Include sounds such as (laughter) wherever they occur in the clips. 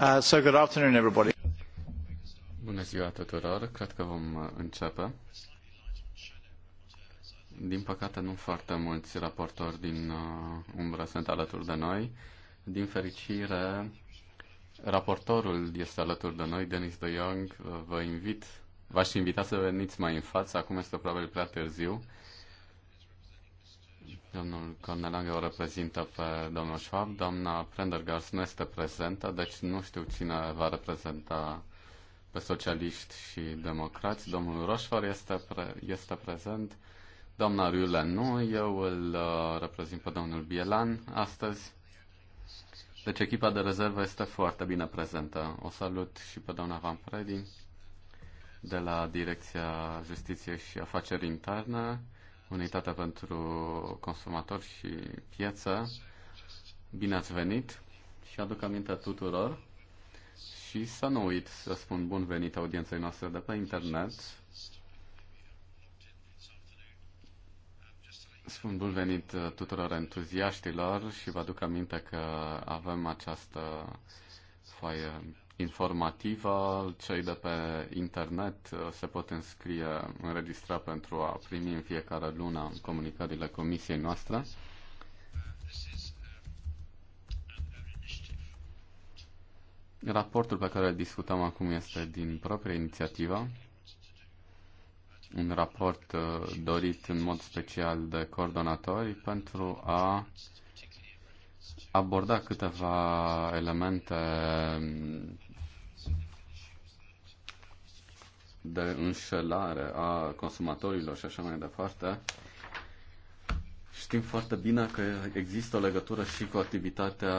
Uh, so good afternoon, everybody. Bună ziua tuturor, cred că vom uh, începe. Din păcate nu foarte mulți raportori din uh, umbră sunt alături de noi. Din fericire, raportorul este alături de noi, Denis de Jong. Uh, vă invit, v-aș invita să veniți mai în față, acum este probabil prea târziu. Uh, Domnul Cornel o reprezintă pe domnul Schwab. Doamna Prendergast nu este prezentă, deci nu știu cine va reprezenta pe socialiști și democrați. Domnul Roșvar este, pre- este prezent. Doamna Riule nu, eu îl uh, reprezint pe domnul Bielan astăzi. Deci echipa de rezervă este foarte bine prezentă. O salut și pe doamna Van Predi de la Direcția Justiției și Afaceri Interne Unitatea pentru Consumatori și Piață. Bine ați venit și aduc aminte tuturor și să nu uit să spun bun venit audienței noastre de pe internet. Spun bun venit tuturor entuziaștilor și vă aduc aminte că avem această foaie informativă. Cei de pe internet uh, se pot înscrie, înregistra pentru a primi în fiecare lună comunicările comisiei noastre. Raportul pe care îl discutăm acum este din proprie inițiativă, un raport uh, dorit în mod special de coordonatori pentru a aborda câteva elemente de înșelare a consumatorilor și așa mai departe, știm foarte bine că există o legătură și cu activitatea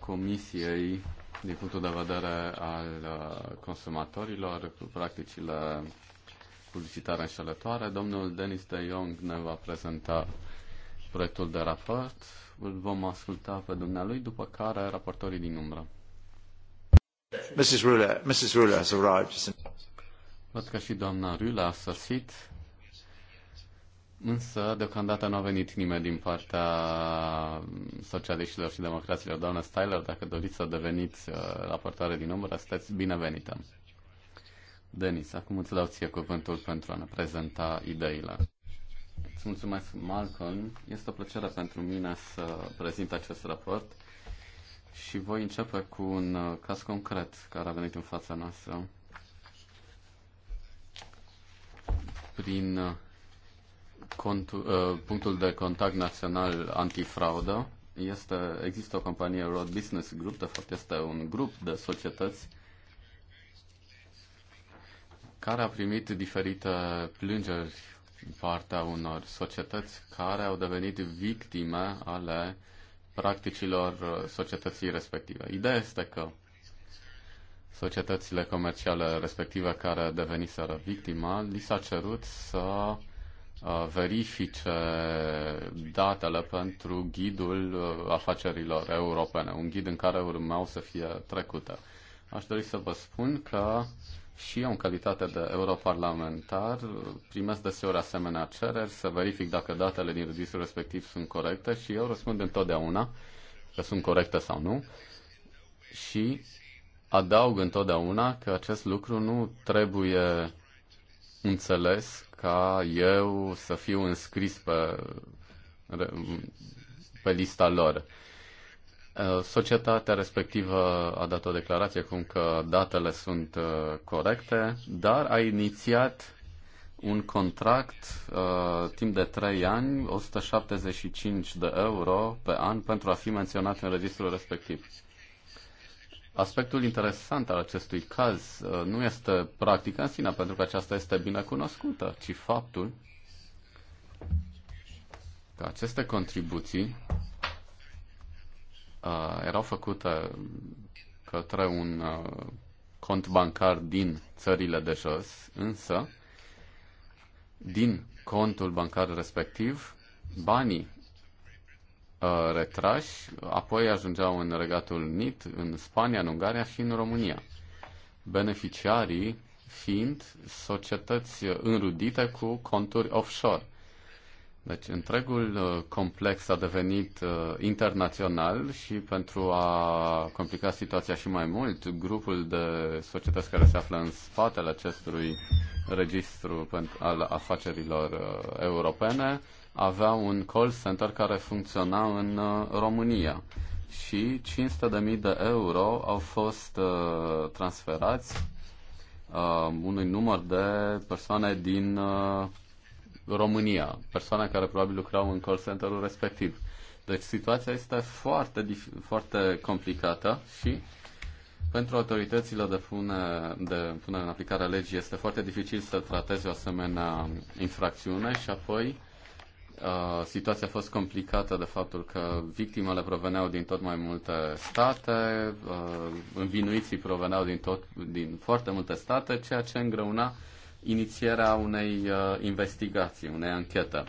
Comisiei din punctul de vedere al uh, consumatorilor, cu practicile publicitare înșelătoare. Domnul Denis de Jong ne va prezenta proiectul de raport. Îl vom asculta pe dumnealui, după care raportorii din umbră. Mrs. Ruler, Mrs. Ruler has arrived. Văd că și doamna Rula a sosit, însă deocamdată nu a venit nimeni din partea socialiștilor și democraților. Doamna Styler, dacă doriți să deveniți uh, raportoare din umbră, sunteți binevenită. Denis, acum îți dau ție cuvântul pentru a ne prezenta ideile. Îți mulțumesc, Malcolm. Este o plăcere pentru mine să prezint acest raport și voi începe cu un uh, caz concret care a venit în fața noastră. prin uh, uh, punctul de contact național antifraudă. Este, există o companie Road Business Group, de fapt este un grup de societăți care a primit diferite plângeri din partea unor societăți care au devenit victime ale practicilor uh, societății respective. Ideea este că societățile comerciale respective care deveniseră victima, li s-a cerut să uh, verifice datele pentru ghidul uh, afacerilor europene, un ghid în care urmau să fie trecute. Aș dori să vă spun că și eu, în calitate de europarlamentar, primesc deseori asemenea cereri să verific dacă datele din registrul respectiv sunt corecte și eu răspund întotdeauna că sunt corecte sau nu și adaug întotdeauna că acest lucru nu trebuie înțeles ca eu să fiu înscris pe, pe lista lor. Uh, societatea respectivă a dat o declarație cum că datele sunt uh, corecte, dar a inițiat un contract uh, timp de 3 ani, 175 de euro pe an pentru a fi menționat în registrul respectiv. Aspectul interesant al acestui caz uh, nu este practica în sine, pentru că aceasta este bine cunoscută, ci faptul că aceste contribuții uh, erau făcute către un uh, cont bancar din țările de jos, însă din contul bancar respectiv, banii Uh, retrași, apoi ajungeau în regatul NIT, în Spania, în Ungaria și în România. Beneficiarii fiind societăți înrudite cu conturi offshore. Deci întregul uh, complex a devenit uh, internațional și pentru a complica situația și mai mult, grupul de societăți care se află în spatele acestui registru al afacerilor europene avea un call center care funcționa în uh, România și 500.000 de euro au fost uh, transferați uh, unui număr de persoane din uh, România, persoane care probabil lucrau în call centerul respectiv. Deci situația este foarte, foarte complicată și pentru autoritățile de pune, de pune în aplicare a legii este foarte dificil să trateze o asemenea infracțiune și apoi situația a fost complicată de faptul că victimele proveneau din tot mai multe state, învinuiții proveneau din, tot, din foarte multe state, ceea ce îngreuna inițierea unei investigații, unei anchete.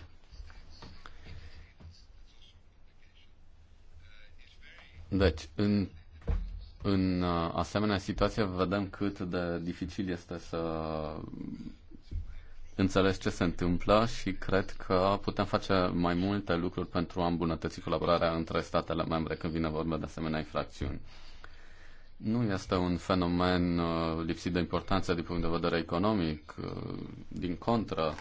Deci, în, în asemenea situație vedem cât de dificil este să înțeles ce se întâmplă și cred că putem face mai multe lucruri pentru a îmbunătăți colaborarea între statele membre când vine vorba de asemenea infracțiuni. Nu este un fenomen uh, lipsit de importanță din punct de vedere economic. Uh, din contră,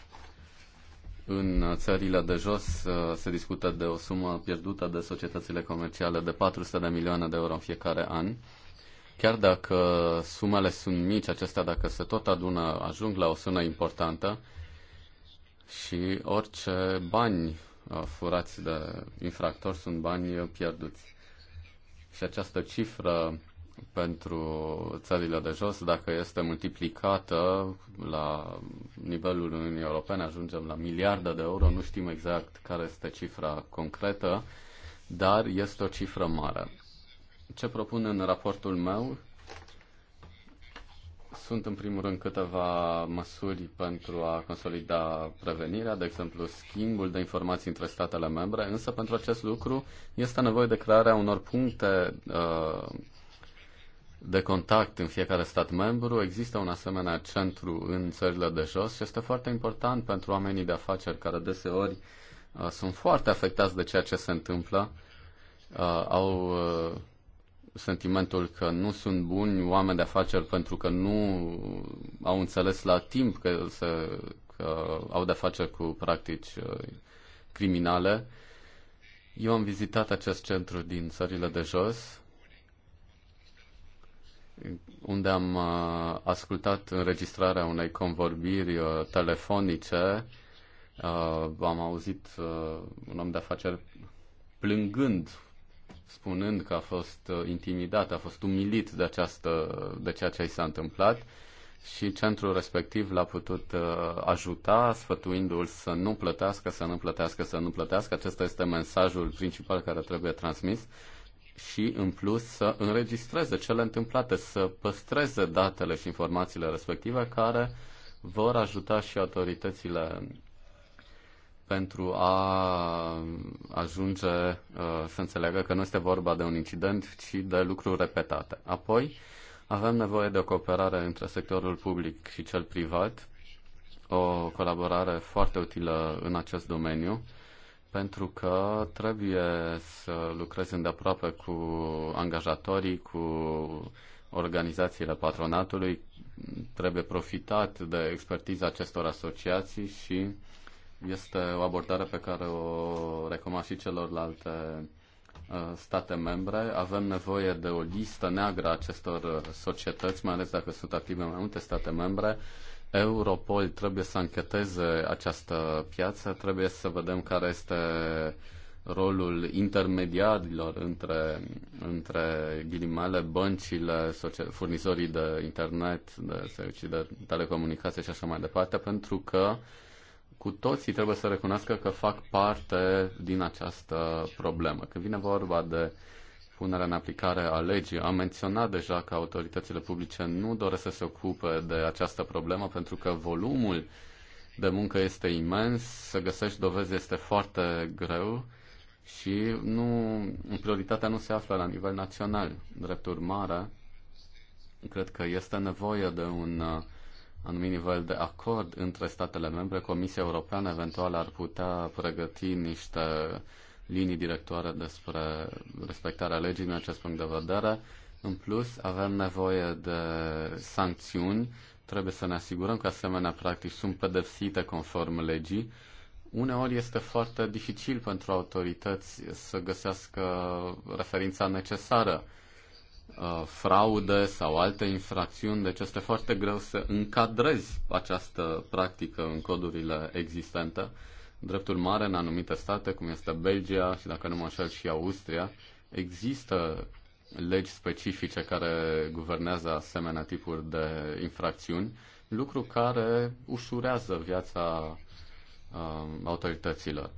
în țările de jos uh, se discută de o sumă pierdută de societățile comerciale de 400 de milioane de euro în fiecare an Chiar dacă sumele sunt mici, acestea dacă se tot adună, ajung la o sumă importantă și orice bani uh, furați de infractori sunt bani pierduți. Și această cifră pentru țările de jos, dacă este multiplicată la nivelul Uniunii Europene, ajungem la miliarde de euro, nu știm exact care este cifra concretă, dar este o cifră mare. Ce propun în raportul meu sunt în primul rând câteva măsuri pentru a consolida prevenirea, de exemplu schimbul de informații între statele membre, însă pentru acest lucru este nevoie de crearea unor puncte uh, de contact în fiecare stat membru. Există un asemenea centru în țările de jos și este foarte important pentru oamenii de afaceri care deseori uh, sunt foarte afectați de ceea ce se întâmplă. Uh, au uh, sentimentul că nu sunt buni oameni de afaceri pentru că nu au înțeles la timp că, se, că au de face cu practici uh, criminale. Eu am vizitat acest centru din țările de jos, unde am uh, ascultat înregistrarea unei convorbiri uh, telefonice. Am auzit un om de afaceri plângând spunând că a fost uh, intimidat, a fost umilit de, această, de ceea ce i s-a întâmplat și centrul respectiv l-a putut uh, ajuta, sfătuindu-l să nu plătească, să nu plătească, să nu plătească. Acesta este mesajul principal care trebuie transmis și, în plus, să înregistreze cele întâmplate, să păstreze datele și informațiile respective care vor ajuta și autoritățile pentru a ajunge uh, să înțeleagă că nu este vorba de un incident, ci de lucruri repetate. Apoi, avem nevoie de o cooperare între sectorul public și cel privat, o colaborare foarte utilă în acest domeniu, pentru că trebuie să lucrezi îndeaproape cu angajatorii, cu organizațiile patronatului, trebuie profitat de expertiza acestor asociații și este o abordare pe care o recomand și celorlalte uh, state membre. Avem nevoie de o listă neagră a acestor uh, societăți, mai ales dacă sunt active mai multe state membre. Europol trebuie să încheteze această piață, trebuie să vedem care este rolul intermediarilor între, între ghilimele, băncile, furnizorii de internet, de servicii de telecomunicație și așa mai departe, pentru că uh, cu toții trebuie să recunoască că fac parte din această problemă. Când vine vorba de punerea în aplicare a legii, am menționat deja că autoritățile publice nu doresc să se ocupe de această problemă pentru că volumul de muncă este imens, să găsești dovezi este foarte greu și nu, prioritatea nu se află la nivel național. Drept urmare, cred că este nevoie de un anumit nivel de acord între statele membre, Comisia Europeană eventual ar putea pregăti niște linii directoare despre respectarea legii din acest punct de vedere. În plus, avem nevoie de sancțiuni. Trebuie să ne asigurăm că asemenea practici sunt pedepsite conform legii. Uneori este foarte dificil pentru autorități să găsească referința necesară Uh, fraude sau alte infracțiuni, deci este foarte greu să încadrezi această practică în codurile existente. Dreptul mare în anumite state, cum este Belgia și dacă nu mă înșel și Austria, există legi specifice care guvernează asemenea tipuri de infracțiuni, lucru care ușurează viața um, autorităților.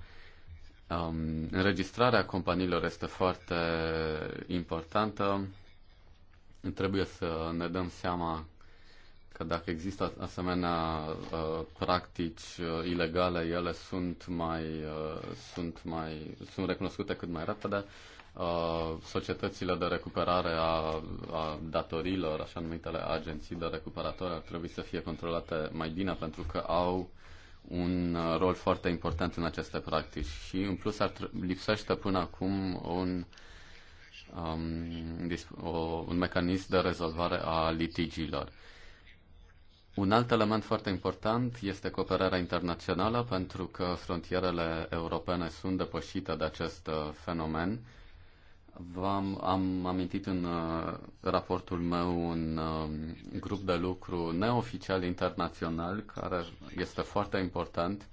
Um, înregistrarea companiilor este foarte importantă trebuie să ne dăm seama că dacă există asemenea uh, practici uh, ilegale, ele sunt mai, uh, sunt mai sunt recunoscute cât mai repede. Uh, societățile de recuperare a, a datorilor, așa numitele agenții de recuperatori, ar trebui să fie controlate mai bine pentru că au un uh, rol foarte important în aceste practici și în plus ar lipsește până acum un uh, um, o, un mecanism de rezolvare a litigiilor. Un alt element foarte important este cooperarea internațională, pentru că frontierele europene sunt depășite de acest uh, fenomen. V-am, am amintit în uh, raportul meu un uh, grup de lucru neoficial internațional, care este foarte important,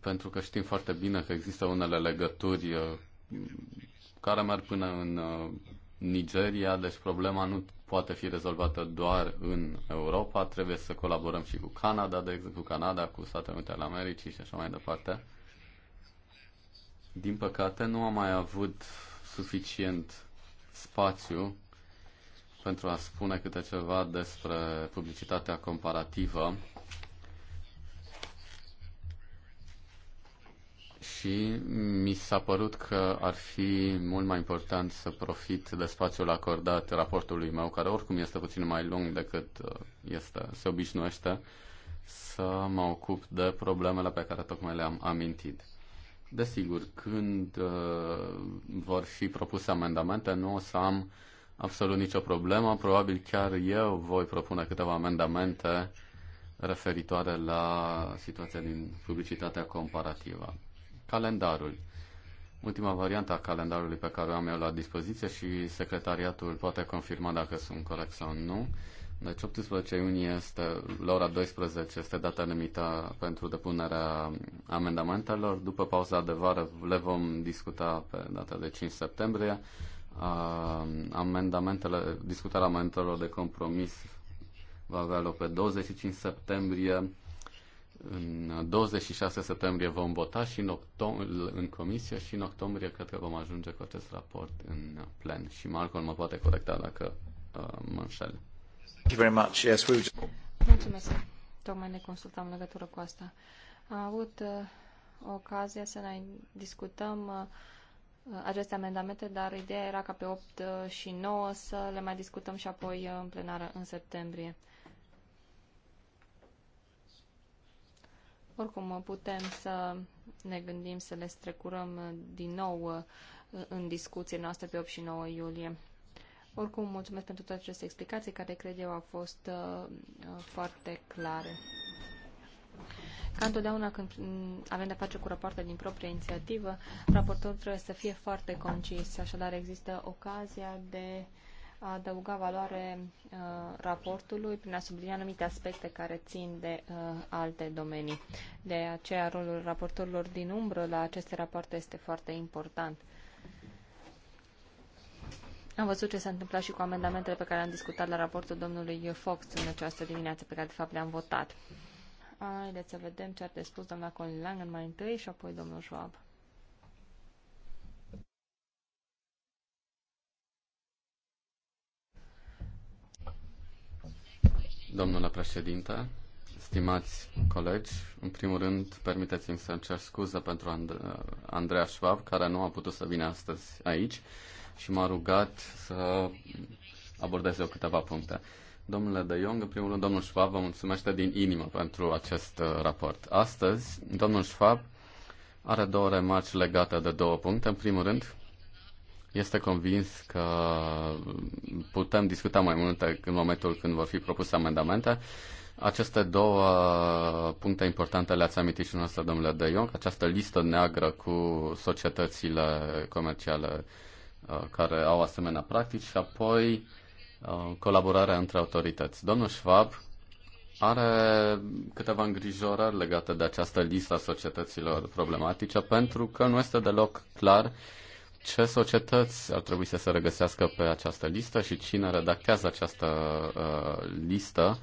pentru că știm foarte bine că există unele legături uh, care merg până în uh, Nigeria, deci problema nu poate fi rezolvată doar în Europa, trebuie să colaborăm și cu Canada, de exemplu, cu Canada, cu Statele Unite ale Americii și așa mai departe. Din păcate, nu am mai avut suficient spațiu pentru a spune câte ceva despre publicitatea comparativă și mi s-a părut că ar fi mult mai important să profit de spațiul acordat raportului meu, care oricum este puțin mai lung decât uh, este, se obișnuiește, să mă ocup de problemele pe care tocmai le-am amintit. Desigur, când uh, vor fi propuse amendamente, nu o să am absolut nicio problemă. Probabil chiar eu voi propune câteva amendamente referitoare la situația din publicitatea comparativă calendarul. Ultima variantă a calendarului pe care o am eu la dispoziție și secretariatul poate confirma dacă sunt corect sau nu. Deci 18 iunie este, la ora 12 este data limită pentru depunerea amendamentelor. După pauza de vară le vom discuta pe data de 5 septembrie. amendamentele, discutarea amendamentelor de compromis va avea loc pe 25 septembrie în 26 septembrie vom vota și în, octom- în comisie și în octombrie cred că vom ajunge cu acest raport în plen. Și Marco mă poate corecta dacă uh, mă înșel. Mulțumesc. Tocmai ne consultam în legătură cu asta. Am avut uh, ocazia să ne discutăm uh, uh aceste amendamente, dar ideea era ca pe 8 uh, și 9 să le mai discutăm și apoi uh, în plenară în septembrie. Oricum, putem să ne gândim să le strecurăm din nou uh, în discuție noastră pe 8 și 9 iulie. Oricum, mulțumesc pentru toate aceste explicații care, cred eu, au fost uh, uh foarte clare. Ca întotdeauna când avem de face cu rapoarte din proprie inițiativă, raportorul trebuie să fie foarte concis, așadar există ocazia de a adăuga valoare uh, raportului prin a sublinia anumite aspecte care țin de uh, alte domenii. De aceea, rolul raportorilor din umbră la aceste rapoarte este foarte important. Am văzut ce s-a întâmplat și cu amendamentele pe care am discutat la raportul domnului Fox în această dimineață, pe care de fapt le-am votat. Haideți să vedem ce a de spus doamna Colin Lang în mai întâi și apoi domnul Joab. Domnule președinte, stimați colegi, în primul rând, permiteți-mi să cer scuză pentru And- Andreea Schwab, care nu a putut să vină astăzi aici și m-a rugat să abordez eu câteva puncte. Domnule De Jong, în primul rând, domnul Schwab vă mulțumește din inimă pentru acest uh, raport. Astăzi, domnul Schwab are două remarci legate de două puncte. În primul rând, este convins că putem discuta mai multe în momentul când vor fi propuse amendamente. Aceste două puncte importante le-ați amintit și noastră, domnule De Jong, această listă neagră cu societățile comerciale uh, care au asemenea practici și apoi uh, colaborarea între autorități. Domnul Schwab are câteva îngrijorări legate de această listă a societăților problematice pentru că nu este deloc clar uh, ce societăți ar trebui să se regăsească pe această listă și cine redactează această uh, listă.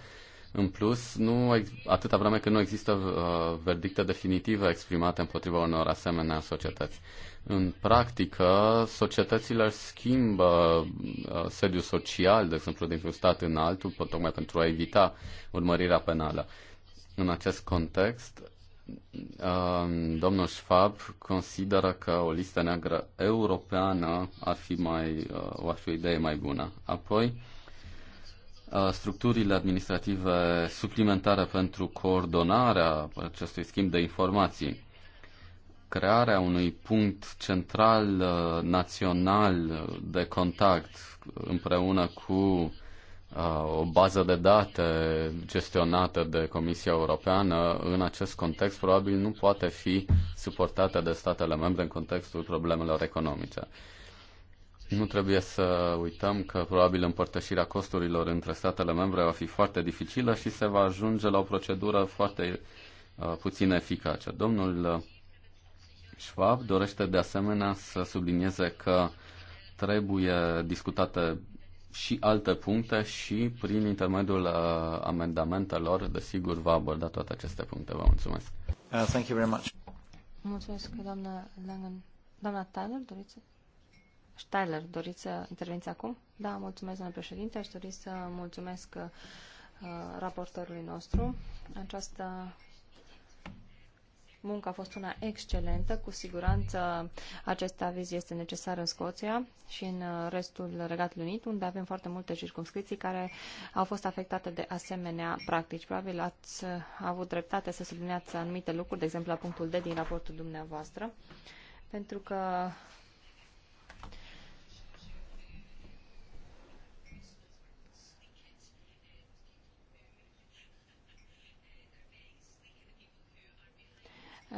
În plus, nu, atâta vreme că nu există uh, verdicte definitive exprimate împotriva unor asemenea societăți. În practică, societățile schimbă uh, sediul social, de exemplu, dintr-un stat în altul, tocmai pentru a evita urmărirea penală. În acest context, Um, domnul Schwab consideră că o listă neagră europeană ar fi, mai, uh, ar fi o idee mai bună. Apoi, uh, structurile administrative suplimentare pentru coordonarea acestui schimb de informații, crearea unui punct central uh, național de contact împreună cu Uh, o bază de date gestionată de Comisia Europeană, în acest context, probabil nu poate fi suportată de statele membre în contextul problemelor economice. Nu trebuie să uităm că probabil împărtășirea costurilor între statele membre va fi foarte dificilă și se va ajunge la o procedură foarte uh, puțin eficace. Domnul uh, Schwab dorește de asemenea să sublinieze că trebuie discutate și alte puncte și prin intermediul uh, amendamentelor, desigur, va aborda toate aceste puncte. Vă mulțumesc. Uh, thank you very much. Mulțumesc, doamna Langen. Doamna Tyler, doriți? Tyler, doriți să interveniți acum? Da, mulțumesc, doamna președinte. Aș dori să mulțumesc uh, raportorului nostru. Această Munca a fost una excelentă. Cu siguranță acest aviz este necesar în Scoția și în uh, restul Regatului Unit, unde avem foarte multe circumscripții care au fost afectate de asemenea practici. Probabil ați uh, avut dreptate să subliniați anumite lucruri, de exemplu la punctul D din raportul dumneavoastră, pentru că Uh,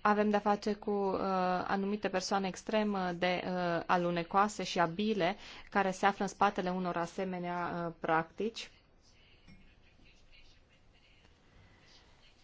avem de-a face cu uh, anumite persoane extrem uh, de alunecoase și abile care se află în spatele unor asemenea practici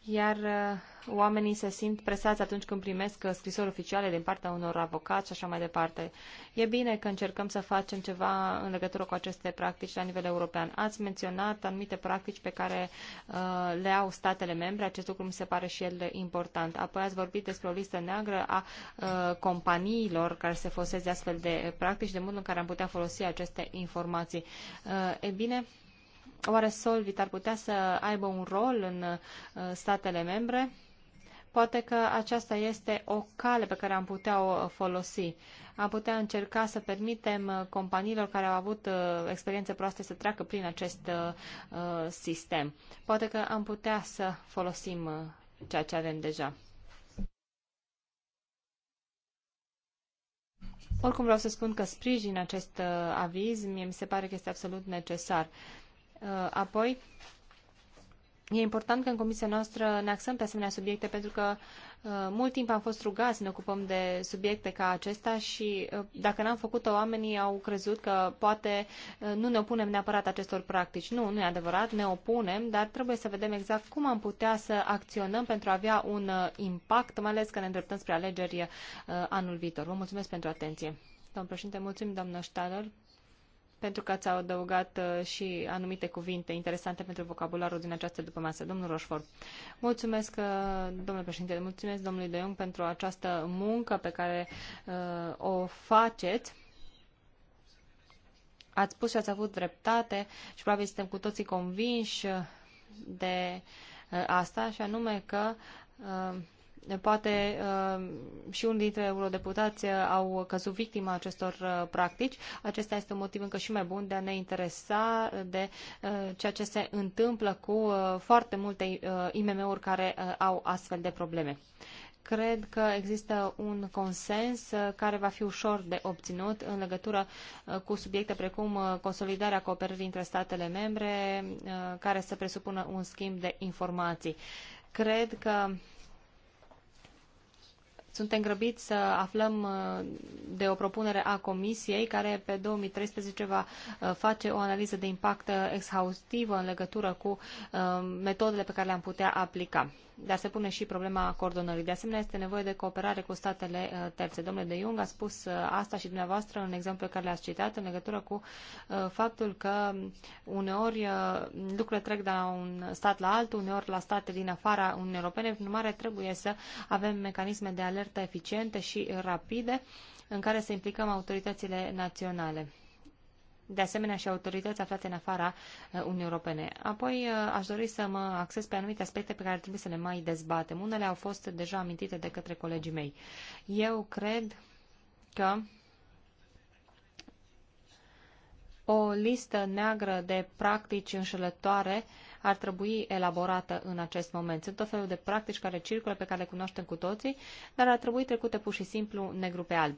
iar uh, oamenii se simt presați atunci când primesc uh, scrisori oficiale din partea unor avocați și așa mai departe. E bine că încercăm să facem ceva în legătură cu aceste practici la nivel european. Ați menționat anumite practici pe care uh, le au statele membre, acest lucru mi se pare și el important. Apoi ați vorbit despre o listă neagră a uh, companiilor care se foseze de astfel de practici, de modul în care am putea folosi aceste informații. Uh, e bine, Oare Solvit ar putea să aibă un rol în uh, statele membre? Poate că aceasta este o cale pe care am putea o uh, folosi. Am putea încerca să permitem uh, companiilor care au avut experiențe proaste să treacă prin acest sistem. Poate că am putea să folosim ceea ce avem deja. Oricum vreau să spun că sprijin acest aviz, mie mi se pare că este absolut necesar. Uh, apoi, e important că în comisia noastră ne axăm pe asemenea subiecte pentru că uh, mult timp am fost rugați să ne ocupăm de subiecte ca acesta și uh, dacă n-am făcut-o, oamenii au crezut că poate nu ne opunem neapărat acestor practici. Nu, nu e adevărat, ne opunem, dar trebuie să vedem exact cum am putea să acționăm pentru a avea un impact, mai ales că ne îndreptăm spre alegeri anul viitor. Vă mulțumesc pentru atenție. Domnul președinte, mulțumim, doamnă Stadler pentru că ați adăugat uh, și anumite cuvinte interesante pentru vocabularul din această dupămasă. Domnul Roșfort, mulțumesc, uh, domnule președinte, mulțumesc domnului De Jong pentru această muncă pe care uh, o faceți. Ați spus și ați avut dreptate și probabil suntem cu toții convinși de uh, asta, și anume că uh, Poate uh, și unii dintre eurodeputați au căzut victima acestor uh, practici. Acesta este un motiv încă și mai bun de a ne interesa de uh, ceea ce se întâmplă cu foarte multe IMM-uri care au astfel de probleme cred că există un consens care va fi ușor de obținut în legătură cu subiecte precum consolidarea cooperării între statele membre, care să presupună un schimb de informații. Cred că suntem grăbiți să aflăm uh, de o propunere a Comisiei care pe 2013 va uh, face o analiză de impact uh, exhaustivă în legătură cu metodele pe care le-am putea aplica dar se pune și problema coordonării. De asemenea, este nevoie de cooperare cu statele uh, terțe. Domnule de Jung a spus uh, asta și dumneavoastră în exemplu pe care le-ați citat în legătură cu uh, faptul că uneori lucrurile trec de la un stat la altul, uneori la state din afara Uniunii Europene, prin urmare trebuie să avem mecanisme de alertă eficiente și rapide în care să implicăm autoritățile naționale de asemenea și autorități aflate în afara uh, Uniunii Europene. Apoi uh, aș dori să mă acces pe anumite aspecte pe care trebuie să le mai dezbatem. Unele au fost deja amintite de către colegii mei. Eu cred că o listă neagră de practici înșelătoare ar trebui elaborată în acest moment. Sunt tot felul de practici care circulă, pe care le cunoaștem cu toții, dar ar trebui trecute pur și simplu negru pe alb.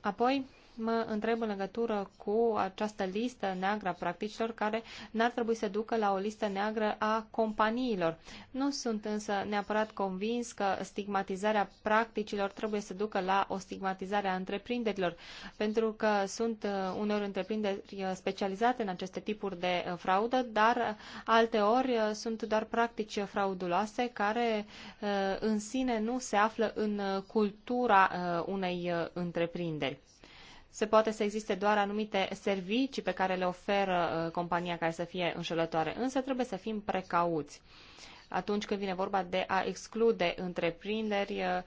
Apoi, mă întreb în legătură cu această listă neagră a practicilor care n-ar trebui să ducă la o listă neagră a companiilor. Nu sunt însă neapărat convins că stigmatizarea practicilor trebuie să ducă la o stigmatizare a întreprinderilor, pentru că sunt uh, uneori întreprinderi uh, specializate în aceste tipuri de uh, fraudă, dar alteori sunt doar practici frauduloase care în sine nu se află în cultura unei întreprinderi se poate să existe doar anumite servicii pe care le oferă uh, compania care să fie înșelătoare, însă trebuie să fim precauți atunci când vine vorba de a exclude întreprinderi uh,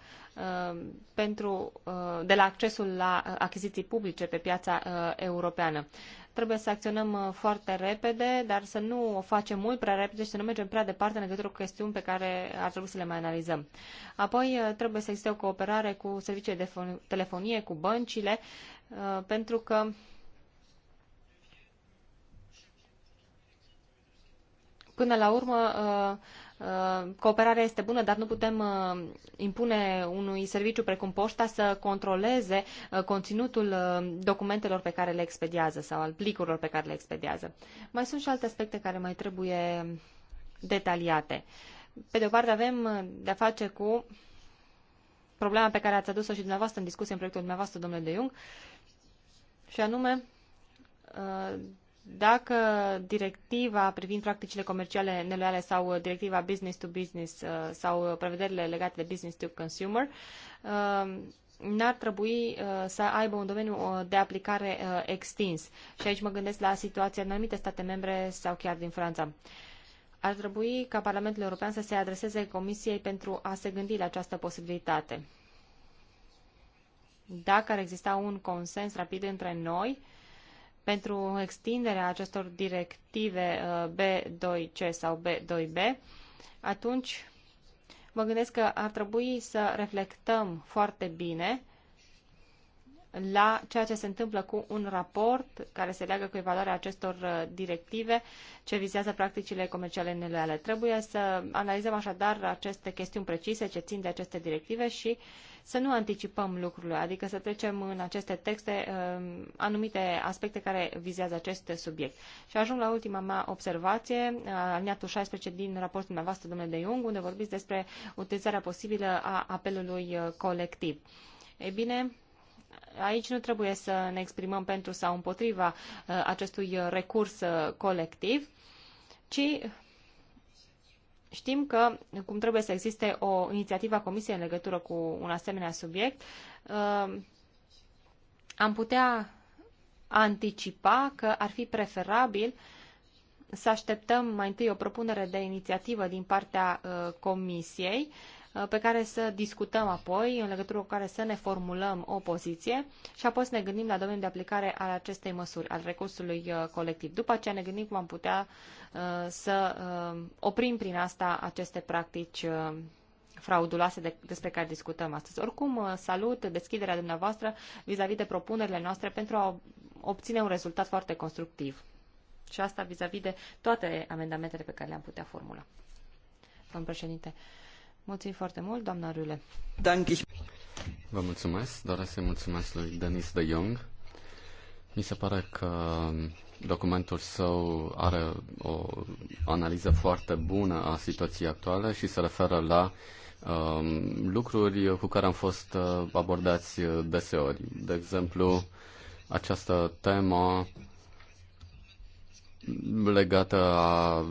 uh, pentru, uh, de la accesul la achiziții publice pe piața europeană. Trebuie să acționăm foarte repede, dar să nu o facem mult prea repede și să nu mergem prea departe în legătură cu chestiuni pe care ar trebui să le mai analizăm. Apoi trebuie să existe o cooperare cu serviciile de telefonie, cu băncile, pentru că până la urmă Uh, cooperarea este bună, dar nu putem uh, impune unui serviciu precum poșta să controleze uh, conținutul documentelor pe care le expediază sau al plicurilor pe care le expediază. Mai sunt și alte aspecte care mai trebuie detaliate. Pe de o parte avem de-a face cu problema pe care ați adus-o și dumneavoastră în discuție în proiectul dumneavoastră, domnule De Jung, și anume dacă directiva privind practicile comerciale neloiale sau directiva business to business uh, sau prevederile legate de business to consumer uh, n-ar trebui uh, să aibă un domeniu de aplicare extins. Și aici mă gândesc la situația în anumite state membre sau chiar din Franța ar trebui ca Parlamentul European să se adreseze Comisiei pentru a se gândi la această posibilitate. Dacă ar exista un consens rapid între noi, pentru extinderea acestor directive uh, B2C sau B2B, atunci mă gândesc că ar trebui să reflectăm foarte bine la ceea ce se întâmplă cu un raport care se leagă cu evaluarea acestor uh, directive ce vizează practicile comerciale neloiale. Trebuie să analizăm așadar aceste chestiuni precise ce țin de aceste directive și uh, să nu anticipăm lucrurile, adică să trecem în aceste texte um, anumite aspecte care vizează acest subiect. Și ajung la ultima mea observație, uh, aliniatul 16 din raportul dumneavoastră, domnule de Jung, unde vorbiți despre utilizarea posibilă a apelului uh, colectiv. Ei bine, aici nu trebuie să ne exprimăm pentru sau împotriva uh, acestui recurs colectiv, ci Știm că, cum trebuie să existe o inițiativă a Comisiei în legătură cu un asemenea subiect, uh, am putea anticipa că ar fi preferabil să așteptăm mai întâi o propunere de inițiativă din partea uh, Comisiei Uh, pe care să discutăm apoi, în legătură cu care să ne formulăm o poziție și apoi să ne gândim la domeniul de aplicare al acestei măsuri, al recursului uh, colectiv. După aceea ne gândim cum am putea uh, să oprim prin asta aceste practici frauduloase de, despre care discutăm astăzi. Oricum, salut deschiderea dumneavoastră vis-a-vis -vis de propunerile noastre pentru a obține un rezultat foarte constructiv. Și asta vis-a-vis -vis de toate amendamentele pe care le-am putea formula. Domnul președinte, Mulțumim foarte mult, doamna Rule. Vă mulțumesc. doar să mulțumesc lui Denis de Jong. Mi se pare că documentul său are o analiză foarte bună a situației actuale și se referă la um, lucruri cu care am fost uh, abordați uh, deseori. De exemplu, această temă legată a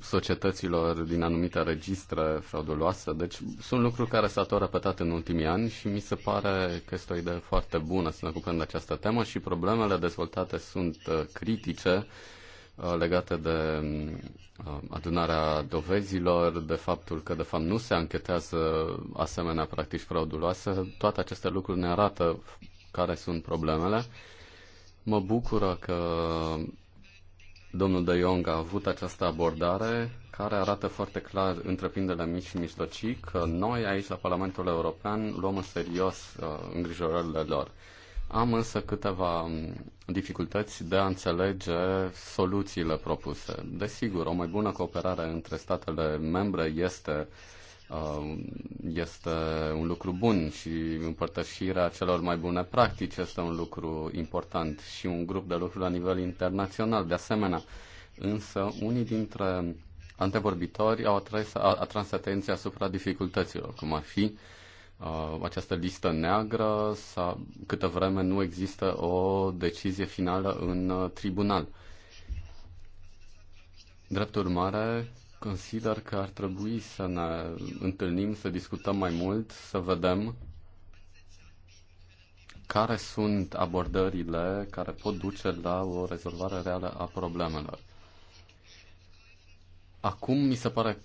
societăților din anumite registre frauduloase. Deci sunt lucruri care s-au tot repetat în ultimii ani și mi se pare că este o idee foarte bună să ne ocupăm de această temă și problemele dezvoltate sunt uh, critice uh, legate de uh, adunarea dovezilor, de faptul că de fapt nu se anchetează asemenea practici frauduloase. Toate aceste lucruri ne arată care sunt problemele. Mă bucură că Domnul De Jong a avut această abordare care arată foarte clar întreprinderea mici și mijlocii că noi aici la Parlamentul European luăm în serios uh, îngrijorările lor. Am însă câteva um, dificultăți de a înțelege soluțiile propuse. Desigur, o mai bună cooperare între statele membre este uh, Um, este un lucru bun și împărtășirea celor mai bune practici este un lucru important și un grup de lucru la nivel internațional de asemenea. Însă unii dintre antevorbitori au atras, atras atenția asupra dificultăților, cum ar fi uh, această listă neagră sau câtă vreme nu există o decizie finală în uh, tribunal. Drept urmare, Consider că ar trebui să ne întâlnim, să discutăm mai mult, să vedem care sunt abordările care pot duce la o rezolvare reală a problemelor. Acum mi se pare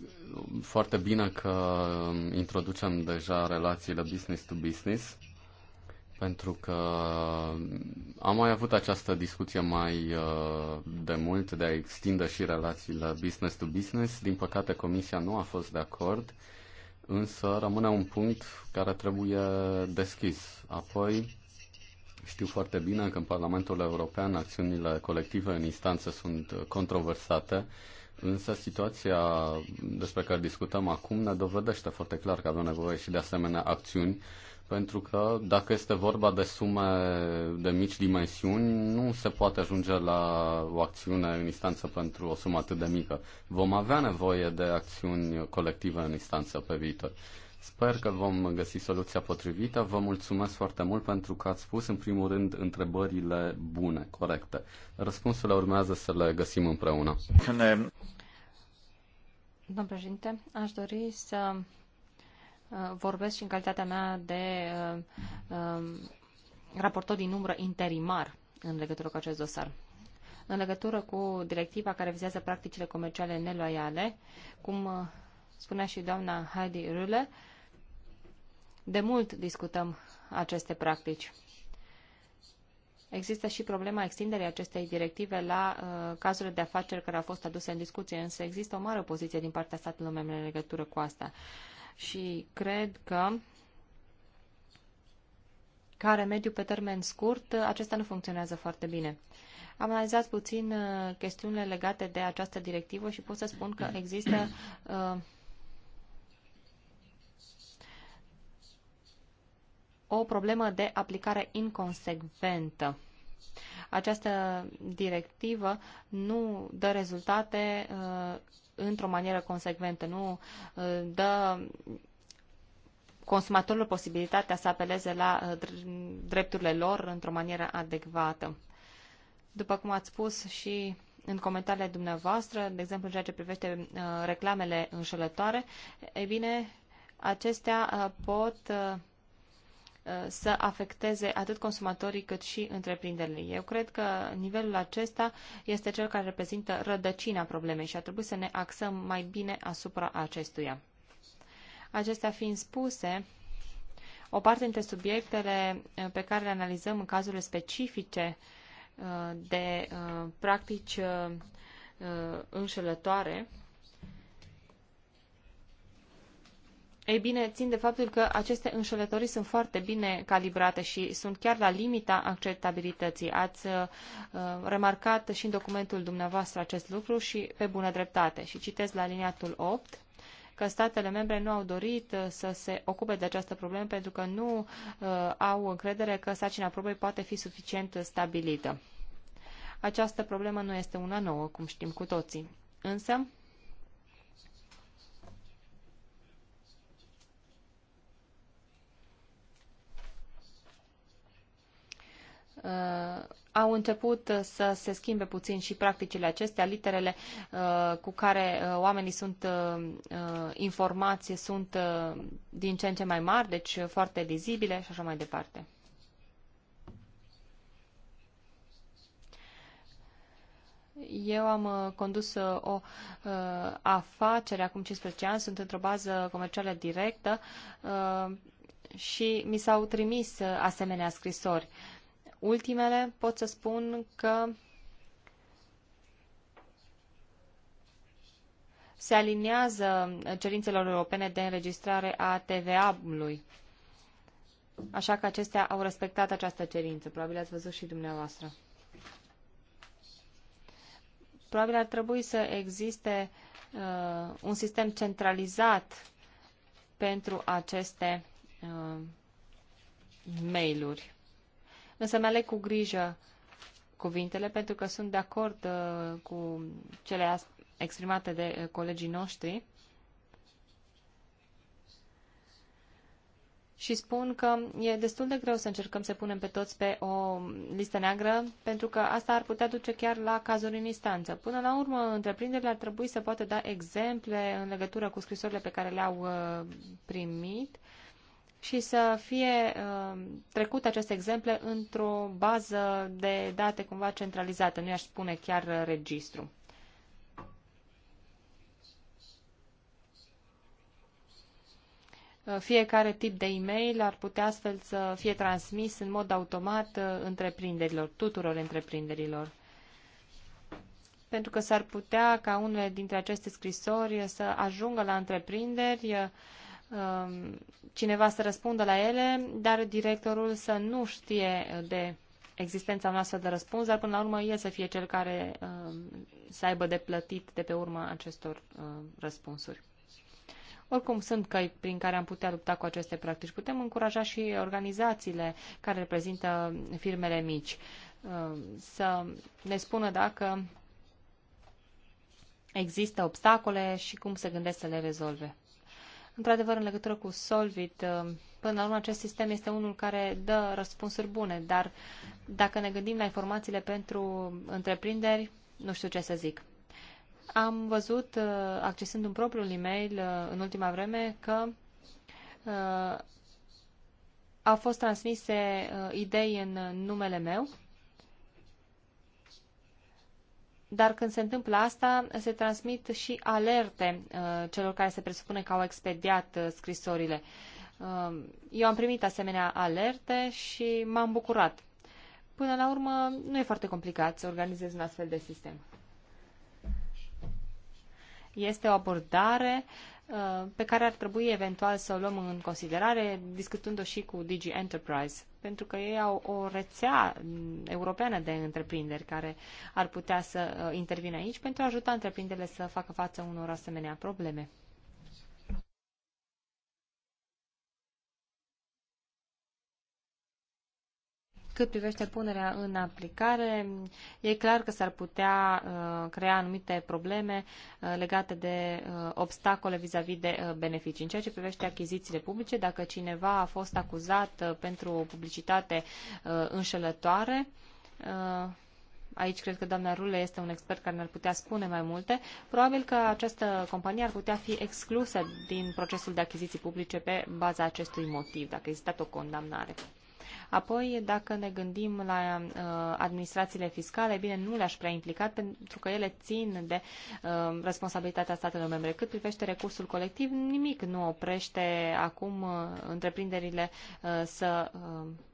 foarte bine că introducem deja relațiile business to business pentru că am mai avut această discuție mai uh, de mult de a extinde și relațiile business to business. Din păcate, Comisia nu a fost de acord, însă rămâne un punct care trebuie deschis. Apoi, știu foarte bine că în Parlamentul European acțiunile colective în instanță sunt controversate, însă situația despre care discutăm acum ne dovedește foarte clar că avem nevoie și de asemenea acțiuni pentru că dacă este vorba de sume de mici dimensiuni, nu se poate ajunge la o acțiune în instanță pentru o sumă atât de mică. Vom avea nevoie de acțiuni colective în instanță pe viitor. Sper că vom găsi soluția potrivită. Vă mulțumesc foarte mult pentru că ați pus, în primul rând, întrebările bune, corecte. Răspunsurile urmează să le găsim împreună. Domnul președinte, aș dori să Uh, vorbesc și în calitatea mea de uh, um, raportor din umbră interimar în legătură cu acest dosar. În legătură cu directiva care vizează practicile comerciale neloiale, cum uh, spunea și doamna Heidi Rühle, de mult discutăm aceste practici. Există și problema extinderii acestei directive la uh, cazurile de afaceri care au fost aduse în discuție, însă există o mare opoziție din partea statelor membre în legătură cu asta. Uh, și cred că ca remediu pe termen scurt, acesta nu funcționează foarte bine. Am analizat puțin uh, chestiunile legate de această directivă și pot să spun că există uh, o problemă de aplicare inconsecventă. Această directivă nu dă rezultate uh, într-o manieră consecventă, nu uh, dă consumatorilor posibilitatea să apeleze la uh, drepturile lor într-o manieră adecvată. După cum ați spus și în comentariile dumneavoastră, de exemplu în ceea ce privește uh, reclamele înșelătoare, e bine, acestea pot să afecteze atât consumatorii cât și întreprinderile. Eu cred că nivelul acesta este cel care reprezintă rădăcina problemei și ar trebui să ne axăm mai bine asupra acestuia. Acestea fiind spuse, o parte dintre subiectele uh, pe care le analizăm în cazurile specifice uh, de uh, practici înșelătoare Ei bine, țin de faptul că aceste înșelătorii sunt foarte bine calibrate și sunt chiar la limita acceptabilității. Ați uh, uh remarcat și în documentul dumneavoastră acest lucru și pe bună dreptate. Și citesc la liniatul 8 că statele membre nu au dorit uh, să se ocupe de această problemă pentru că nu uh, au încredere că sarcina probei poate fi suficient stabilită. Această problemă nu este una nouă, cum știm cu toții. Însă, Uh, au început să se schimbe puțin și practicile acestea. Literele uh, cu care uh, oamenii sunt uh, uh, informați sunt uh, din ce în ce mai mari, deci foarte vizibile și așa mai departe. Eu am uh, condus o afacere acum 15 ani, sunt într-o bază comercială directă și mi s-au trimis asemenea scrisori. Uh, ultimele, pot să spun că se aliniază cerințelor europene de înregistrare a TVA-ului. Așa că acestea au respectat această cerință. Probabil ați văzut și dumneavoastră. Probabil ar trebui să existe uh, un sistem centralizat pentru aceste uh, mail-uri însă mi-aleg cu grijă cuvintele pentru că sunt de acord uh, cu cele exprimate de uh, colegii noștri și spun că e destul de greu să încercăm să punem pe toți pe o listă neagră, pentru că asta ar putea duce chiar la cazuri în instanță. Până la urmă, întreprinderile ar trebui să poată da exemple în legătură cu scrisorile pe care le-au uh, primit și să fie uh, trecut aceste exemple într-o bază de date cumva centralizată, nu i-aș spune chiar registru. Uh, fiecare tip de e-mail ar putea astfel să fie transmis în mod automat uh, întreprinderilor, tuturor întreprinderilor pentru că s-ar putea ca unele dintre aceste scrisori să ajungă la întreprinderi uh, Um, cineva să răspundă la ele, dar directorul să nu știe de existența noastră de răspuns, dar până la urmă el să fie cel care um, să aibă de plătit de pe urma acestor um, răspunsuri. Oricum, sunt căi prin care am putea lupta cu aceste practici. Putem încuraja și organizațiile care reprezintă firmele mici să ne spună dacă există obstacole și cum se gândesc să le rezolve. Într-adevăr, în legătură cu Solvit, uh, până la urmă acest sistem este unul care dă răspunsuri bune, dar dacă ne gândim la informațiile pentru întreprinderi, nu știu ce să zic. Am văzut, uh, accesând un propriul e-mail uh, în ultima vreme, că au fost transmise idei în numele meu dar când se întâmplă asta, se transmit și alerte uh, celor care se presupune că au expediat uh, scrisorile. Um, eu am primit asemenea alerte și m-am bucurat. Până la urmă, nu e foarte complicat să organizezi un astfel de sistem. Este o abordare uh, Uh, pe care ar trebui eventual să o luăm în considerare, discutând-o și cu Digi Enterprise, pentru că ei au o rețea mm, europeană de întreprinderi care ar putea să uh, intervină aici pentru a ajuta întreprinderile să facă față unor asemenea probleme. Cât privește punerea în aplicare, e clar că s-ar putea uh, crea anumite probleme uh, legate de uh, obstacole vis-a-vis -vis de uh, beneficii. În ceea ce privește achizițiile publice, dacă cineva a fost acuzat uh, pentru o publicitate uh, înșelătoare, aici cred că doamna Rule este un expert care ne-ar putea spune mai multe, probabil că această companie ar putea fi exclusă din procesul de achiziții publice pe baza acestui motiv, dacă a existat o condamnare. Apoi, dacă ne gândim la uh, administrațiile fiscale, bine, nu le-aș prea implicat pentru că ele țin de uh, responsabilitatea statelor membre. Cât privește recursul colectiv, nimic nu oprește acum uh, întreprinderile să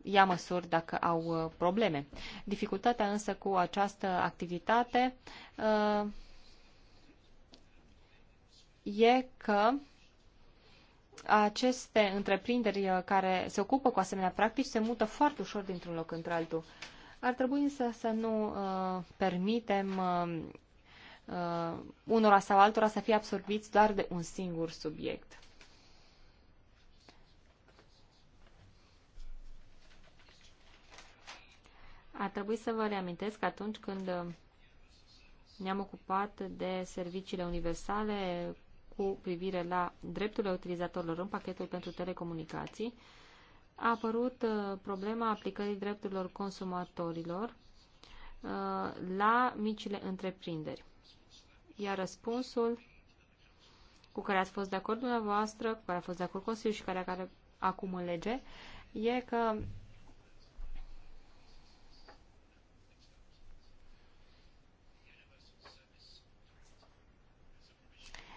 ia măsuri dacă au probleme. Dificultatea însă cu această activitate e că aceste întreprinderi uh, care se ocupă cu asemenea practici se mută foarte ușor dintr-un loc într-altul. Ar trebui însă să nu uh, permitem uh, uh unora sau altora să fie absorbiți doar de un singur subiect. Ar trebui să vă reamintesc că atunci când uh, ne-am ocupat de serviciile universale cu privire la drepturile utilizatorilor în pachetul pentru telecomunicații, a apărut uh, problema aplicării drepturilor consumatorilor uh, la micile întreprinderi. Iar răspunsul cu care ați fost de acord dumneavoastră, cu care a fost de acord Consiliul și care, care acum în lege, e că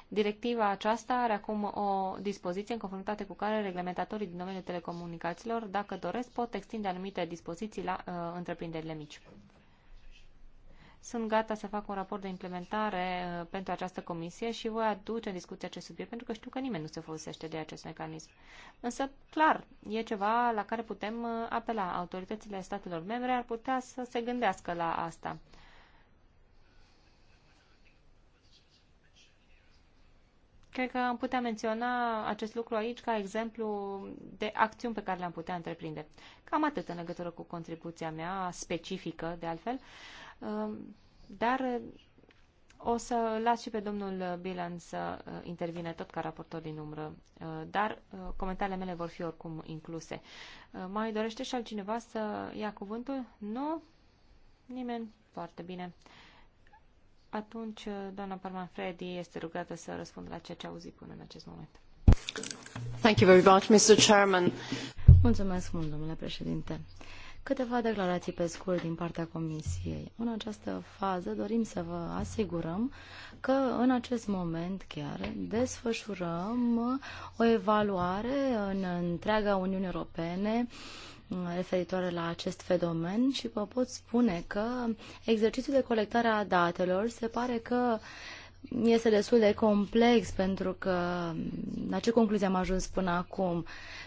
Directiva aceasta are acum o dispoziție în conformitate cu care reglementatorii din domeniul telecomunicațiilor, dacă doresc, pot extinde anumite dispoziții la uh, întreprinderile mici. Sunt gata să fac un raport de implementare uh, pentru această comisie și voi aduce în discuție acest subiect pentru că știu că nimeni nu se folosește de acest mecanism. Însă, clar, e ceva la care putem uh, apela. Autoritățile statelor membre ar putea să se gândească la asta. Uh, Cred că am putea menționa acest lucru aici ca exemplu de acțiuni pe care le-am putea întreprinde. Cam atât în legătură cu contribuția mea specifică, de altfel. Um, dar uh, o să las și pe domnul Bilan să uh, intervine tot ca raportor din umbră, uh, dar comentariile mele vor fi oricum incluse. Mai dorește și altcineva să ia cuvântul? Nu? Nimeni? Foarte bine. Atunci, doamna Parman Freddy este rugată să răspundă la ceea ce a auzit până în acest moment. Thank you very much, Mr. Chairman. Mulțumesc mult, domnule președinte. Câteva declarații pe scurt din partea Comisiei. În această fază dorim să vă asigurăm că în acest moment chiar desfășurăm o evaluare în întreaga Uniune Europene referitoare la acest fenomen și vă pot spune că exercițiul de colectare a datelor se pare că este destul de complex pentru că la ce concluzie am ajuns până acum?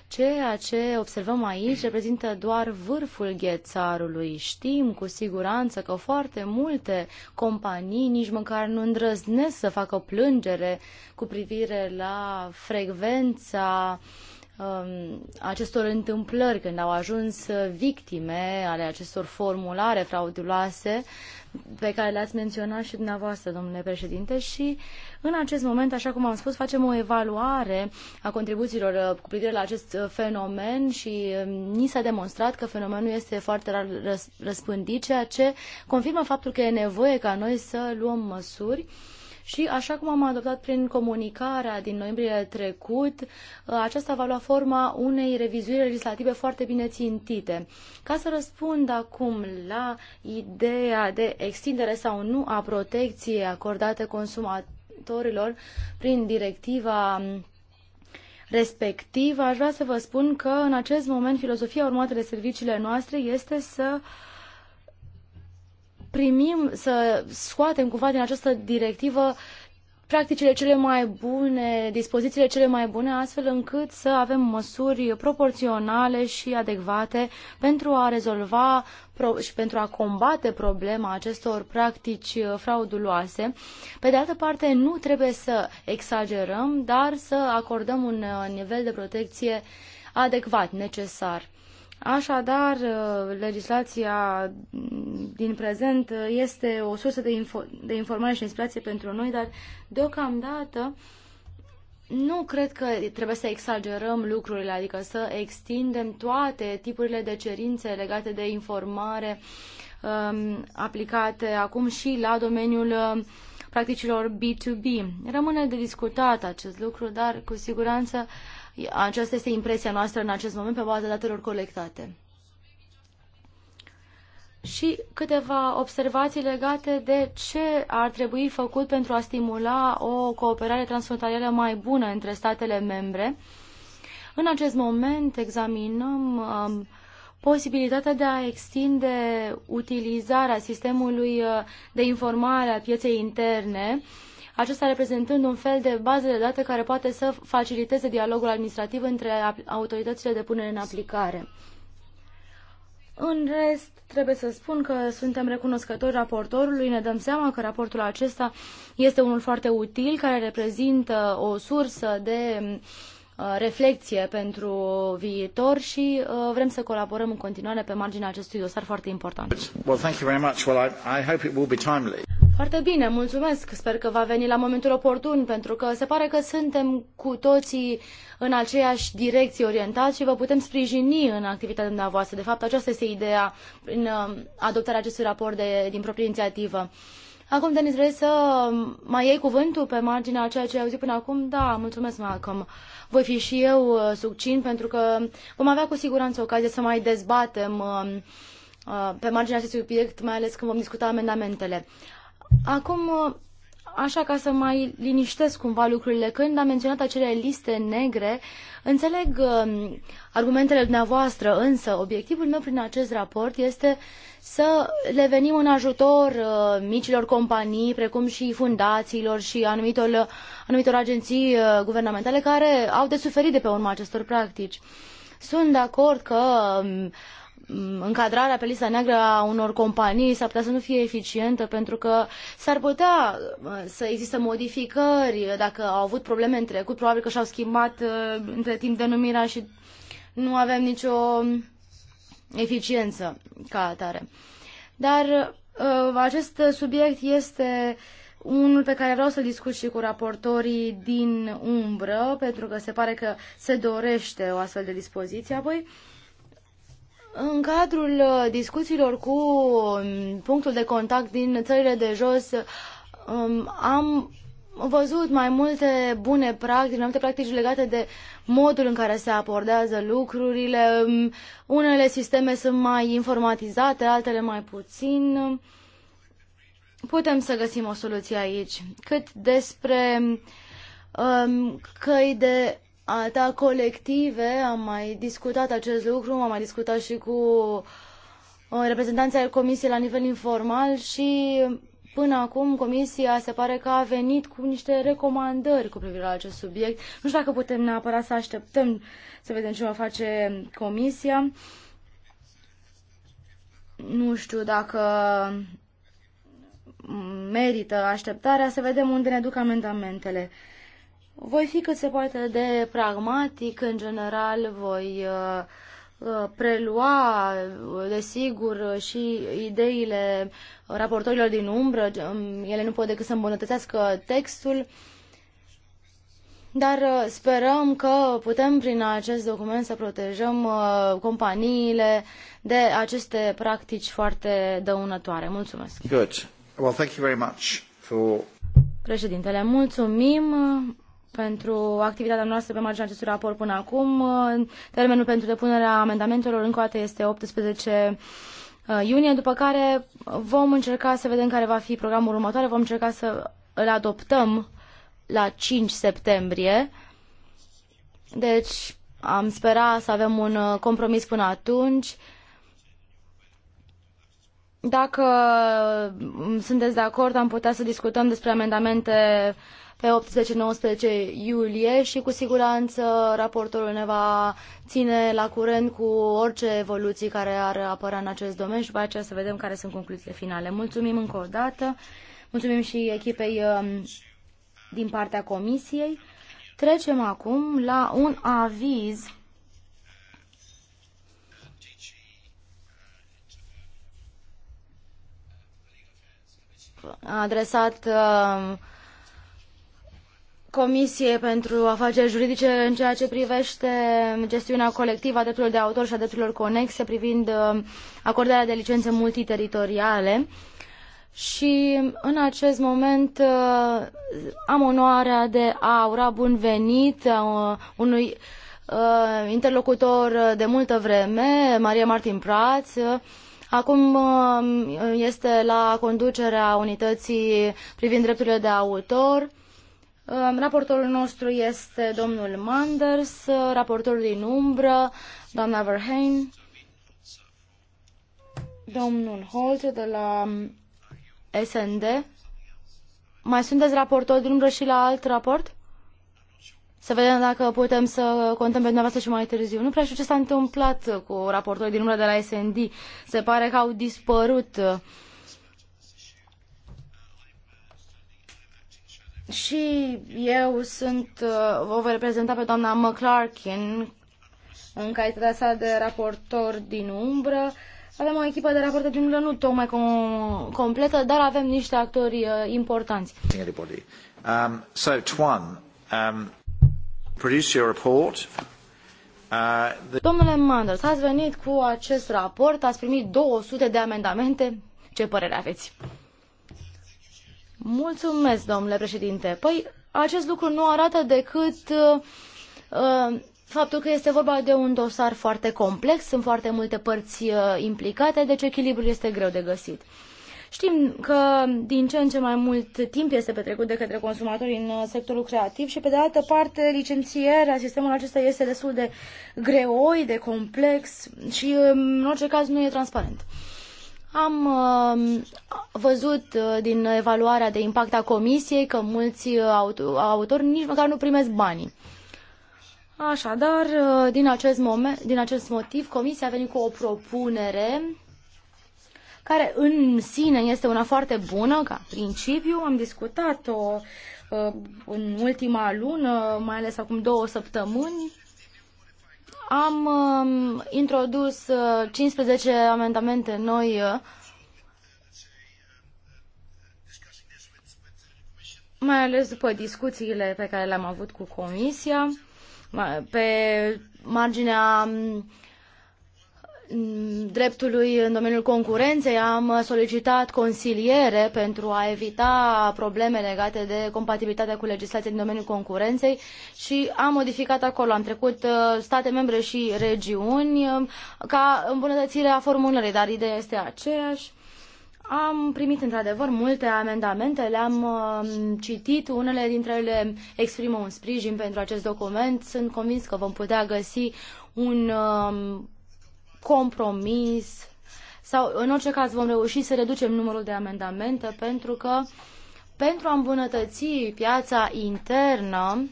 Ceea ce observăm aici reprezintă doar vârful ghețarului. Știm cu siguranță că foarte multe companii nici măcar nu îndrăznesc să facă o plângere cu privire la frecvența uh, Um, acestor întâmplări, când au ajuns uh, victime ale acestor formulare frauduloase pe care le-ați menționat și dumneavoastră, domnule președinte, și în acest moment, așa cum am spus, facem o evaluare a contribuțiilor uh, cu privire la acest uh, fenomen și um, ni s-a demonstrat că fenomenul este foarte rar răspândit, ceea ce confirmă faptul că e nevoie ca noi să luăm măsuri uh, și așa cum am adoptat prin comunicarea din noiembrie trecut, aceasta va lua forma unei revizuiri legislative foarte bine țintite. Ca să răspund acum la ideea de extindere sau nu a protecției acordate consumatorilor prin directiva respectivă. aș vrea să vă spun că în acest moment filozofia urmată de serviciile noastre este să uh, primim, să scoatem cumva din această directivă practicile cele mai bune, dispozițiile cele mai bune, astfel încât să avem măsuri proporționale și adecvate pentru a rezolva și pentru a combate problema acestor practici uh, frauduloase. Pe de altă parte, nu trebuie să exagerăm, dar să acordăm un uh, nivel de protecție adecvat, necesar. Așadar, uh, legislația mm, din prezent uh, este o sursă de, info- de informare și inspirație pentru noi, dar deocamdată nu cred că trebuie să exagerăm lucrurile, adică să extindem toate tipurile de cerințe legate de informare um, aplicate acum și la domeniul um, practicilor B2B. Rămâne de discutat acest lucru, dar cu siguranță uh, aceasta este impresia noastră în acest moment pe baza datelor colectate. Și câteva observații legate de ce ar trebui făcut pentru a stimula o cooperare transfrontalieră mai bună între statele membre. În acest moment examinăm um, posibilitatea de a extinde utilizarea sistemului uh, de informare a pieței interne uh, acesta reprezentând un fel de bază de date care poate să faciliteze dialogul administrativ între autoritățile de punere în aplicare. În rest, trebuie să spun că suntem recunoscători raportorului, ne dăm seama că raportul acesta este unul foarte util, care reprezintă o sursă de uh, reflecție pentru viitor și uh, vrem să colaborăm în continuare pe marginea acestui dosar foarte important. Well, thank you very much. Well, I, I hope it will be timely. Foarte bine, mulțumesc. Sper că va veni la momentul oportun, pentru că se pare că suntem cu toții în aceeași direcție orientați și vă putem sprijini în activitatea dumneavoastră. De fapt, aceasta este ideea în uh, adoptarea acestui raport de, din proprie inițiativă. Acum, Denis, vrei să mai iei cuvântul pe marginea ceea ce ai auzit până acum? Da, mulțumesc, Malcolm. Voi fi și eu uh, succin, pentru că vom avea cu siguranță ocazie să mai dezbatem uh, pe marginea acestui subiect, mai ales când vom discuta amendamentele. Acum, așa ca să mai liniștesc cumva lucrurile, când am menționat acele liste negre, înțeleg uh, argumentele dumneavoastră, însă obiectivul meu prin acest raport este să le venim în ajutor uh, micilor companii, precum și fundațiilor și anumitor, anumitor agenții uh, guvernamentale care au de suferit de pe urma acestor practici. Sunt de acord că um, încadrarea pe lista neagră a unor companii s-ar putea să nu fie eficientă pentru că s-ar putea să existe modificări dacă au avut probleme în trecut, probabil că și-au schimbat uh, între timp denumirea și nu avem nicio eficiență ca atare. Dar uh, acest subiect este unul pe care vreau să-l discut și cu raportorii din umbră, pentru că se pare că se dorește o astfel de dispoziție. Apoi, uh, în cadrul uh, discuțiilor cu um, punctul de contact din țările de jos, um, am văzut mai multe bune practici, mai multe practici legate de modul în care se abordează lucrurile. Um, unele sisteme sunt mai informatizate, altele mai puțin. Putem să găsim o soluție aici. Cât despre căi de ta colective, am mai discutat acest lucru, am mai discutat și cu uh, reprezentanții ai comisiei la nivel informal și până acum comisia se pare că a venit cu niște recomandări cu privire la acest subiect. Nu știu dacă putem neapărat să așteptăm să vedem ce va face comisia. Nu știu dacă merită așteptarea, să vedem unde ne duc amendamentele. Voi fi cât se poate de pragmatic, în general voi uh, uh, prelua, desigur, și ideile raportorilor din umbră, um, ele nu pot decât să îmbunătățească textul, dar uh, sperăm că putem prin acest document să protejăm companiile de aceste practici foarte dăunătoare. Mulțumesc! Good. Well, thank you very much for... Președintele, mulțumim! pentru activitatea noastră pe marginea acestui raport până acum. Termenul pentru depunerea amendamentelor încă o dată este 18 uh, iunie, după care vom încerca să vedem care va fi programul următor, vom încerca să îl adoptăm la 5 septembrie. Deci am spera să avem un uh, compromis până atunci. Dacă uh, sunteți de acord, am putea să discutăm despre amendamente uh, pe 18-19 iulie și cu siguranță raportorul ne va ține la curent cu orice evoluții care ar apărea în acest domeniu și după aceea să vedem care sunt concluziile finale. Mulțumim încă o dată, mulțumim și echipei um, din partea comisiei. Trecem acum la un aviz adresat uh, Comisie pentru Afaceri Juridice în ceea ce privește gestiunea colectivă a drepturilor de autor și a drepturilor conexe privind uh, acordarea de licențe multiteritoriale. Și în acest moment uh, am onoarea de a ura bun venit uh, unui interlocutor de multă vreme, Maria Martin Praț, Acum este la conducerea unității privind drepturile de autor Raportorul nostru este domnul Manders, raportorul din umbră, doamna Verheyen, domnul Holt de la um, SND. Mai sunteți raportor din umbră și la alt raport? Să vedem dacă putem să contăm pe dumneavoastră și mai târziu. Nu prea știu ce s-a întâmplat cu raportorii din umbră de la SND. Se pare că au dispărut uh, Și eu sunt, uh, o voi reprezenta pe doamna McClarkin în calitatea sa de raportor din umbră. Avem o echipă de raportor din umbră nu tocmai com- completă, dar avem niște actori uh, importanți. Um, so, Tuan, um, produce your report. Uh, the... Domnule Manders, ați venit cu acest raport, ați primit 200 de amendamente. Ce părere aveți? Mulțumesc, domnule președinte. Păi, acest lucru nu arată decât uh, uh, faptul că este vorba de un dosar foarte complex, sunt foarte multe părți uh, implicate, deci echilibrul este greu de găsit. Știm că din ce în ce mai mult timp este petrecut de către consumatori în uh, sectorul creativ și, pe de altă parte, licențierea, sistemul acesta este destul de greoi, de complex și, um, în orice caz, nu e transparent. Uh, am uh, văzut uh, din evaluarea de impact a comisiei că mulți uh, autori nici măcar nu primesc banii. Așadar, uh, din acest, moment, din acest motiv, comisia a venit cu o propunere care în sine este una foarte bună ca principiu. Am discutat-o uh, în ultima lună, mai ales acum două săptămâni, am um, introdus uh, 15 amendamente noi. Uh, mai ales după discuțiile pe care le-am avut cu Comisia, pe marginea um, Mm, dreptului în domeniul concurenței am solicitat consiliere pentru a evita probleme legate de compatibilitatea cu legislația din domeniul concurenței și am modificat acolo, am trecut uh, state membre și regiuni um, ca îmbunătățire a formulării, dar ideea este aceeași. Am primit într-adevăr multe amendamente, le-am um, citit, unele dintre ele exprimă un sprijin pentru acest document. Sunt convins că vom putea găsi un um, compromis sau în orice caz vom reuși să reducem numărul de amendamente pentru că pentru a îmbunătăți piața internă,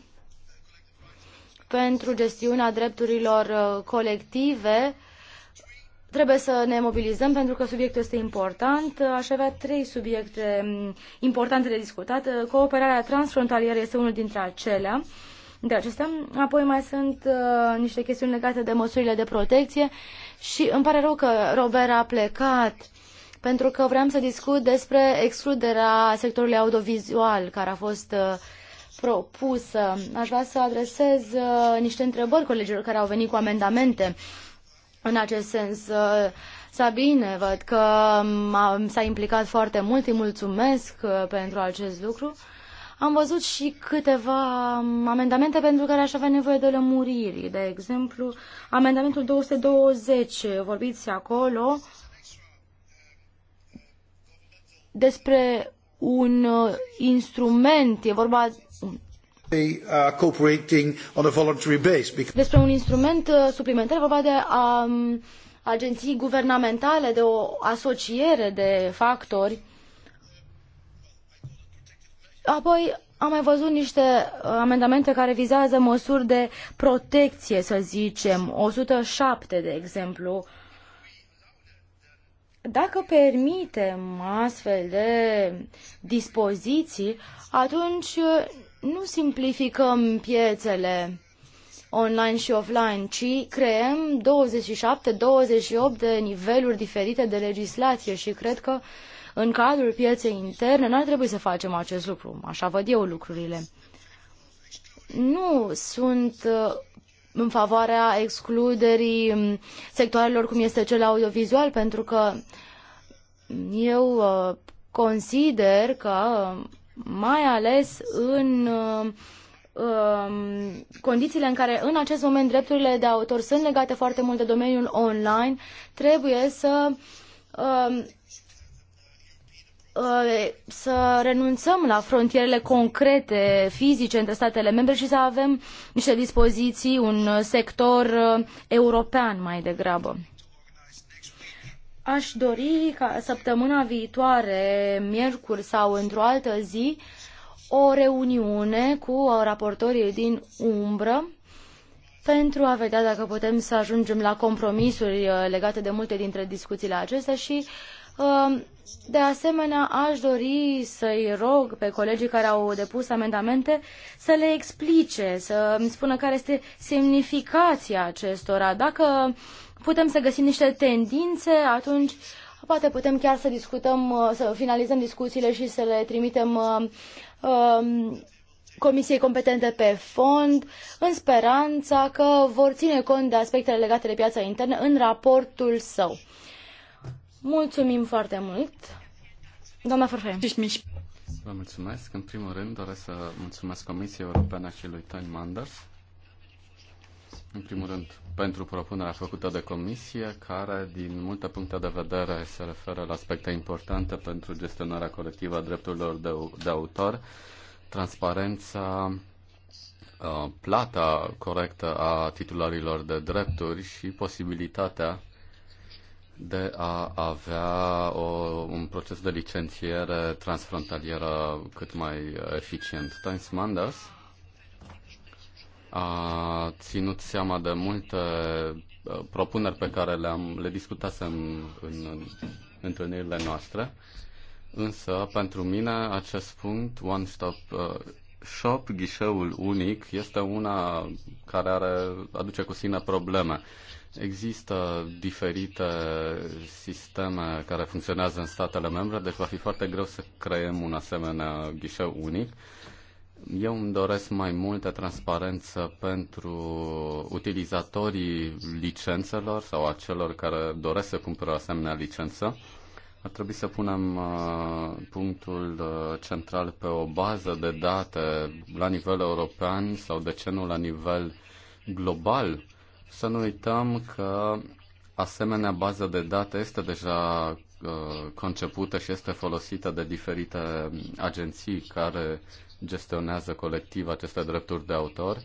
pentru gestiunea drepturilor uh, colective, trebuie să ne mobilizăm pentru că subiectul este important. Aș avea trei subiecte mm, importante de discutat. Uh, cooperarea transfrontalieră este unul dintre acelea de acestea. Apoi mai sunt uh, niște chestiuni legate de măsurile de protecție și îmi pare rău că Robert a plecat pentru că vreau să discut despre excluderea sectorului audiovizual care a fost uh, propusă. Aș vrea să adresez uh, niște întrebări colegilor care au venit cu amendamente în acest sens. Uh, Sabine, văd că um, s-a implicat foarte mult, îi mulțumesc uh, pentru acest lucru. Am văzut și câteva um, amendamente pentru care aș avea nevoie de lămuriri. De exemplu, amendamentul 220, vorbiți acolo despre un uh, instrument, e vorba uh, despre un instrument uh, suplimentar, vorba de um, agenții guvernamentale, de o asociere de factori Apoi am mai văzut niște uh, amendamente care vizează măsuri de protecție, să zicem, 107 de exemplu. Dacă permitem astfel de dispoziții, atunci uh, nu simplificăm piețele online și offline, ci creăm 27-28 de niveluri diferite de legislație și cred că uh, în cadrul pieței interne n-ar trebui să facem acest lucru. Așa văd eu lucrurile. Nu sunt uh, în favoarea excluderii um, sectoarelor cum este cel audiovizual, pentru că eu uh, consider că um, mai ales în uh, um, condițiile în care în acest moment drepturile de autor sunt legate foarte mult de domeniul online, trebuie să Uh, să renunțăm la frontierele concrete, fizice între statele membre și să avem niște dispoziții, un sector uh, european mai degrabă. Aș dori ca săptămâna viitoare, miercuri sau într-o altă zi, o reuniune cu raportorii din umbră pentru a vedea dacă putem să ajungem la compromisuri uh, legate de multe dintre discuțiile acestea și uh, Um, de asemenea, aș dori să-i rog pe colegii care au depus amendamente să le explice, să îmi spună care este semnificația acestora. Dacă putem să găsim niște tendințe, atunci poate putem chiar să discutăm, uh, să finalizăm discuțiile și să le trimitem uh, um, comisiei competente pe fond, în speranța că vor ține cont de aspectele legate de piața internă în raportul său. Mulțumim foarte mult. Doamna Forfe. Vă mulțumesc. În primul rând doresc să mulțumesc Comisiei Europene și lui Tony Manders. În primul rând pentru propunerea făcută de Comisie, care din multe puncte de vedere se referă la aspecte importante pentru gestionarea colectivă a drepturilor de, de autor, transparența, uh, plata corectă a titularilor de drepturi și posibilitatea de a avea o, un proces de licențiere transfrontalieră cât mai eficient. Times Mandas a ținut seama de multe uh, propuneri pe care le-am, le discutasem în, în întâlnirile noastre, însă pentru mine acest punct, One Stop uh, Shop, ghișeul unic, este una care are, aduce cu sine probleme Există diferite sisteme care funcționează în statele membre, deci va fi foarte greu să creăm un asemenea ghișeu unic. Eu îmi doresc mai multă transparență pentru utilizatorii licențelor sau a celor care doresc să cumpere o asemenea licență. Ar trebui să punem uh, punctul uh, central pe o bază de date la nivel european sau, de ce nu, la nivel global să nu uităm că asemenea bază de date este deja uh, concepută și este folosită de diferite agenții care gestionează colectiv aceste drepturi de autor.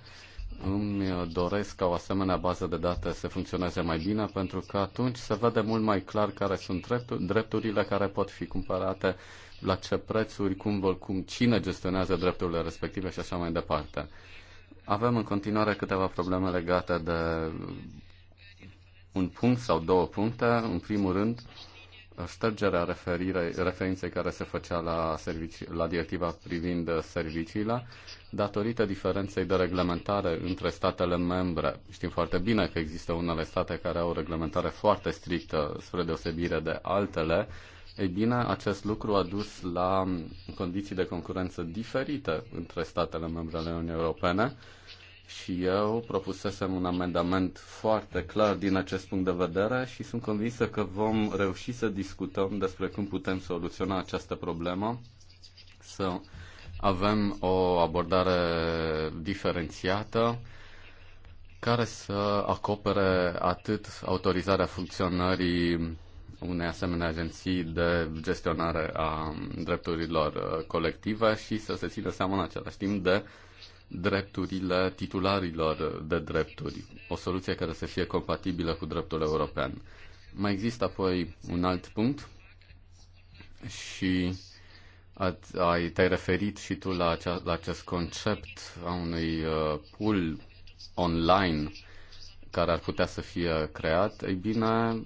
Îmi doresc ca o asemenea bază de date să funcționeze mai bine pentru că atunci se vede mult mai clar care sunt drepturile care pot fi cumpărate, la ce prețuri, cum, vor, cum cine gestionează drepturile respective și așa mai departe. Avem în continuare câteva probleme legate de un punct sau două puncte. În primul rând, ștergerea referire, referinței care se făcea la, servicii, la directiva privind serviciile, datorită diferenței de reglementare între statele membre. Știm foarte bine că există unele state care au o reglementare foarte strictă, spre deosebire de altele, ei bine, acest lucru a dus la condiții de concurență diferite între statele membre ale Uniunii Europene și eu propusesem un amendament foarte clar din acest punct de vedere și sunt convinsă că vom reuși să discutăm despre cum putem soluționa această problemă, să avem o abordare diferențiată care să acopere atât autorizarea funcționării unei asemenea agenții de gestionare a drepturilor uh, colective și să se țină seama în același timp de drepturile titularilor de drepturi, o soluție care să fie compatibilă cu dreptul european. Mai există apoi un alt punct și ai, te-ai referit și tu la, acea, la acest concept a unui uh, pool online care ar putea să fie creat, ei bine,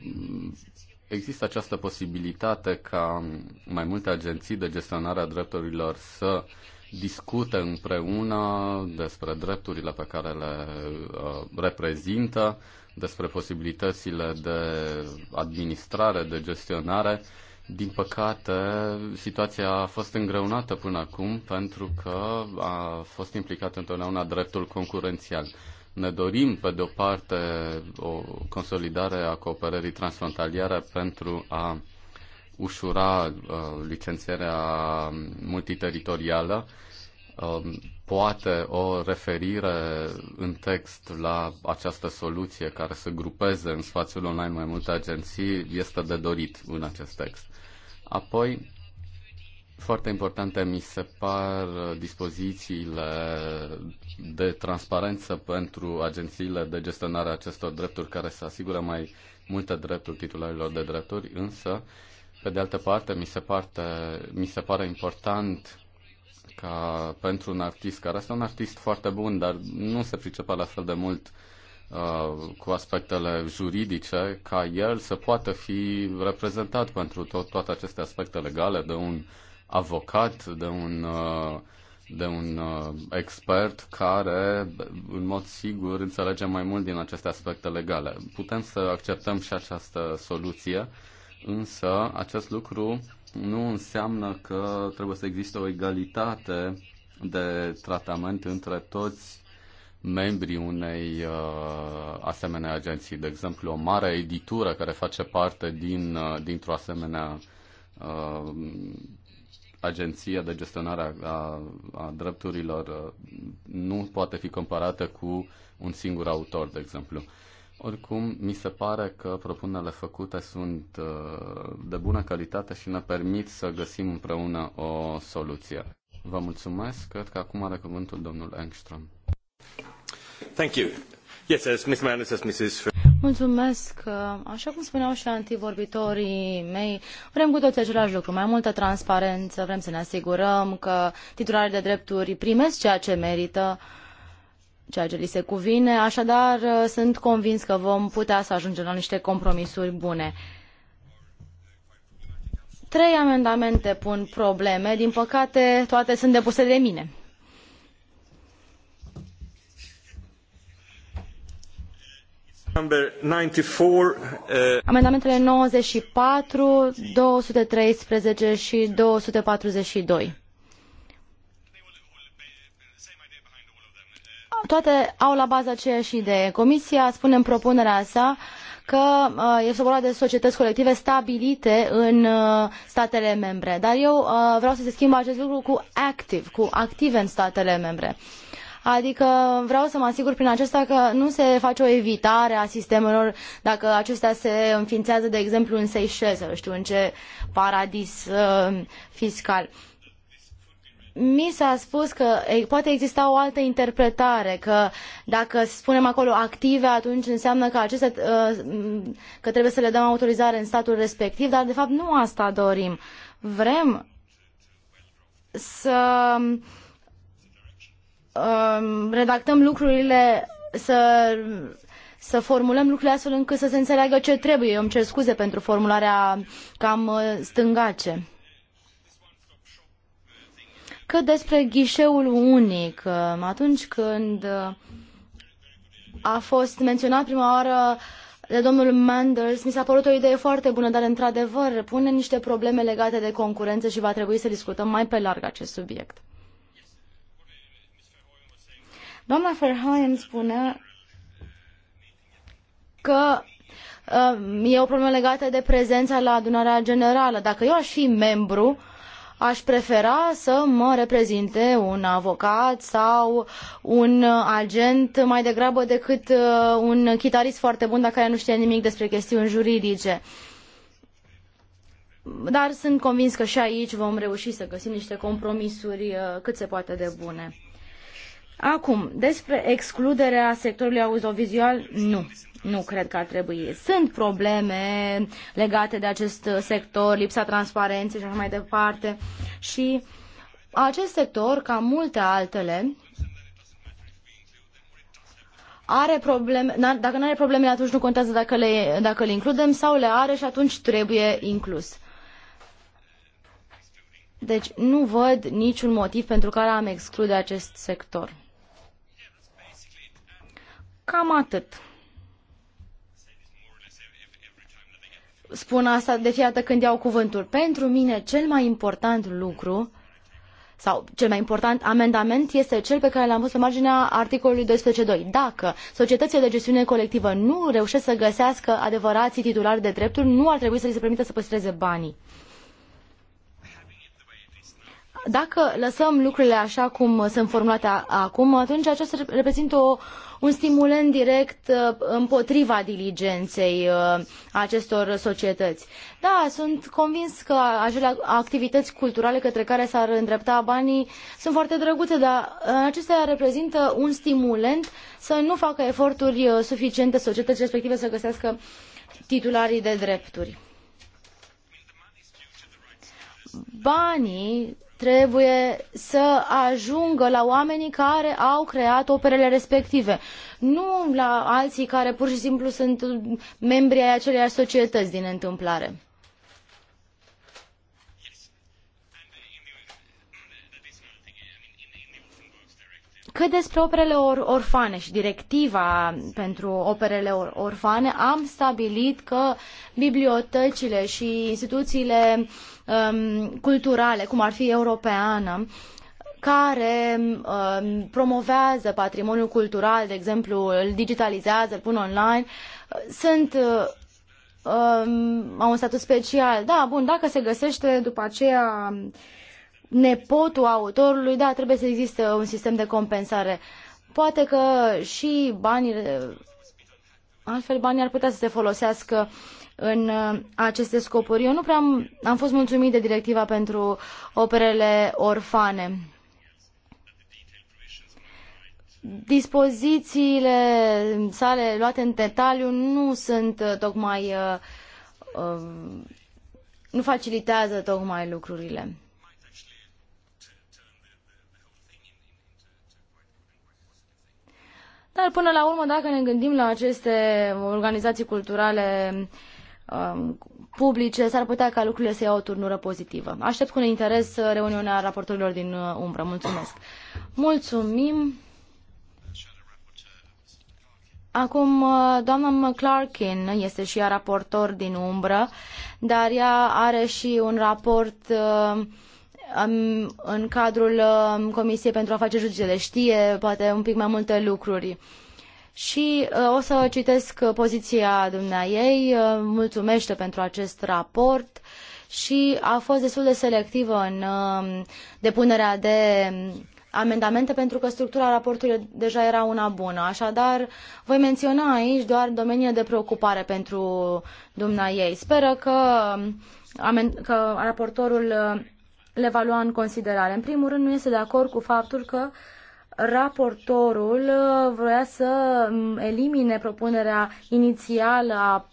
există această posibilitate ca mai multe agenții de gestionare a drepturilor să discute împreună despre drepturile pe care le uh, reprezintă, despre posibilitățile de administrare, de gestionare. Din păcate, situația a fost îngreunată până acum pentru că a fost implicat întotdeauna dreptul concurențial ne dorim, pe de o parte, o consolidare a cooperării transfrontaliere pentru a ușura uh, licențierea multiteritorială, um, poate o referire în text la această soluție care să grupeze în spațiul online mai multe agenții este de dorit în acest text. Apoi, foarte importante mi se par dispozițiile de transparență pentru agențiile de gestionare a acestor drepturi care să asigură mai multe drepturi titularilor de drepturi, însă, pe de altă parte, mi se, parte, mi se pare important ca pentru un artist care este un artist foarte bun, dar nu se pricepe la fel de mult uh, cu aspectele juridice, ca el să poată fi reprezentat pentru tot, toate aceste aspecte legale de un uh, avocat, de un, uh, de un uh, expert care, în mod sigur, înțelege mai mult din aceste aspecte legale. Putem să acceptăm și această soluție, însă acest lucru nu înseamnă că trebuie să existe o egalitate de tratament între toți membrii unei uh, asemenea agenții. De exemplu, o mare editură care face parte din, uh, dintr-o asemenea uh, agenție de gestionare a, a drepturilor uh, nu poate fi comparată cu un singur autor, de exemplu. Oricum, mi se pare că propunerile făcute sunt uh, de bună calitate și ne permit să găsim împreună o soluție. Vă mulțumesc. Cred că acum are cuvântul domnul Engström. Thank you. Yes, as Ms. Manus, as Mrs. Mulțumesc. Așa cum spuneau și antivorbitorii mei, vrem cu toți același lucru, mai multă transparență, vrem să ne asigurăm că titularii de drepturi primesc ceea ce merită, ceea ce li se cuvine, așadar sunt convins că vom putea să ajungem la niște compromisuri bune. Trei amendamente pun probleme, din păcate toate sunt depuse de mine. 94, uh, Amendamentele 94, 213 și 242. Toate au la bază aceeași idee. Comisia spune în propunerea sa că este uh, vorba de societăți colective stabilite în uh, statele membre. Dar eu vreau să se schimbe acest lucru cu active, cu active în statele membre. Uh, Adică vreau să mă asigur prin acesta că nu se face o evitare a sistemelor dacă acestea se înființează, de exemplu, în Seychelles, sau știu în ce paradis uh, fiscal mi s-a spus că poate exista o altă interpretare, că dacă spunem acolo active, atunci înseamnă că, aceste, uh, că trebuie să le dăm autorizare în statul respectiv, dar de fapt nu asta dorim. Vrem să Um, redactăm lucrurile, să, să formulăm lucrurile astfel încât să se înțeleagă ce trebuie. Eu îmi cer scuze pentru formularea cam uh, stângace. Cât despre ghișeul unic, um, atunci când uh, a fost menționat prima oară de domnul Manders, mi s-a părut o idee foarte bună, dar într-adevăr pune niște probleme legate de concurență și va trebui să discutăm mai pe larg acest subiect. Doamna Ferhaim spune că uh, e o problemă legată de prezența la adunarea generală. Dacă eu aș fi membru, aș prefera să mă reprezinte un avocat sau un agent mai degrabă decât uh, un chitarist foarte bun, dar care nu știe nimic despre chestiuni juridice. Dar sunt convins că și aici vom reuși să găsim niște compromisuri uh, cât se poate de bune. Acum, despre excluderea sectorului audiovizual, nu. Nu cred că ar trebui. Sunt probleme legate de acest sector, lipsa transparenței și așa mai departe. Și acest sector, ca multe altele, are probleme, dacă nu are probleme, atunci nu contează dacă le, dacă le includem sau le are și atunci trebuie inclus. Deci nu văd niciun motiv pentru care am exclude acest sector. Cam atât. Spun asta de fiecare când iau cuvântul. Pentru mine cel mai important lucru sau cel mai important amendament este cel pe care l-am pus pe marginea articolului 12.2. Dacă societățile de gestiune colectivă nu reușesc să găsească adevărații titulari de drepturi, nu ar trebui să li se permită să păstreze banii dacă lăsăm lucrurile așa cum sunt formulate acum, atunci aceasta reprezintă o, un stimulent direct uh, împotriva diligenței uh, acestor societăți. Da, sunt convins că acele activități culturale către care s-ar îndrepta banii sunt foarte drăguțe, dar uh, acestea reprezintă un stimulent să nu facă eforturi suficiente societăți respective să găsească titularii de drepturi banii trebuie să ajungă la oamenii care au creat operele respective, nu la alții care pur și simplu sunt membri ai aceleiași societăți din întâmplare. Cât despre operele or- orfane și directiva pentru operele or- orfane, am stabilit că bibliotecile și instituțiile uh, um, culturale, cum ar fi europeană, care um, promovează patrimoniul cultural, de exemplu, îl digitalizează, îl pun online, sunt um, au un statut special. Da, bun, dacă se găsește după aceea nepotul autorului, da, trebuie să existe un sistem de compensare. Poate că și banii, altfel banii ar putea să se folosească în uh, aceste scopuri. Eu nu prea am, am fost mulțumit de directiva pentru operele orfane. Dispozițiile sale luate în detaliu nu sunt uh, tocmai uh, um, nu facilitează tocmai lucrurile. Dar până la urmă, dacă ne gândim la aceste organizații culturale Um, publice, s-ar putea ca lucrurile să iau o turnură pozitivă. Aștept cu interes uh, reuniunea raportorilor din uh, umbră. Mulțumesc! Mulțumim! Acum, uh, doamna McClarkin este și ea raportor din umbră, dar ea are și un raport um, în cadrul Comisiei pentru Afaceri Judiciare. Știe poate un pic mai multe lucruri și uh, o să citesc uh, poziția dumneaei, uh, mulțumește pentru acest raport și a fost destul de selectivă în um, depunerea de um, amendamente pentru că structura raportului deja era una bună. Așadar, voi menționa aici doar domeniile de preocupare pentru dumneaei. Speră că, um, că raportorul le va lua în considerare. În primul rând, nu este de acord cu faptul că raportorul uh, vroia să mm, elimine propunerea inițială a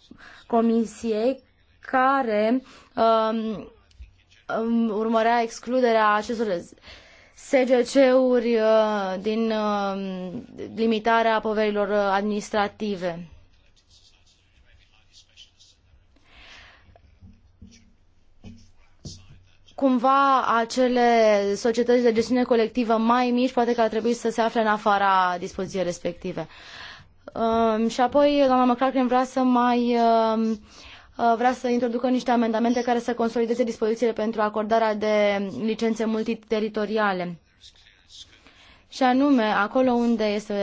Comisiei care um, um urmărea excluderea acestor SGC-uri uh, din uh, limitarea poverilor administrative. cumva acele societăți de gestiune colectivă mai mici poate că ar trebui să se afle în afara dispoziției respective. Um, și apoi doamna McCracken vrea să mai um, uh, vrea să introducă niște amendamente care să consolideze dispozițiile pentru acordarea de licențe multiteritoriale. Și anume, acolo unde este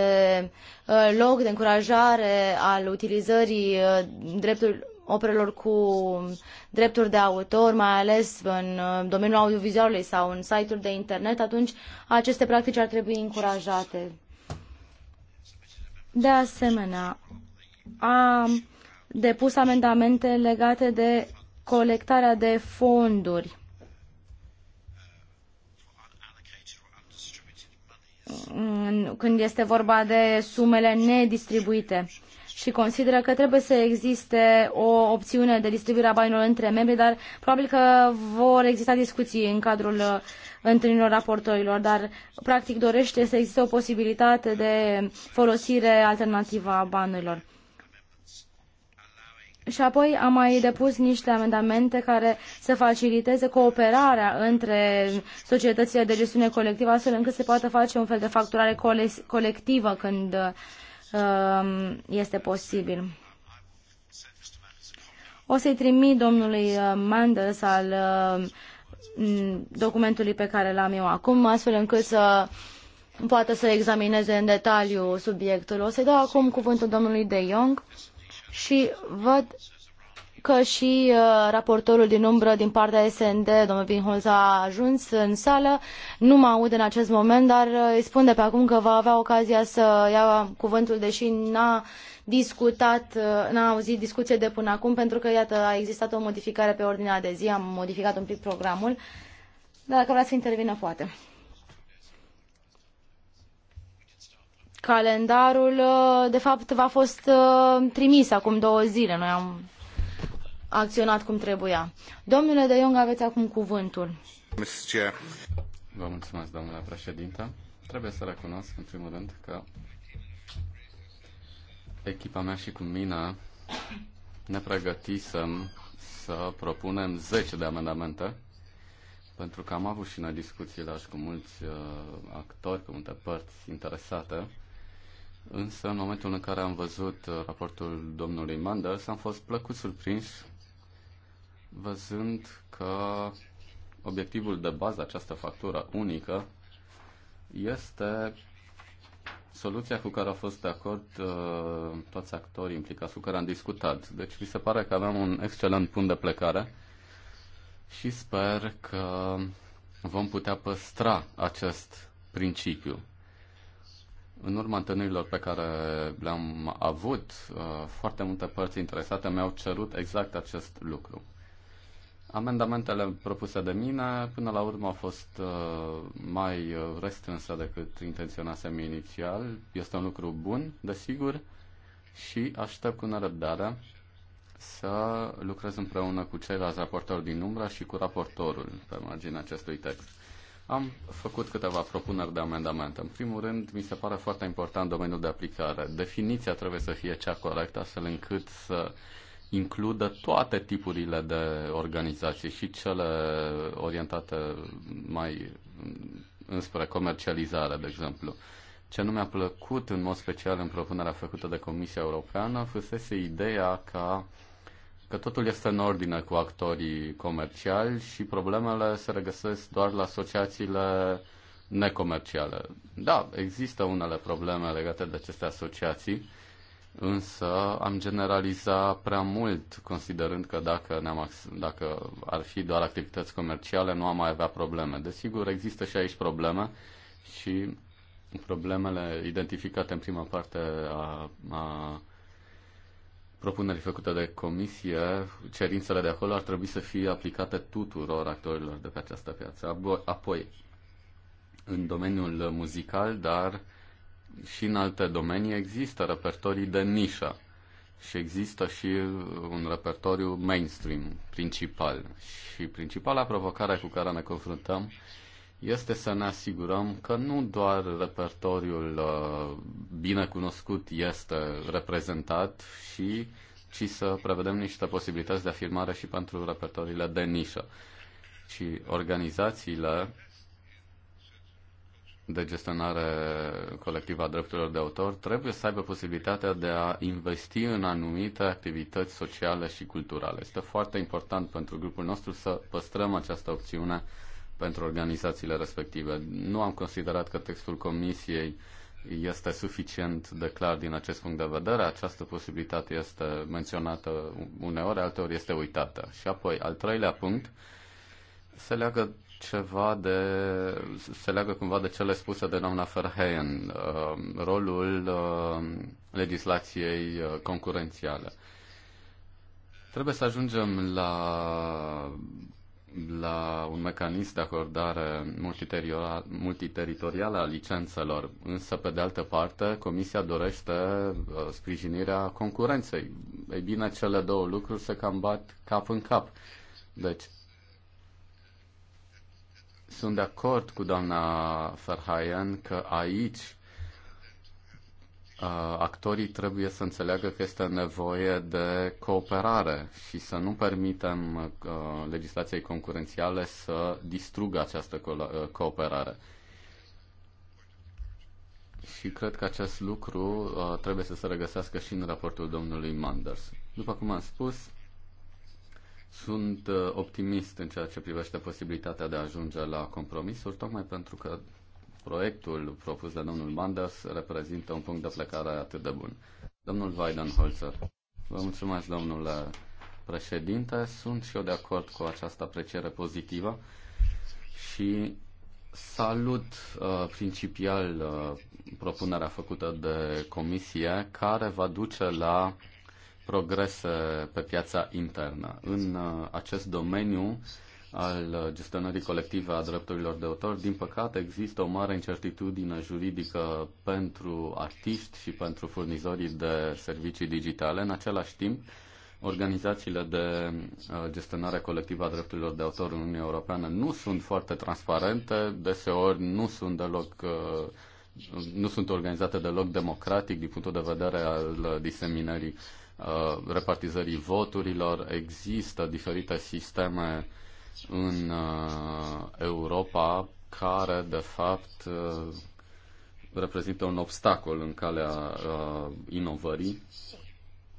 uh, loc de încurajare al utilizării uh, dreptului operelor cu drepturi de autor, mai ales în uh, domeniul audiovizualului sau în site-uri de internet, atunci aceste practici ar trebui încurajate. De asemenea, am depus amendamente legate de colectarea de fonduri. când este vorba de sumele nedistribuite și consideră că trebuie să existe o opțiune de distribuire a banilor între membri, dar probabil că vor exista discuții în cadrul uh, întâlnirilor raportorilor, dar practic dorește să existe o posibilitate de folosire alternativă a banilor. Și apoi am mai depus niște amendamente care să faciliteze cooperarea între societățile de gestiune colectivă, astfel încât se poată face un fel de facturare colectivă când uh, Um, este posibil. O să-i trimit domnului uh, Manders al uh, documentului pe care l-am eu acum, astfel încât să poată să examineze în detaliu subiectul. O să-i dau acum cuvântul domnului De Jong și văd că și uh, raportorul din umbră din partea SND, domnul Vinholz, a ajuns în sală. Nu mă aud în acest moment, dar uh, îi spun de pe acum că va avea ocazia să ia cuvântul, deși n-a discutat, uh, n-a auzit discuție de până acum, pentru că, iată, a existat o modificare pe ordinea de zi, am modificat un pic programul. Dar dacă vrea să intervină, poate. Calendarul, uh, de fapt, v-a fost uh, trimis acum două zile. Noi am acționat cum trebuia. Domnule De Jong, aveți acum cuvântul. Vă mulțumesc, domnule președinte. Trebuie să recunosc, în primul rând, că echipa mea și cu mine ne pregătisem să propunem 10 de amendamente, pentru că am avut și noi discuții la cu mulți uh, actori, cu multe părți interesate, însă în momentul în care am văzut uh, raportul domnului Manders, am fost plăcut surprins văzând că obiectivul de bază, această factură unică, este soluția cu care au fost de acord uh, toți actorii implicați, cu care am discutat. Deci mi se pare că avem un excelent punct de plecare și sper că vom putea păstra acest principiu. În urma întâlnirilor pe care le-am avut, uh, foarte multe părți interesate mi-au cerut exact acest lucru. Amendamentele propuse de mine până la urmă au fost uh, mai uh, restrânse decât intenționasem inițial. Este un lucru bun, desigur, și aștept cu nerăbdare să lucrez împreună cu ceilalți raportori din umbra și cu raportorul pe marginea acestui text. Am făcut câteva propuneri de amendamente. În primul rând, mi se pare foarte important domeniul de aplicare. Definiția trebuie să fie cea corectă, astfel încât să uh, includă toate tipurile de organizații și cele orientate mai înspre comercializare, de exemplu. Ce nu mi-a plăcut în mod special în propunerea făcută de Comisia Europeană fusese ideea ca că totul este în ordine cu actorii comerciali și problemele se regăsesc doar la asociațiile necomerciale. Da, există unele probleme legate de aceste asociații, însă am generaliza prea mult, considerând că dacă, ne-am, dacă ar fi doar activități comerciale, nu am mai avea probleme. Desigur, există și aici probleme și problemele identificate în prima parte a, a propunerii făcute de comisie, cerințele de acolo ar trebui să fie aplicate tuturor actorilor de pe această piață. Apoi, în domeniul muzical, dar uh, și în alte domenii există repertorii de nișă și există și uh, un repertoriu mainstream principal. Și principala provocare cu care ne confruntăm este să ne asigurăm că nu doar repertoriul uh, bine cunoscut este reprezentat, și, ci să prevedem niște posibilități de afirmare și pentru repertoriile de nișă. Și organizațiile de gestionare colectivă a drepturilor de autor trebuie să aibă posibilitatea de a investi în anumite activități sociale și culturale. Este foarte important pentru grupul nostru să păstrăm această opțiune pentru organizațiile respective. Nu am considerat că textul comisiei este suficient de clar din acest punct de vedere. Această posibilitate este menționată uneori, alteori este uitată. Și apoi, al treilea punct se leagă ceva de... se leagă cumva de cele spuse de doamna Verheyen, uh, rolul uh, legislației uh, concurențiale. Trebuie să ajungem la, la un mecanism de acordare multiteritorială a licențelor, însă, pe de altă parte, Comisia dorește sprijinirea concurenței. Ei bine, cele două lucruri se cam bat cap în cap. Deci, sunt de acord cu doamna Ferhaian că aici uh, actorii trebuie să înțeleagă că este nevoie de cooperare și să nu permitem uh, legislației concurențiale să distrugă această co- uh, cooperare. Și cred că acest lucru uh, trebuie să se regăsească și în raportul domnului Manders. După cum am spus, sunt uh, optimist în ceea ce privește posibilitatea de a ajunge la compromisuri, tocmai pentru că proiectul propus de domnul Manders reprezintă un punct de plecare atât de bun. Domnul Weidenholzer, vă mulțumesc, domnule președinte. Sunt și eu de acord cu această apreciere pozitivă și salut uh, principial uh, propunerea făcută de comisie care va duce la progrese pe piața internă. În uh, acest domeniu al gestionării colective a drepturilor de autor, din păcate, există o mare incertitudine juridică pentru artiști și pentru furnizorii de servicii digitale. În același timp, organizațiile de uh, gestionare colectivă a drepturilor de autor în Uniunea Europeană nu sunt foarte transparente, deseori nu sunt deloc uh, nu sunt organizate deloc democratic din punctul de vedere al diseminării Uh, repartizării voturilor. Există diferite sisteme în uh, Europa care, de fapt, uh, reprezintă un obstacol în calea inovării.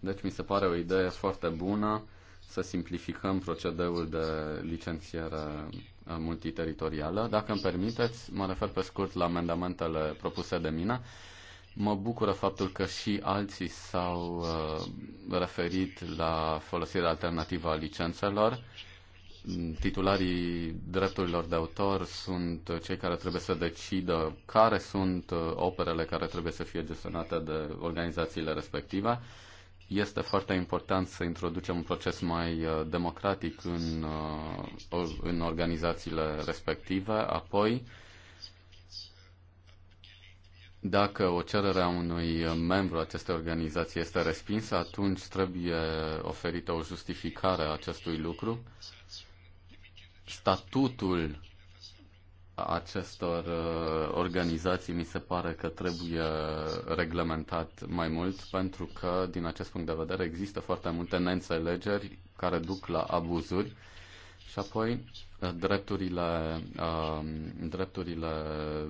Deci mi se pare o idee foarte bună să simplificăm procedeul de licențiere multiteritorială. Dacă îmi permiteți, mă refer pe scurt la amendamentele propuse de mine. Mă bucură faptul că și alții s-au uh, referit la folosirea alternativă a licențelor. Titularii drepturilor de autor sunt cei care trebuie să decidă care sunt uh, operele care trebuie să fie gestionate de organizațiile respective. Este foarte important să introducem un proces mai uh, democratic în, uh, în organizațiile respective. Apoi, dacă o cerere a unui membru acestei organizații este respinsă, atunci trebuie oferită o justificare a acestui lucru. Statutul acestor uh, organizații mi se pare că trebuie reglementat mai mult pentru că din acest punct de vedere există foarte multe neînțelegeri care duc la abuzuri și apoi drepturile, um, drepturile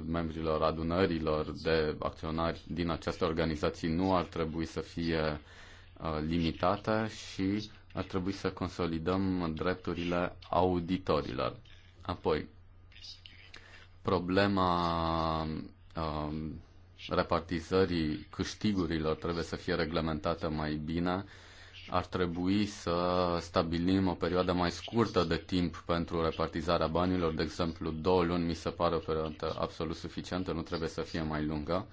membrilor adunărilor de acționari din aceste organizații nu ar trebui să fie uh, limitate și ar trebui să consolidăm drepturile auditorilor. Apoi, problema um, repartizării câștigurilor trebuie să fie reglementată mai bine ar trebui să stabilim o perioadă mai scurtă de timp pentru repartizarea banilor, de exemplu două luni mi se pare o perioadă absolut suficientă, nu trebuie să fie mai lungă.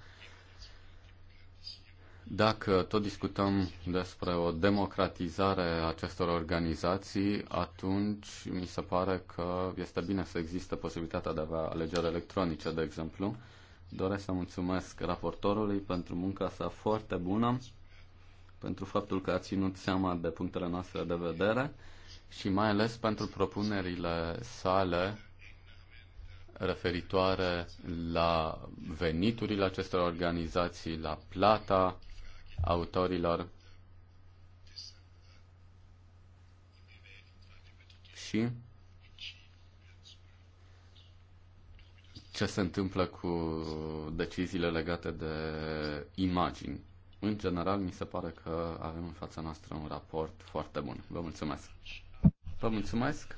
Dacă tot discutăm despre o democratizare a acestor organizații, atunci mi se pare că este bine să existe posibilitatea de a avea alegeri electronice, de exemplu. Doresc să mulțumesc raportorului pentru munca sa foarte bună pentru faptul că a ținut seama de punctele noastre de vedere și mai ales pentru propunerile sale referitoare la veniturile acestor organizații, la plata autorilor și ce se întâmplă cu deciziile legate de imagini în general, mi se pare că avem în fața noastră un raport foarte bun. Vă mulțumesc! Vă mulțumesc!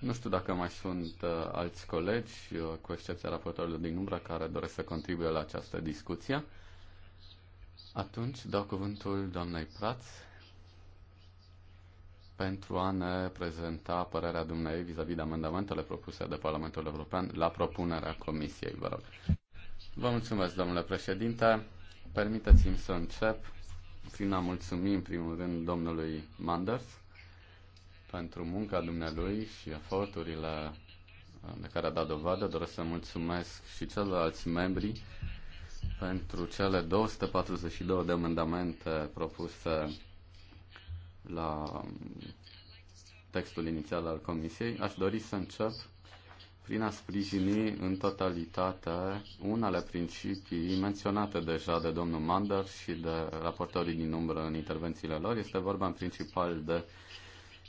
Nu știu dacă mai sunt uh, alți colegi, uh, cu excepția raportorilor din umbră, care doresc să contribuie la această discuție. Atunci dau cuvântul doamnei Praț pentru a ne prezenta părerea dumneavoastră vis-a-vis de amendamentele propuse de Parlamentul European la propunerea Comisiei. Vă rog. Vă mulțumesc, domnule președinte. Permiteți-mi să încep prin a mulțumi în primul rând domnului Manders pentru munca dumnealui și eforturile uh, de care a dat dovadă. Doresc să mulțumesc și celorlalți membri pentru cele 242 de amendamente propuse la um, textul inițial al Comisiei. Aș dori să încep prin a sprijini în totalitate unele principii menționate deja de domnul Mander și de raportorii din umbră în intervențiile lor. Este vorba în principal de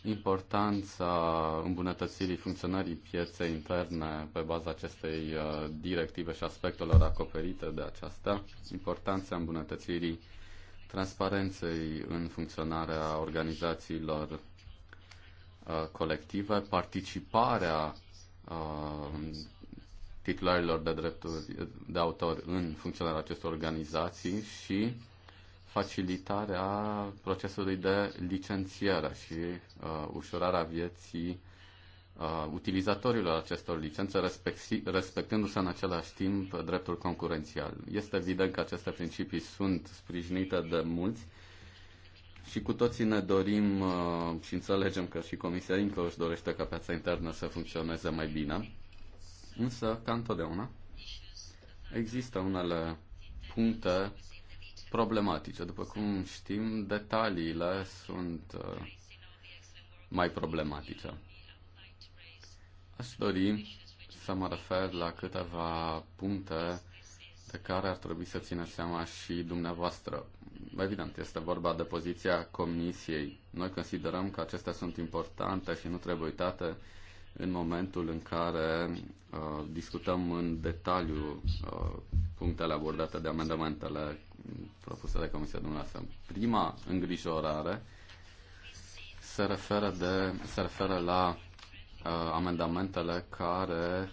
importanța îmbunătățirii funcționării pieței interne pe baza acestei uh, directive și aspectelor acoperite de aceasta, importanța îmbunătățirii transparenței în funcționarea organizațiilor uh, colective, participarea Uh, titularilor de drepturi de autor în funcționarea acestor organizații și facilitarea procesului de licențiere și uh, ușurarea vieții uh, utilizatorilor acestor licențe, respectându-se în același timp dreptul concurențial. Este evident că aceste principii sunt sprijinite de mulți și cu toții ne dorim uh, și înțelegem că și Comisia INCO își dorește ca piața internă să funcționeze mai bine. Însă, ca întotdeauna, există unele puncte problematice. După cum știm, detaliile sunt uh, mai problematice. Aș dori să mă refer la câteva puncte de care ar trebui să țină seama și dumneavoastră. Evident, este vorba de poziția Comisiei. Noi considerăm că acestea sunt importante și nu trebuie uitate în momentul în care uh, discutăm în detaliu uh, punctele abordate de amendamentele propuse de Comisia dumneavoastră. Prima îngrijorare se referă, de, se referă la uh, amendamentele care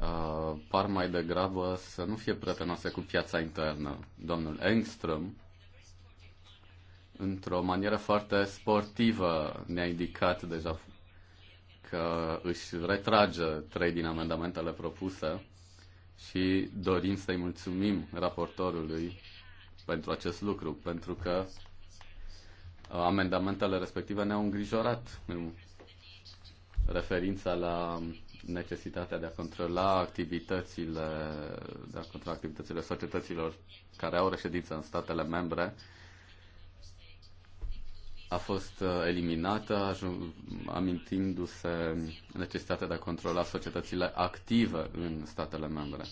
Uh, par mai degrabă să nu fie prietenoase cu piața internă. Domnul Engström, într-o manieră foarte sportivă, ne-a indicat deja că își retrage trei din amendamentele propuse și dorim să-i mulțumim raportorului pentru acest lucru, pentru că uh, amendamentele respective ne-au îngrijorat. Referința la necesitatea de a controla activitățile, de a controla activitățile societăților care au reședință în statele membre a fost uh, eliminată, amintindu-se necesitatea de a controla societățile active în statele membre.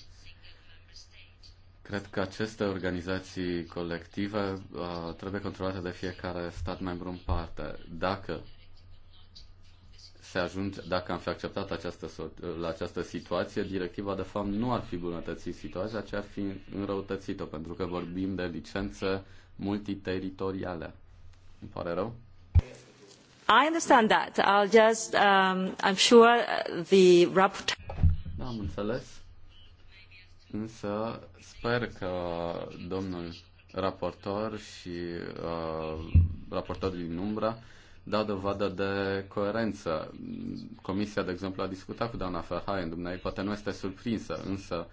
Cred că aceste organizații colective uh, trebuie controlate de fiecare stat membru în parte. Dacă se ajunge, dacă am fi acceptat această, la această situație, directiva de fapt nu ar fi bunătățit situația, ci ar fi înrăutățită, pentru că vorbim de licențe multiteritoriale. Îmi pare rău? I understand that. I'll just, um, I'm sure the rapporteur... Da, am înțeles. Însă sper că domnul raportor și uh, raportorul din umbra uh, da dovadă de coerență. Comisia, de exemplu, a discutat cu doamna Verheyen, dumneavoastră poate nu este surprinsă, însă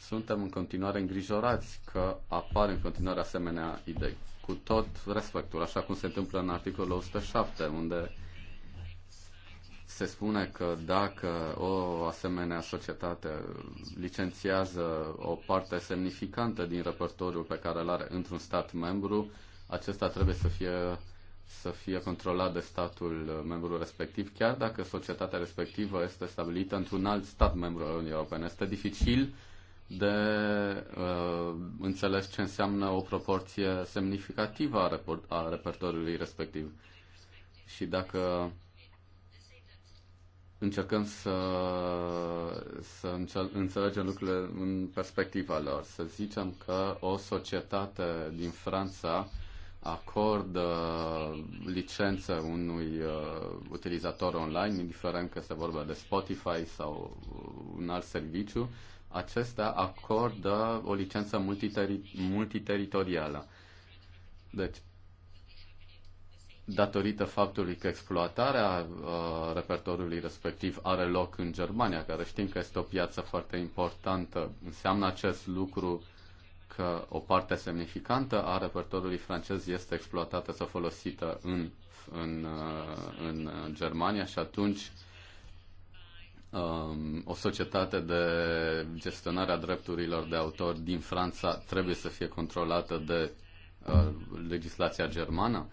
suntem în continuare îngrijorați că apar în continuare asemenea idei. Cu tot respectul, așa cum se întâmplă în articolul 107, unde se spune că dacă o asemenea societate licențiază o parte semnificantă din repertoriul pe care îl are într-un stat membru, acesta trebuie să fie să fie controlat de statul membru respectiv, chiar dacă societatea respectivă este stabilită într-un alt stat membru al Uniunii Europene. Este dificil de uh, înțeles ce înseamnă o proporție semnificativă a, reper- a repertoriului respectiv. Și dacă încercăm să, să înțelegem lucrurile în perspectiva lor, să zicem că o societate din Franța acordă uh, licență unui uh, utilizator online, indiferent că se vorba de Spotify sau uh, un alt serviciu, acesta acordă o licență multiteri- multiteritorială. Deci, datorită faptului că exploatarea uh, repertoriului respectiv are loc în Germania, care știm că este o piață foarte importantă, înseamnă acest lucru că o parte semnificantă a repertorului francez este exploatată sau folosită în, în, uh, în Germania și atunci um, o societate de gestionare a drepturilor de autor din Franța trebuie să fie controlată de uh, legislația germană.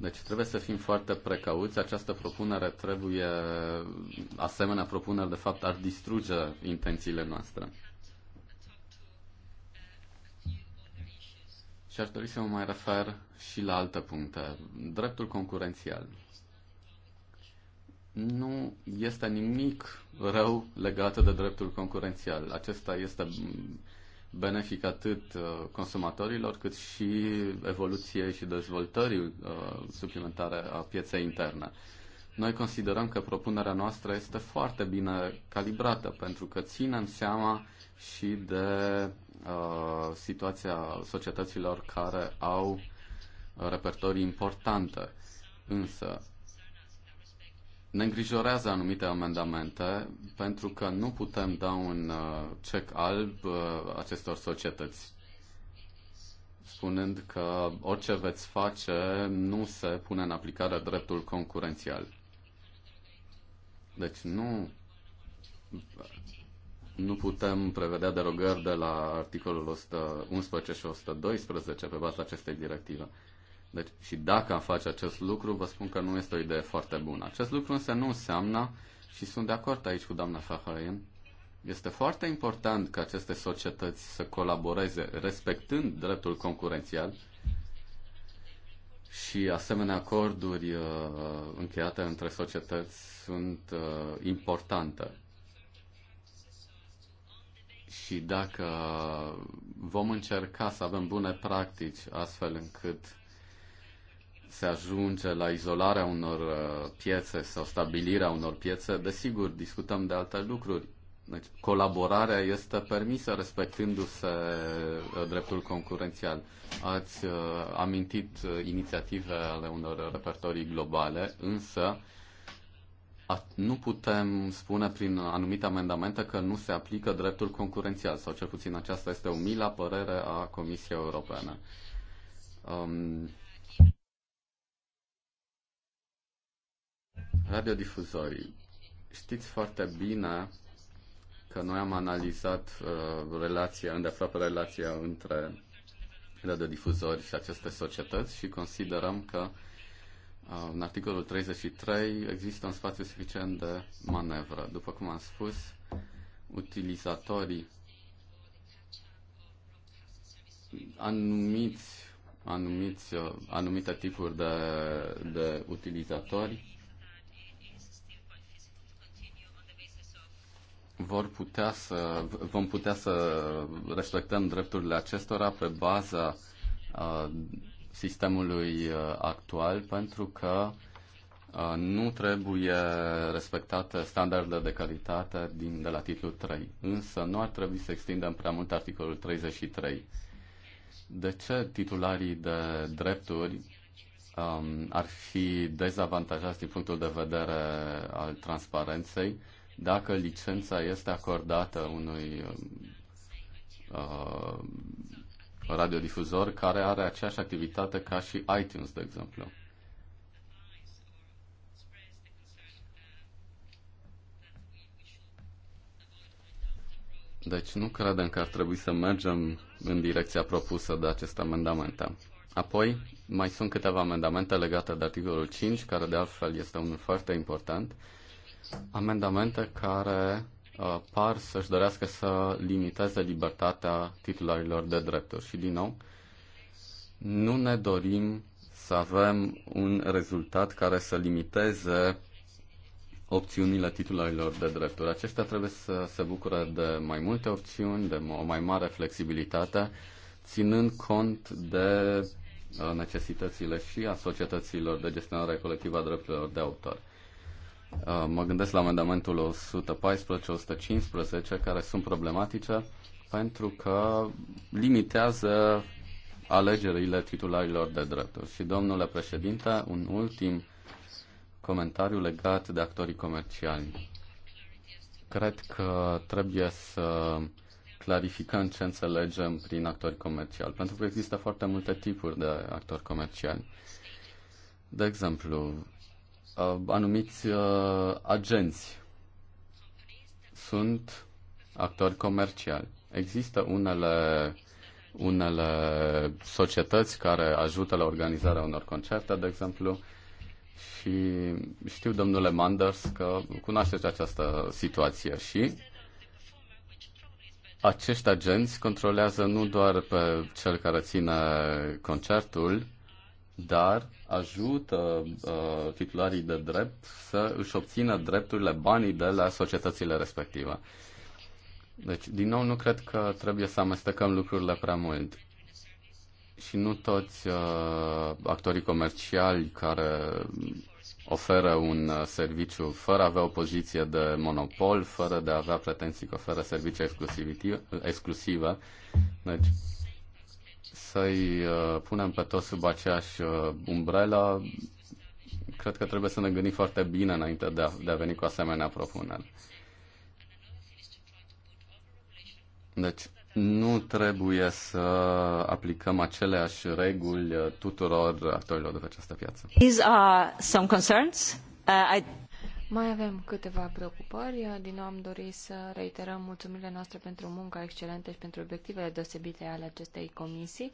Deci trebuie să fim foarte precauți. Această propunere trebuie, asemenea propunere, de fapt, ar distruge intențiile noastre. Și aș dori să mă mai refer și la altă puncte. Dreptul concurențial. Nu este nimic rău legat de dreptul concurențial. Acesta este benefic atât uh, consumatorilor cât și evoluției și dezvoltării uh, suplimentare a pieței interne. Noi considerăm că propunerea noastră este foarte bine calibrată pentru că ținem seama și de Uh, situația societăților care au repertorii importante. Însă, ne îngrijorează anumite amendamente pentru că nu putem da un uh, cec alb uh, acestor societăți, spunând că orice veți face nu se pune în aplicare dreptul concurențial. Deci nu nu putem prevedea derogări de la articolul 111 și 112 pe baza acestei directive. Deci, și dacă am face acest lucru, vă spun că nu este o idee foarte bună. Acest lucru însă nu înseamnă, și sunt de acord aici cu doamna Fahrein, este foarte important ca aceste societăți să colaboreze respectând dreptul concurențial și asemenea acorduri uh, încheiate între societăți sunt uh, importante și dacă vom încerca să avem bune practici astfel încât se ajunge la izolarea unor uh, piețe sau stabilirea unor piețe, desigur, discutăm de alte lucruri. Deci, colaborarea este permisă respectându-se uh, dreptul concurențial. Ați uh, amintit uh, inițiative ale unor repertorii globale, însă uh, nu putem spune prin anumite amendamente că nu se aplică dreptul concurențial, sau cel puțin aceasta este o milă părere a Comisiei Europene. Um, radiodifuzorii. Știți foarte bine că noi am analizat uh, relația, îndeaproape relația între radiodifuzori și aceste societăți și considerăm că uh, în articolul 33 există un spațiu suficient de manevră. După cum am spus, utilizatorii anumiți, anumiți, uh, anumite tipuri de, de utilizatori vor putea să, vom putea să respectăm drepturile acestora pe baza uh, sistemului uh, actual pentru că uh, nu trebuie respectate standardele de calitate din, de la titlul 3. Însă nu ar trebui să extindem prea mult articolul 33. De ce titularii de drepturi um, ar fi dezavantajați din punctul de vedere al transparenței dacă licența este acordată unui uh, radiodifuzor care are aceeași activitate ca și iTunes, de exemplu. Deci nu credem că ar trebui să mergem în direcția propusă de aceste amendamente. Apoi, mai sunt câteva amendamente legate de articolul 5, care de altfel este unul foarte important. Amendamente care Uh, par să-și dorească să limiteze libertatea titularilor de drepturi. Și, din nou, nu ne dorim să avem un rezultat care să limiteze opțiunile titularilor de drepturi. Aceștia trebuie să se bucure de mai multe opțiuni, de o mai mare flexibilitate, ținând cont de uh, necesitățile și a societăților de gestionare colectivă a drepturilor de autor. Uh, mă gândesc la amendamentul 114-115 care sunt problematice pentru că limitează alegerile titularilor de drepturi. Și, domnule președinte, un ultim comentariu legat de actorii comerciali. Cred că trebuie să clarificăm ce înțelegem prin actori comerciali, pentru că există foarte multe tipuri de actori comerciali. De exemplu, uh, anumiți uh, agenți sunt actori comerciali. Există unele, unele societăți care ajută la organizarea unor concerte, de exemplu, și știu, domnule Manders, că cunoașteți această situație și acești agenți controlează nu doar pe cel care ține concertul, dar ajută uh, titularii de drept să își obțină drepturile banii de la societățile respective. Deci, din nou, nu cred că trebuie să amestecăm lucrurile prea mult. Și nu toți uh, actorii comerciali care oferă un uh, serviciu fără a avea o poziție de monopol, fără de a avea pretenții că oferă servicii exclusive. Deci, să-i uh, punem pe toți sub aceeași uh, umbrelă, cred că trebuie să ne gândim foarte bine înainte de a, de a veni cu asemenea propuneri. Deci, nu trebuie să aplicăm aceleași reguli uh, tuturor actorilor de pe această piață. These are some concerns. Uh, I mai avem câteva preocupări. Din nou am dorit să reiterăm mulțumirile noastre pentru munca excelentă și pentru obiectivele deosebite ale acestei comisii.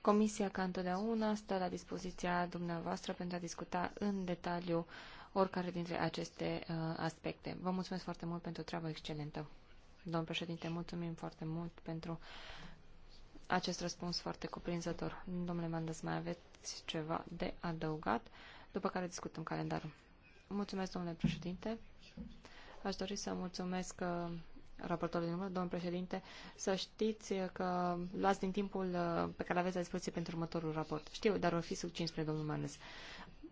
Comisia, ca întotdeauna, stă la dispoziția dumneavoastră pentru a discuta în detaliu oricare dintre aceste uh, aspecte. Vă mulțumesc foarte mult pentru treaba excelentă. Domn președinte, mulțumim foarte mult pentru acest răspuns foarte cuprinzător. Domnule Mandas, mai aveți ceva de adăugat, după care discutăm calendarul. Mulțumesc, domnule președinte. Aș dori să mulțumesc uh, raportorul din urmă, domnul președinte, să știți că luați din timpul uh, pe care aveți la dispoziție pentru următorul raport. Știu, dar o fi succint spre domnul Manes.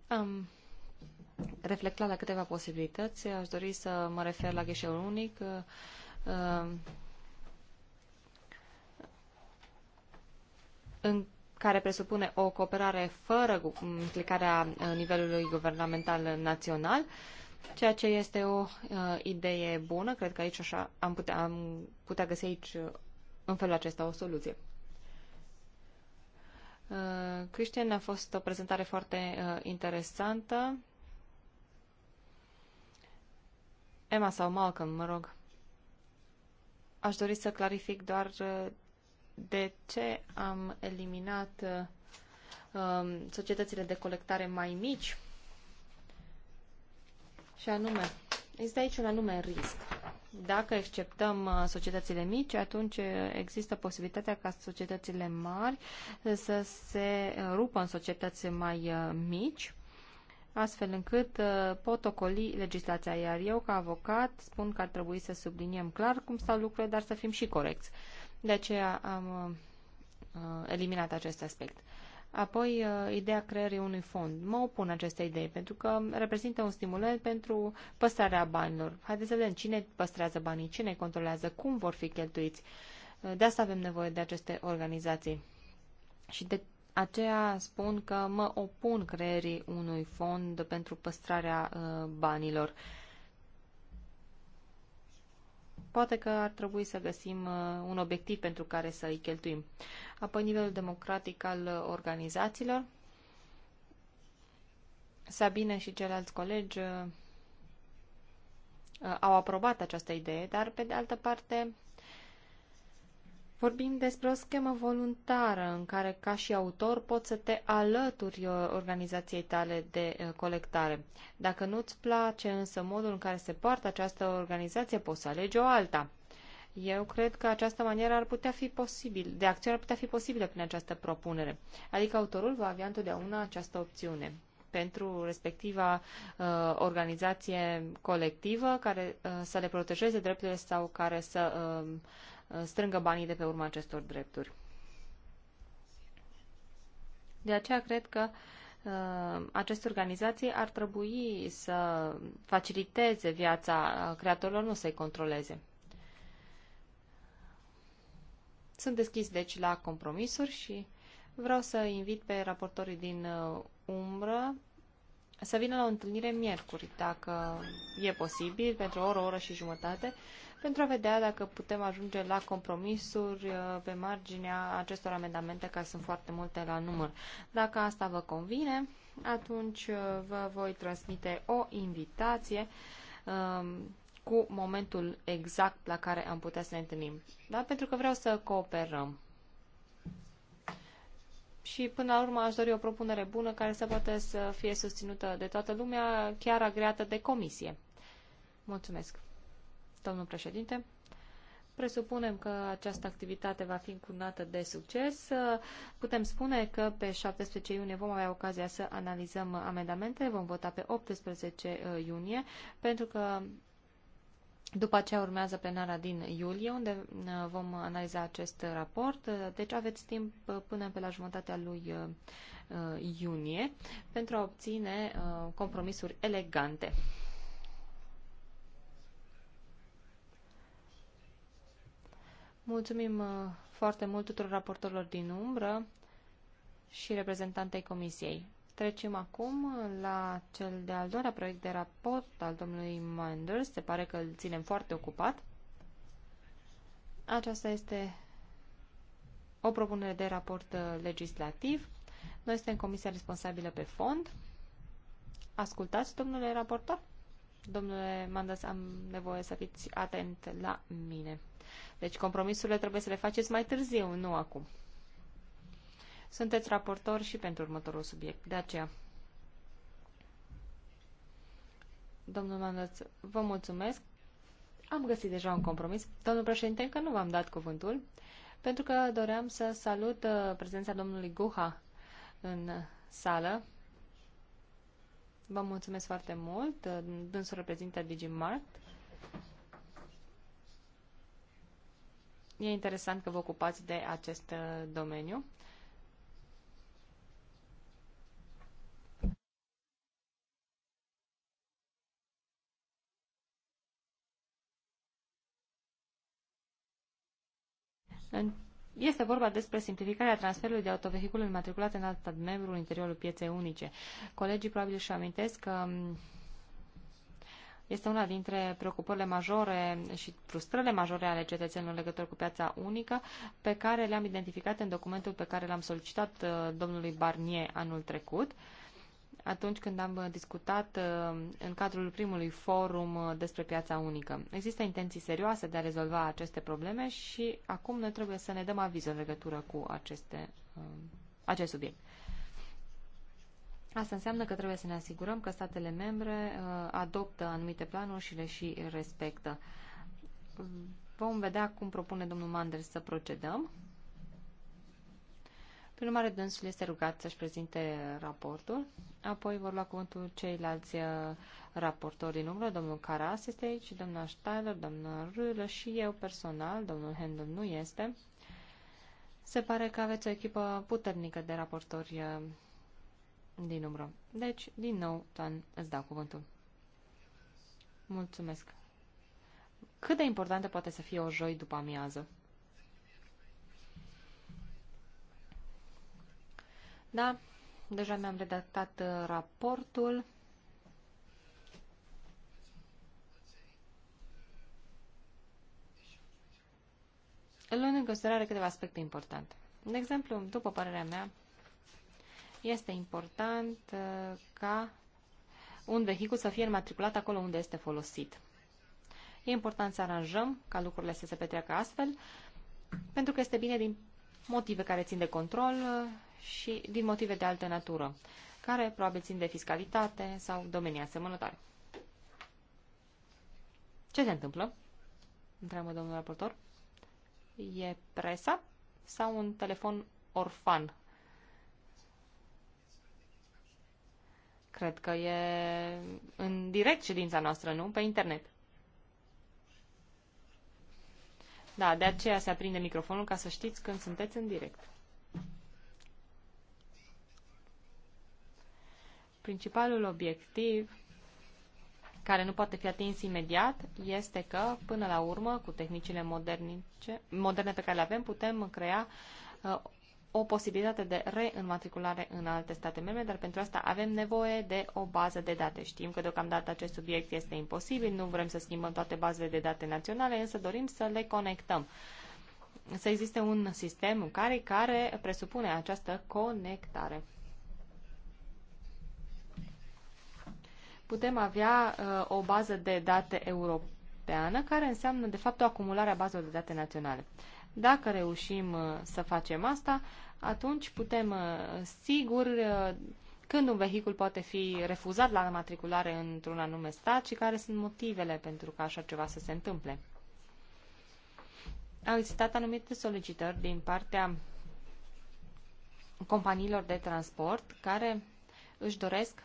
Am reflectat la câteva posibilități. Aș dori să mă refer la gheșeul unic, uh, în care presupune o cooperare fără implicarea uh, nivelului guvernamental național, ceea ce este o uh, idee bună. Cred că aici așa am putea, am putea găsi aici uh, în felul acesta o soluție. Uh, Cristian, a fost o prezentare foarte uh, interesantă. Emma sau Malcolm, mă rog. Aș dori să clarific doar uh, de ce am eliminat uh, societățile de colectare mai mici. Și anume, există aici un anume risc. Dacă exceptăm uh, societățile mici, atunci uh, există posibilitatea ca societățile mari uh, să se rupă în societăți mai mici, astfel încât pot ocoli legislația. Iar eu, ca avocat, spun că ar trebui să subliniem clar cum stau lucrurile, dar să fim și corecți. De aceea am uh, eliminat acest aspect. Apoi, uh, ideea creării unui fond. Mă opun acestei idei pentru că reprezintă un stimulant pentru păstrarea banilor. Haideți să vedem cine păstrează banii, cine controlează, cum vor fi cheltuiți. Uh, de asta avem nevoie de aceste organizații. Și de aceea spun că mă opun creării unui fond pentru păstrarea banilor. Uh, Poate că ar trebui să găsim uh, un obiectiv pentru care să îi cheltuim. Apoi nivelul democratic al uh, organizațiilor. Sabine și ceilalți colegi uh, au aprobat această idee, dar pe de altă parte Vorbim despre o schemă voluntară în care, ca și autor, poți să te alături uh, organizației tale de uh, colectare. Dacă nu-ți place însă modul în care se poartă această organizație, poți să alegi o alta. Eu cred că această manieră ar putea fi posibil, de acțiune ar putea fi posibilă prin această propunere. Adică autorul va avea întotdeauna această opțiune pentru respectiva uh, organizație colectivă care uh, să le protejeze drepturile sau care să uh, strângă banii de pe urma acestor drepturi. De aceea cred că uh, aceste organizații ar trebui să faciliteze viața uh, creatorilor, nu să-i controleze. Sunt deschis, deci, la compromisuri și vreau să invit pe raportorii din uh, umbră să vină la o întâlnire miercuri, dacă e posibil, pentru o oră, o oră și jumătate, pentru a vedea dacă putem ajunge la compromisuri uh, pe marginea acestor amendamente, care sunt foarte multe la număr. Dacă asta vă convine, atunci uh, vă voi transmite o invitație um, cu momentul exact la care am putea să ne întâlnim. Da? Pentru că vreau să cooperăm. Și până la urmă aș dori o propunere bună care să poată să fie susținută de toată lumea, chiar agreată de comisie. Mulțumesc! Domnul președinte, presupunem că această activitate va fi încurnată de succes. Putem spune că pe 17 iunie vom avea ocazia să analizăm amendamentele, vom vota pe 18 uh, iunie, pentru că după aceea urmează plenara din iulie, unde uh, vom analiza acest raport. Deci aveți timp uh, până pe la jumătatea lui iunie pentru a obține compromisuri elegante. Mulțumim uh, foarte mult tuturor raportorilor din umbră și reprezentantei comisiei. Trecem acum la cel de-al doilea proiect de raport al domnului Manders. Se pare că îl ținem foarte ocupat. Aceasta este o propunere de raport uh, legislativ. Noi suntem comisia responsabilă pe fond. Ascultați, domnule raportor? Domnule Mandas, am nevoie să fiți atent la mine. Deci compromisurile trebuie să le faceți mai târziu, nu acum. Sunteți raportor și pentru următorul subiect. De aceea, domnul Mandas, vă mulțumesc. Am găsit deja un compromis. Domnul președinte, încă nu v-am dat cuvântul, pentru că doream să salut uh, prezența domnului Guha în sală Vă mulțumesc foarte mult. Dânsul reprezintă Digimart. E interesant că vă ocupați de acest uh, domeniu. În este vorba despre simplificarea transferului de autovehicule înmatriculate în alt stat membru în interiorul pieței unice. Colegii probabil își amintesc că mm, este una dintre preocupările majore și frustrările majore ale cetățenilor legători cu piața unică, pe care le-am identificat în documentul pe care l-am solicitat uh, domnului Barnier anul trecut. Uh, atunci când am discutat uh, în cadrul primului forum uh, despre piața unică. Există intenții serioase de a rezolva aceste probleme și acum noi trebuie să ne dăm aviz în legătură cu aceste, uh, acest subiect. Asta înseamnă că trebuie să ne asigurăm că statele membre adoptă anumite planuri și le și respectă. Vom vedea cum propune domnul Manders să procedăm. Prin urmare, dânsul este rugat să-și prezinte raportul. Apoi vor lua cuvântul ceilalți uh, raportori din umbră. Domnul Caras este aici, domnul Steiler, domnul Rulă și eu personal. Domnul Hendel nu este. Se pare că aveți o echipă puternică de raportori uh, din umbră. Deci, din nou, Toan, îți dau cuvântul. Mulțumesc. Cât de importantă poate să fie o joi după amiază? Da, deja mi-am redactat uh, raportul. Luând în considerare câteva aspecte importante. De exemplu, după părerea mea, este important uh, ca un vehicul să fie înmatriculat acolo unde este folosit. E important să aranjăm ca lucrurile să se petreacă astfel, pentru că este bine din motive care țin de control uh, și din motive de altă natură, care probabil țin de fiscalitate sau domenii asemănătoare. Ce se întâmplă? Întreabă domnul raportor. E presa sau un telefon orfan? Cred că e în direct ședința noastră, nu? Pe internet. Da, de aceea se aprinde microfonul ca să știți când sunteți în direct. principalul obiectiv care nu poate fi atins imediat este că, până la urmă, cu tehnicile modernice, moderne pe care le avem, putem crea uh, o posibilitate de reînmatriculare în alte state membre, dar pentru asta avem nevoie de o bază de date. Știm că deocamdată acest subiect este imposibil, nu vrem să schimbăm toate bazele de date naționale, însă dorim să le conectăm. Să existe un sistem care, care presupune această conectare. putem avea uh, o bază de date europeană, care înseamnă, de fapt, o acumulare a bazelor de date naționale. Dacă reușim uh, să facem asta, atunci putem, uh, sigur, uh, când un vehicul poate fi refuzat la matriculare într-un anume stat și care sunt motivele pentru ca așa ceva să se întâmple. Au existat anumite solicitări din partea companiilor de transport care își doresc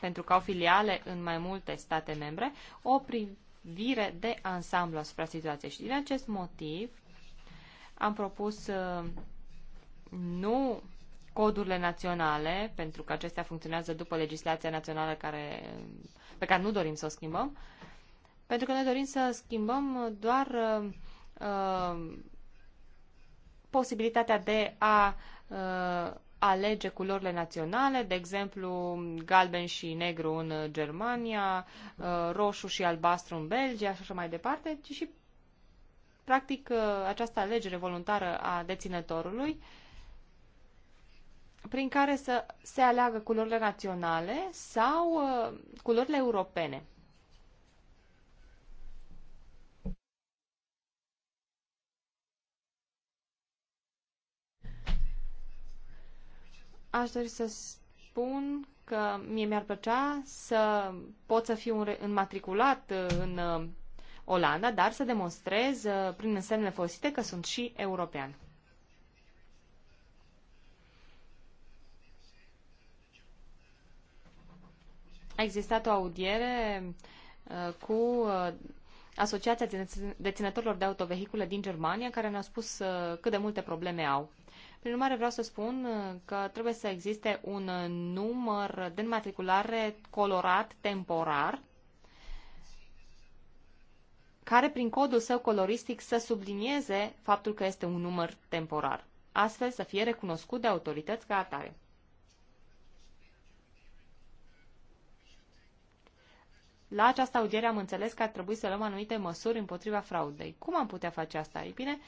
pentru că au filiale în mai multe state membre, o privire de ansamblu asupra situației. Și din acest motiv am propus uh, nu codurile naționale, pentru că acestea funcționează după legislația națională care, pe care nu dorim să o schimbăm, pentru că noi dorim să schimbăm doar uh, uh posibilitatea de a uh, alege culorile naționale, de exemplu galben și negru în Germania, uh, roșu și albastru în Belgia și așa mai departe, ci și practic uh, această alegere voluntară a deținătorului prin care să se aleagă culorile naționale sau uh, culorile europene. Aș dori să spun că mie mi-ar plăcea să pot să fiu înmatriculat uh, în uh, Olanda, dar să demonstrez uh, prin însemnele folosite că sunt și european. A existat o audiere cu Asociația Deținătorilor de Autovehicule din Germania, care ne-au spus cât de multe probleme au. Prin urmare, vreau să spun uh, că trebuie să existe un uh, număr de înmatriculare colorat temporar, care prin codul său coloristic să sublinieze faptul că este un număr temporar, astfel să fie recunoscut de autorități ca atare. La această audiere am înțeles că ar trebui să luăm anumite măsuri împotriva fraudei. Cum am putea face asta? Ei bine,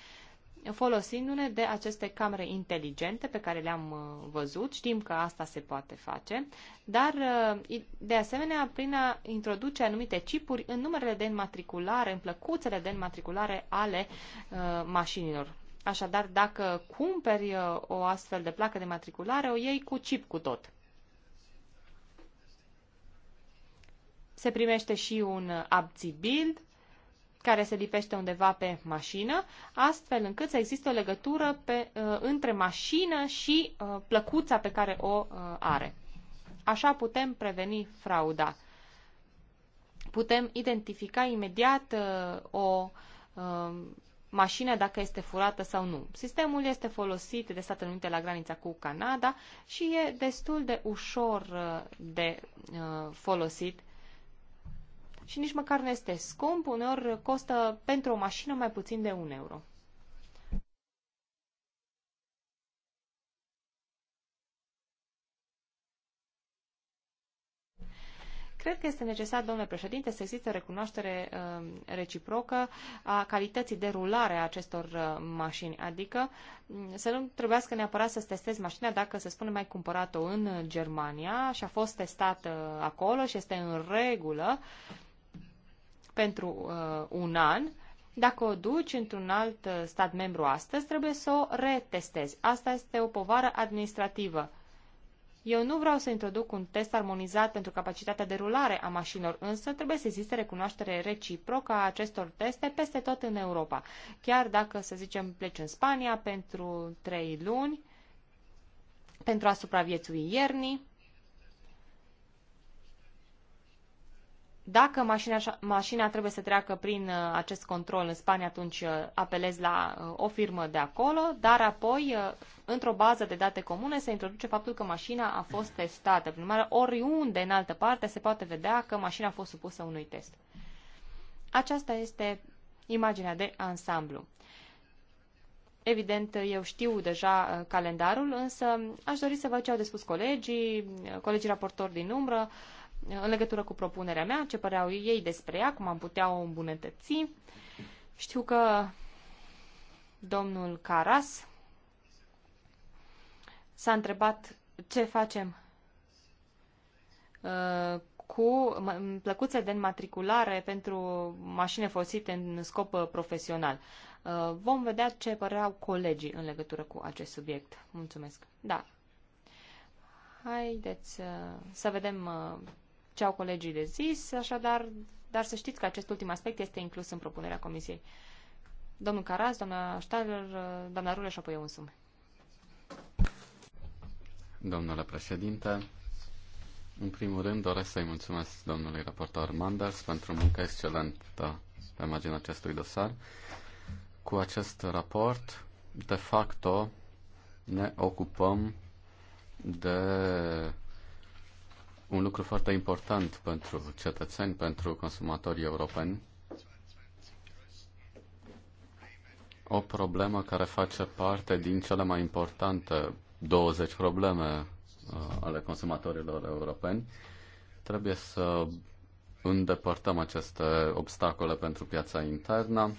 folosindu-ne de aceste camere inteligente pe care le-am uh, văzut. Știm că asta se poate face, dar uh, de asemenea prin a introduce anumite chipuri în numerele de înmatriculare, în plăcuțele de înmatriculare ale uh, mașinilor. Așadar, dacă cumperi uh, o astfel de placă de matriculare, o iei cu chip cu tot. Se primește și un abțibild care se lipește undeva pe mașină, astfel încât să existe o legătură pe, uh, între mașină și uh, plăcuța pe care o uh, are. Așa putem preveni frauda. Putem identifica imediat uh, o uh, mașină dacă este furată sau nu. Sistemul este folosit de Statele Unite la granița cu Canada și e destul de ușor uh, de uh, folosit și nici măcar nu este scump, uneori costă pentru o mașină mai puțin de un euro. Cred că este necesar, domnule președinte, să existe o recunoaștere um, reciprocă a calității de rulare a acestor uh, mașini, adică mm, să nu trebuiască neapărat să-ți testezi mașina dacă, să spunem, ai cumpărat-o în Germania și a fost testată uh, acolo și este în regulă pentru uh, un an, dacă o duci într-un alt uh, stat membru astăzi, trebuie să o retestezi. Asta este o povară administrativă. Eu nu vreau să introduc un test armonizat pentru capacitatea de rulare a mașinilor, însă trebuie să existe recunoaștere reciprocă a acestor teste peste tot în Europa. Chiar dacă, să zicem, pleci în Spania pentru trei luni, pentru a supraviețui iernii, Dacă mașina, mașina trebuie să treacă prin uh, acest control în Spania, atunci uh, apelezi la uh, o firmă de acolo, dar apoi, într-o bază de date comune, se introduce faptul că mașina a fost testată. Prin urmare, oriunde în altă parte se poate vedea că mașina a fost supusă unui test. Aceasta este imaginea de ansamblu. Evident, eu știu deja calendarul, însă aș dori să văd ce au de spus colegii, colegii raportori din umbră, uh, în legătură cu propunerea mea, ce păreau ei despre ea, cum am putea o îmbunătăți. Știu că domnul Caras s-a întrebat ce facem uh, cu plăcuțe de înmatriculare pentru mașini folosite în scop uh, profesional. Uh, vom vedea ce păreau colegii în legătură cu acest subiect. Mulțumesc. Da. Haideți să vedem ce au colegii de zis, așadar, dar să știți că acest ultim aspect este inclus în propunerea comisiei. Domnul Caraz, doamna Ștaler, doamna Rule și apoi eu însumi. Domnule președinte, în primul rând doresc să-i mulțumesc domnului raportor Manders pentru munca excelentă pe marginea acestui dosar. Cu acest raport, de facto, ne ocupăm de un lucru foarte important pentru cetățeni, pentru consumatorii europeni. O problemă care face parte din cele mai importante 20 probleme uh, ale consumatorilor europeni. Trebuie să îndepărtăm aceste obstacole pentru piața internă.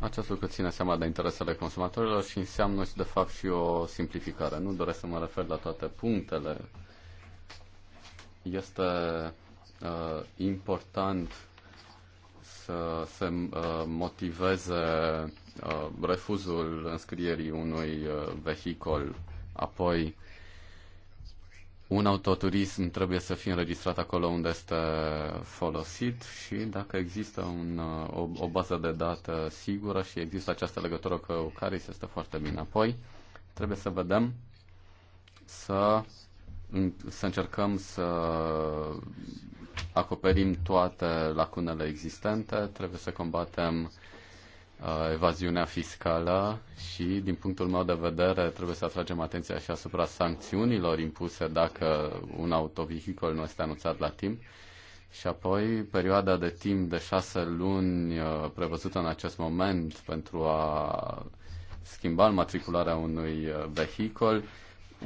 Acest lucru ține seama de interesele consumatorilor și înseamnă și de fapt și o simplificare. Nu doresc să mă refer la toate punctele este uh, important să se uh, motiveze uh, refuzul înscrierii unui uh, vehicol, apoi un autoturism trebuie să fie înregistrat acolo unde este folosit și dacă există un, uh, o, o bază de dată sigură și există această legătură cu Eucaris, este foarte bine. Apoi trebuie să vedem să să încercăm să acoperim toate lacunele existente, trebuie să combatem uh, evaziunea fiscală și, din punctul meu de vedere, trebuie să atragem atenția și asupra sancțiunilor impuse dacă un autovehicul nu este anunțat la timp. Și apoi perioada de timp de șase luni uh, prevăzută în acest moment pentru a schimba matricularea unui uh, vehicul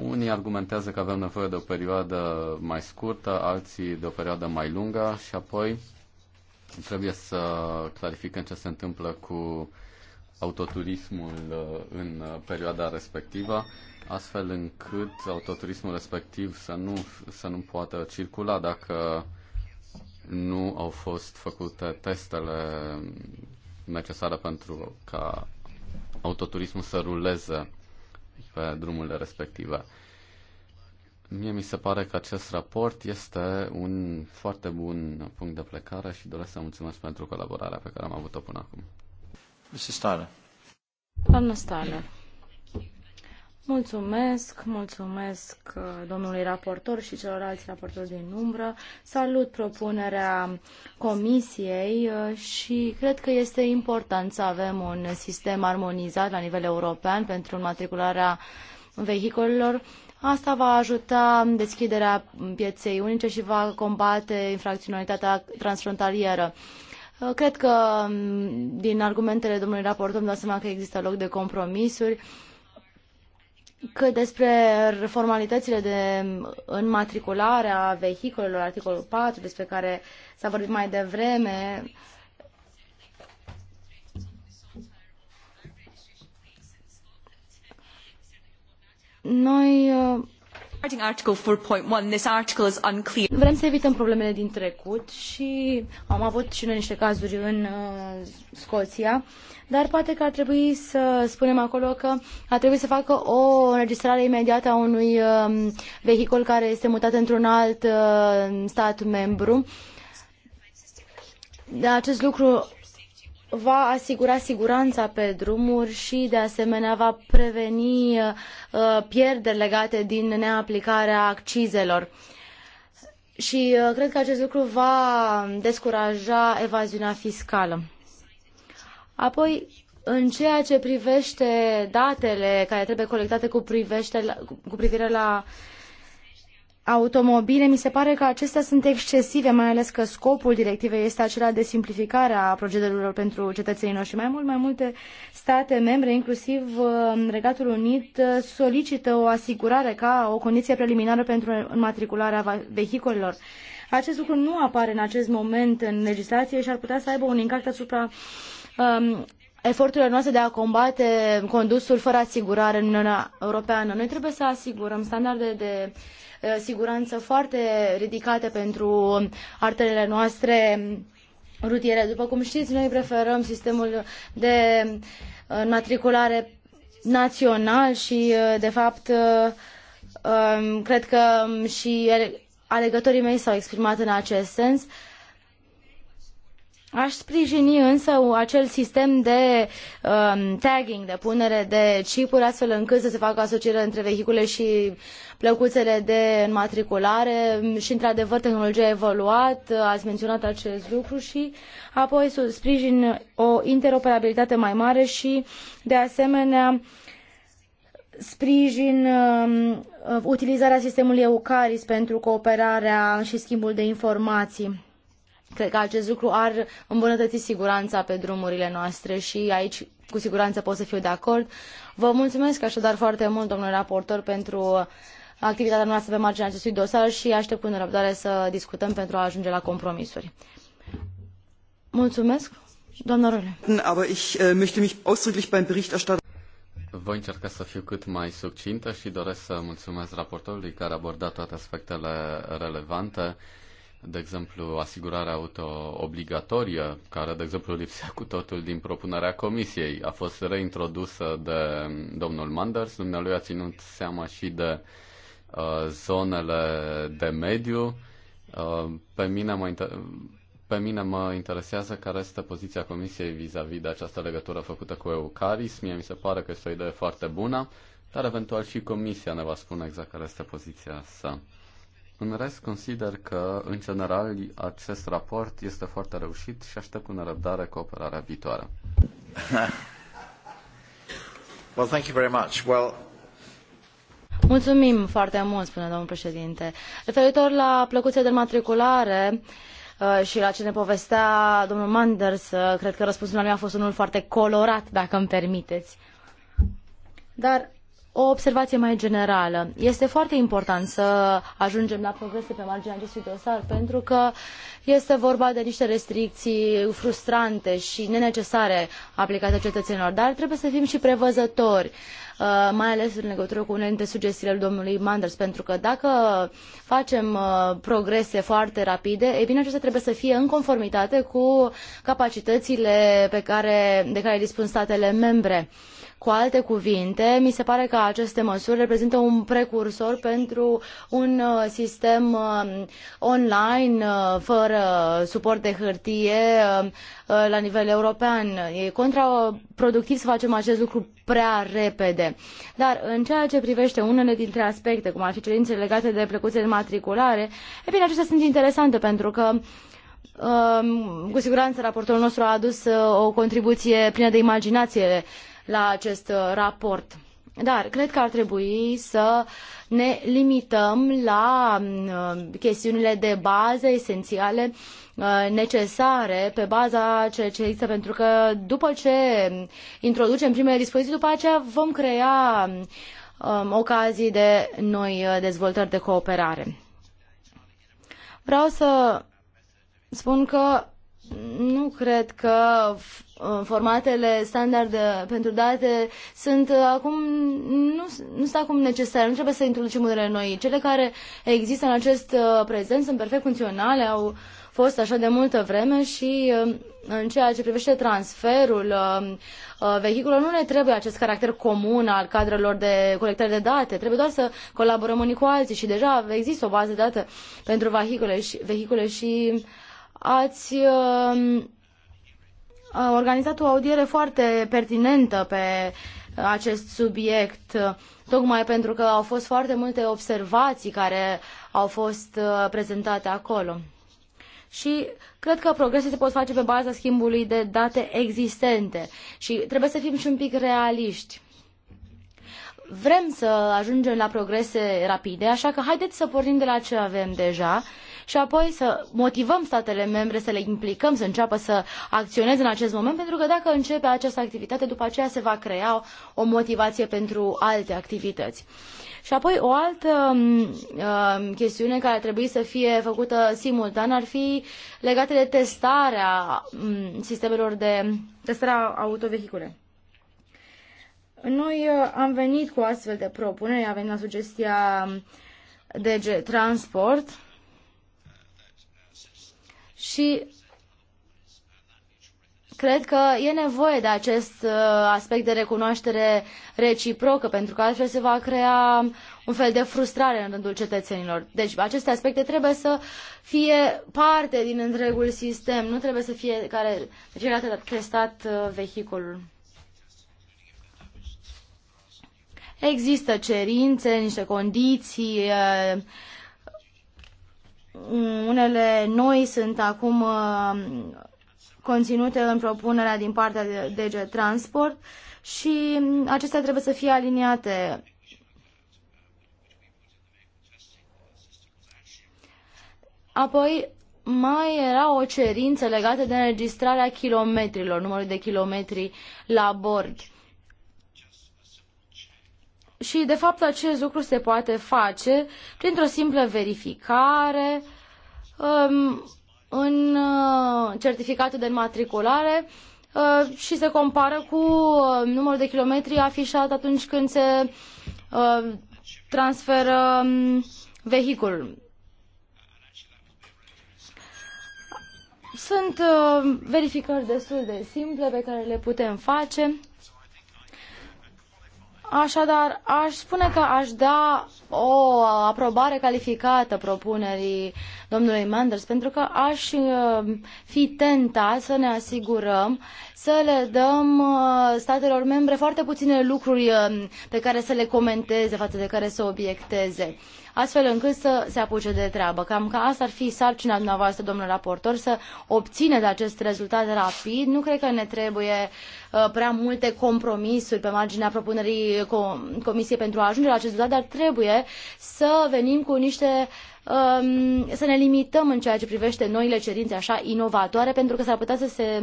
unii argumentează că avem nevoie de o perioadă mai scurtă, alții de o perioadă mai lungă și apoi trebuie să clarificăm ce se întâmplă cu autoturismul uh, în uh, perioada respectivă, astfel încât autoturismul respectiv să nu, să nu poată circula dacă nu au fost făcute testele necesare pentru ca autoturismul să ruleze pe drumurile respective. Mie mi se pare că acest raport este un foarte bun punct de plecare și doresc să mulțumesc pentru colaborarea pe care am avut-o până acum. Mrs. Tyler. Doamna Mulțumesc, mulțumesc uh, domnului raportor și celorlalți raportori din umbră. Salut propunerea comisiei uh, și cred că este important să avem un sistem armonizat la nivel european pentru înmatricularea vehiculelor. Asta va ajuta deschiderea pieței unice și va combate infracționalitatea transfrontalieră. Uh, cred că mm, din argumentele domnului raportor îmi dau seama că există loc de compromisuri Că despre formalitățile de înmatriculare a vehiculelor, articolul 4, despre care s-a vorbit mai devreme, noi uh, Vrem să evităm problemele din trecut și am avut și noi niște cazuri în uh, Scoția, dar poate că ar trebui să spunem acolo că ar trebui să facă o înregistrare imediată a unui uh, vehicul care este mutat într-un alt uh, stat membru. De acest lucru va asigura siguranța pe drumuri și, de asemenea, va preveni uh, pierderi legate din neaplicarea accizelor. Și uh, cred că acest lucru va descuraja evaziunea fiscală. Apoi, în ceea ce privește datele care trebuie colectate cu, privește, cu privire la uh, automobile, mi se pare că acestea sunt excesive, mai ales că scopul directivei este acela de simplificare a procedurilor pentru cetățenii noștri. Mai mult, mai multe state membre, inclusiv uh, Regatul Unit, uh, solicită o asigurare ca o condiție preliminară pentru înmatricularea vehiculelor. Acest lucru nu apare în acest moment în legislație și ar putea să aibă un impact asupra um, eforturile noastre de a combate condusul fără asigurare în Uniunea Europeană. Noi trebuie să asigurăm standarde de Uh, siguranță foarte ridicate pentru arterele noastre rutiere. După cum știți, noi preferăm sistemul de uh, matriculare național și, uh, de fapt, um, cred că și alegătorii mei s-au exprimat în acest sens. Aș sprijini însă acel sistem de um, tagging, de punere de chipuri, astfel încât să se facă asociere între vehicule și plăcuțele de înmatriculare și, într-adevăr, tehnologia a evoluat, ați menționat acest lucru și apoi sprijin o interoperabilitate mai mare și, de asemenea, sprijin um, utilizarea sistemului EUCARIS pentru cooperarea și schimbul de informații Cred că acest lucru ar îmbunătăți siguranța pe drumurile noastre și aici cu siguranță pot să fiu de acord. Vă mulțumesc așadar foarte mult, domnule raportor, pentru activitatea noastră pe marginea acestui dosar și aștept cu nerăbdare să discutăm pentru a ajunge la compromisuri. Mulțumesc, doamna Aber ich eh, möchte mich ausdrücklich beim Berichterstatter voi încerca să fiu cât mai succintă și doresc să mulțumesc raportorului care a abordat toate aspectele relevante de exemplu, asigurarea auto obligatorie, care, de exemplu, lipsea cu totul din propunerea comisiei, a fost reintrodusă de domnul Manders. Dumnealui a ținut seama și de uh, zonele de mediu. Uh, pe mine mă inter- pe mine mă interesează care este poziția Comisiei vis-a-vis -vis de această legătură făcută cu Eucaris. Mie mi se pare că este o idee foarte bună, dar eventual și Comisia ne va spune exact care este poziția sa. În rest, consider că, în general, acest raport este foarte reușit și aștept cu nerăbdare cooperarea viitoare. (laughs) well, thank you very much. Well, Mulțumim foarte mult, spune domnul președinte. Referitor la plăcuțe de matriculare uh, și la ce ne povestea domnul Manders, uh, cred că răspunsul meu a fost unul foarte colorat, dacă îmi permiteți. Dar o observație mai generală. Este foarte important să ajungem la progrese pe marginea acestui dosar, pentru că este vorba de niște restricții frustrante și nenecesare aplicate cetățenilor, dar trebuie să fim și prevăzători, uh, mai ales în legătură cu unele dintre sugestiile domnului Manders, pentru că dacă facem uh, progrese foarte rapide, e bine, acestea trebuie să fie în conformitate cu capacitățile pe care, de care dispun statele membre. Uh, cu alte cuvinte, mi se pare că aceste măsuri reprezintă un precursor pentru un uh, sistem uh, online uh, fără suport de hârtie la nivel european. E contraproductiv să facem acest lucru prea repede. Dar în ceea ce privește unele dintre aspecte, cum ar fi cerințele legate de plăcuțe de matriculare, e bine, acestea sunt interesante pentru că um, cu siguranță raportorul nostru a adus o contribuție plină de imaginație la acest uh, raport. Dar cred că ar trebui să ne limităm la mm, uh, chestiunile de bază esențiale uh, necesare pe baza ceea ce există, pentru că după ce introducem primele dispoziții, după aceea vom crea um, ocazii de noi dezvoltări de cooperare. Vreau să spun că nu cred că formatele standard pentru date sunt uh, acum, nu, nu sunt acum necesare, nu trebuie să introducem unele noi. Cele care există în acest uh, prezent sunt perfect funcționale, au fost așa de multă vreme și uh, în ceea ce privește transferul vehiculelor, nu ne trebuie acest caracter comun al cadrelor de colectare de date, trebuie doar să colaborăm unii cu alții și deja există o bază de date pentru vehicule și, vehicule și Ați um, uh, organizat o audiere foarte pertinentă pe acest subiect, tocmai pentru că au fost foarte multe observații care au fost uh, prezentate acolo. Și cred că progrese se pot face pe baza schimbului de date existente și trebuie să fim și un pic realiști. Vrem să ajungem la progrese rapide, așa că haideți să pornim de la ce avem deja și apoi să motivăm statele membre să le implicăm, să înceapă să acționeze în acest moment, pentru că dacă începe această activitate, după aceea se va crea o motivație pentru alte activități. Și apoi o altă uh, chestiune care ar trebui să fie făcută simultan ar fi legată de testarea um, sistemelor de testarea autovehicule. Noi uh, am venit cu astfel de propuneri, a venit la sugestia um, DG Transport și cred că e nevoie de acest uh, aspect de recunoaștere reciprocă, pentru că altfel se va crea un fel de frustrare în rândul cetățenilor. Deci aceste aspecte trebuie să fie parte din întregul sistem, nu trebuie să fie care, de fiecare testat uh, vehiculul. Există cerințe, niște condiții uh, unele noi sunt acum uh, conținute în propunerea din partea de DG Transport și acestea trebuie să fie aliniate. Apoi mai era o cerință legată de înregistrarea kilometrilor, numărul de kilometri la bord și, de fapt, acest lucru se poate face printr-o simplă verificare um, în uh, certificatul de înmatriculare uh, și se compară cu uh, numărul de kilometri afișat atunci când se uh, transferă um, vehiculul. Sunt uh, verificări destul de simple pe care le putem face Așadar, aș spune că aș da o aprobare calificată propunerii domnului Manders, pentru că aș uh, fi tentat să ne asigurăm să le dăm uh, statelor membre foarte puține lucruri uh, pe care să le comenteze, față de care să obiecteze astfel încât să se apuce de treabă. Cam ca asta ar fi sarcina dumneavoastră, domnul raportor, să obțineți acest rezultat rapid. Nu cred că ne trebuie uh, prea multe compromisuri pe marginea propunerii Comisiei pentru a ajunge la acest rezultat, dar trebuie să venim cu niște um, să ne limităm în ceea ce privește noile cerințe așa inovatoare, pentru că s-ar putea să se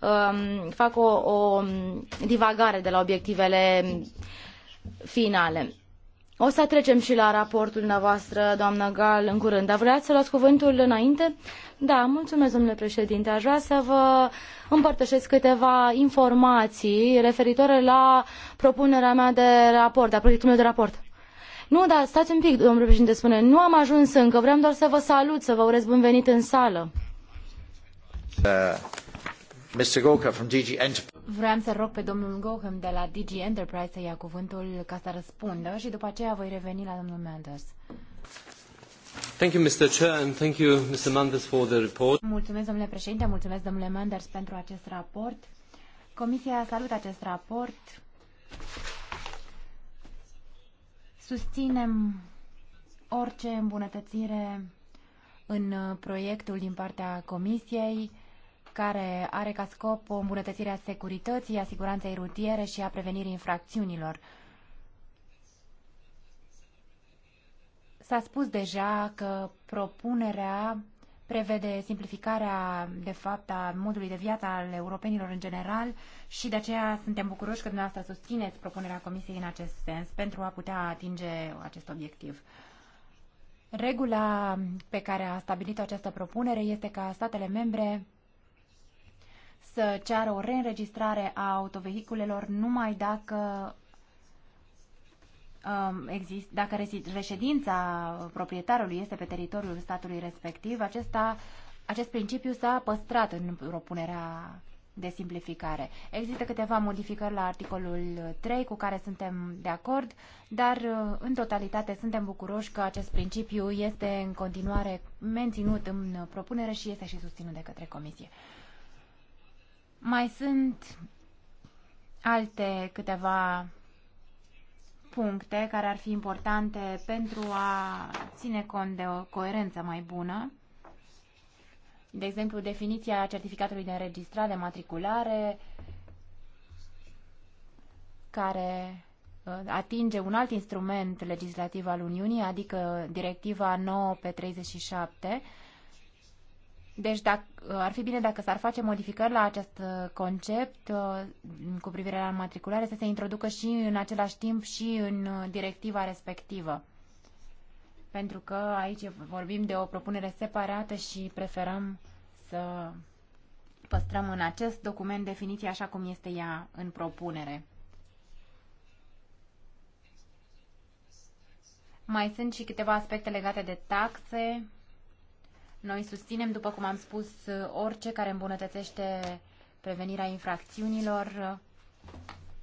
um, facă o, o divagare de la obiectivele finale. O să trecem și la raportul dumneavoastră, doamnă Gal, în curând. Dar vreați să luați cuvântul înainte? Da, mulțumesc, domnule președinte. Aș vrea să vă împărtășesc câteva informații referitoare la propunerea mea de raport, a proiectului de raport. Nu, dar stați un pic, domnule președinte spune. Nu am ajuns încă, vreau doar să vă salut, să vă urez bun venit în sală. Uh. Vreau să rog pe domnul Gohem de la DG Enterprise să ia cuvântul ca să răspundă și după aceea voi reveni la domnul Manders. Thank you, Mr. Chair, and thank you, Mr. Manders, for the report. Mulțumesc, domnule președinte, mulțumesc, domnule Manders, pentru acest raport. Comisia salută acest raport. Susținem orice îmbunătățire în proiectul din partea Comisiei care are ca scop o îmbunătățire a securității, a siguranței rutiere și a prevenirii infracțiunilor. S-a spus deja că propunerea prevede simplificarea, de fapt, a modului de viață al europenilor în general și de aceea suntem bucuroși că dumneavoastră susțineți propunerea Comisiei în acest sens pentru a putea atinge acest obiectiv. Regula pe care a stabilit această propunere este ca statele membre să ceară o reînregistrare a autovehiculelor numai dacă um, exist, dacă reședința proprietarului este pe teritoriul statului respectiv, acesta, acest principiu s-a păstrat în propunerea de simplificare. Există câteva modificări la articolul 3 cu care suntem de acord, dar uh, în totalitate suntem bucuroși că acest principiu este în continuare menținut în propunere și este și susținut de către Comisie. Mai sunt alte câteva puncte care ar fi importante pentru a ține cont de o coerență mai bună. De exemplu, definiția certificatului de înregistrare, matriculare, care uh, atinge un alt instrument legislativ al Uniunii, adică directiva 9 pe 37, deci dacă, ar fi bine dacă s-ar face modificări la acest uh, concept uh, cu privire la matriculare, să se introducă și în același timp și în uh, directiva respectivă. Pentru că aici vorbim de o propunere separată și preferăm să păstrăm în acest document definiția așa cum este ea în propunere. Mai sunt și câteva aspecte legate de taxe noi susținem, după cum am spus, orice care îmbunătățește prevenirea infracțiunilor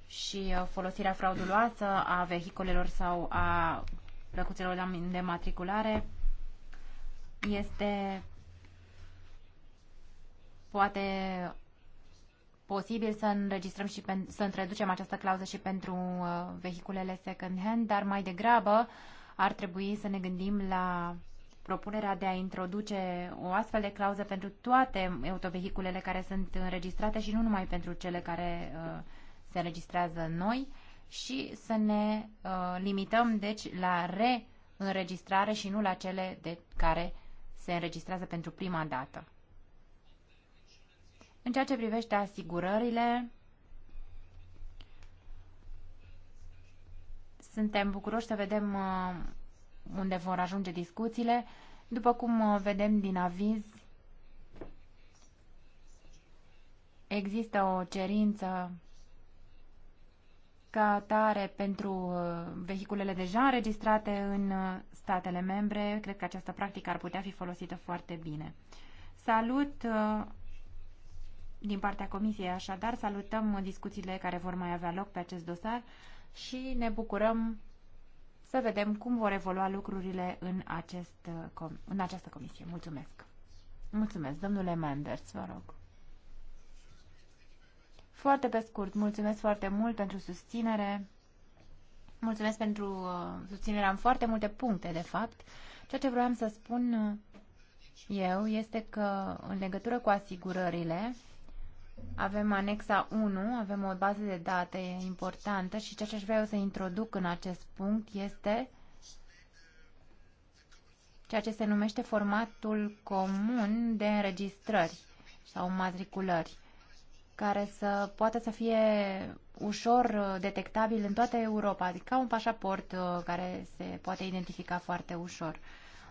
și folosirea frauduloasă a vehiculelor sau a plăcuțelor de matriculare. Este poate posibil să înregistrăm și pen, să introducem această clauză și pentru uh, vehiculele second-hand, dar mai degrabă ar trebui să ne gândim la propunerea de a introduce o astfel de clauză pentru toate autovehiculele care sunt înregistrate și nu numai pentru cele care uh, se înregistrează noi și să ne uh, limităm deci la reînregistrare și nu la cele de care se înregistrează pentru prima dată. În ceea ce privește asigurările, suntem bucuroși să vedem uh, unde vor ajunge discuțiile. După cum uh, vedem din aviz, există o cerință ca tare pentru uh, vehiculele deja înregistrate în uh, statele membre. Cred că această practică ar putea fi folosită foarte bine. Salut din partea Comisiei, așadar, salutăm discuțiile care vor mai avea loc pe acest dosar și ne bucurăm să vedem cum vor evolua lucrurile în, acest, uh, în această comisie. Mulțumesc! Mulțumesc, domnule Manders, vă rog. Foarte pe scurt, mulțumesc foarte mult pentru susținere. Mulțumesc pentru uh, susținerea în foarte multe puncte, de fapt. Ceea ce vreau să spun uh, eu este că, în legătură cu asigurările, avem anexa 1, avem o bază de date importantă și ceea ce aș vrea eu să introduc în acest punct este ceea ce se numește formatul comun de înregistrări sau matriculări, care să poată să fie ușor uh, detectabil în toată Europa, adică un pașaport uh, care se poate identifica foarte ușor.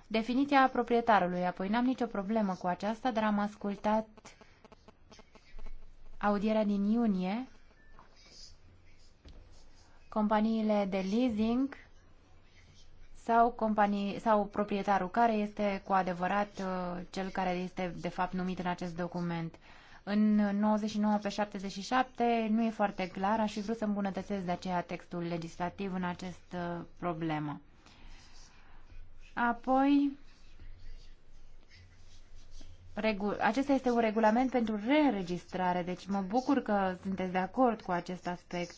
Definiția proprietarului, apoi n-am nicio problemă cu aceasta, dar am ascultat audierea din iunie, companiile de leasing sau, companii, sau proprietarul care este cu adevărat uh, cel care este de fapt numit în acest document. În 99 pe 77 nu e foarte clar, aș fi vrut să îmbunătățesc de aceea textul legislativ în această problemă. Apoi, acesta este un regulament pentru reînregistrare, deci mă bucur că sunteți de acord cu acest aspect.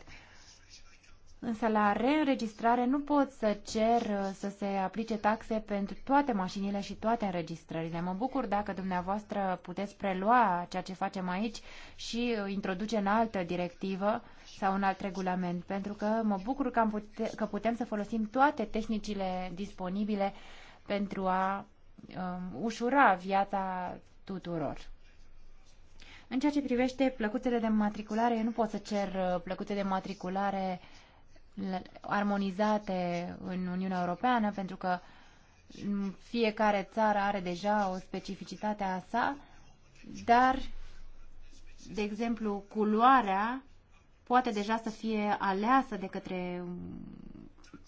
Însă la reînregistrare nu pot să cer uh, să se aplice taxe pentru toate mașinile și toate înregistrările. Mă bucur dacă dumneavoastră puteți prelua ceea ce facem aici și uh, introduce în altă directivă sau un alt regulament, pentru că mă bucur că, am pute- că putem să folosim toate tehnicile disponibile pentru a um, ușura viața tuturor. În ceea ce privește plăcuțele de matriculare, eu nu pot să cer uh, plăcute de matriculare armonizate în Uniunea Europeană, pentru că mm, fiecare țară are deja o specificitate a sa, dar, de exemplu, culoarea poate deja să fie aleasă de către mm,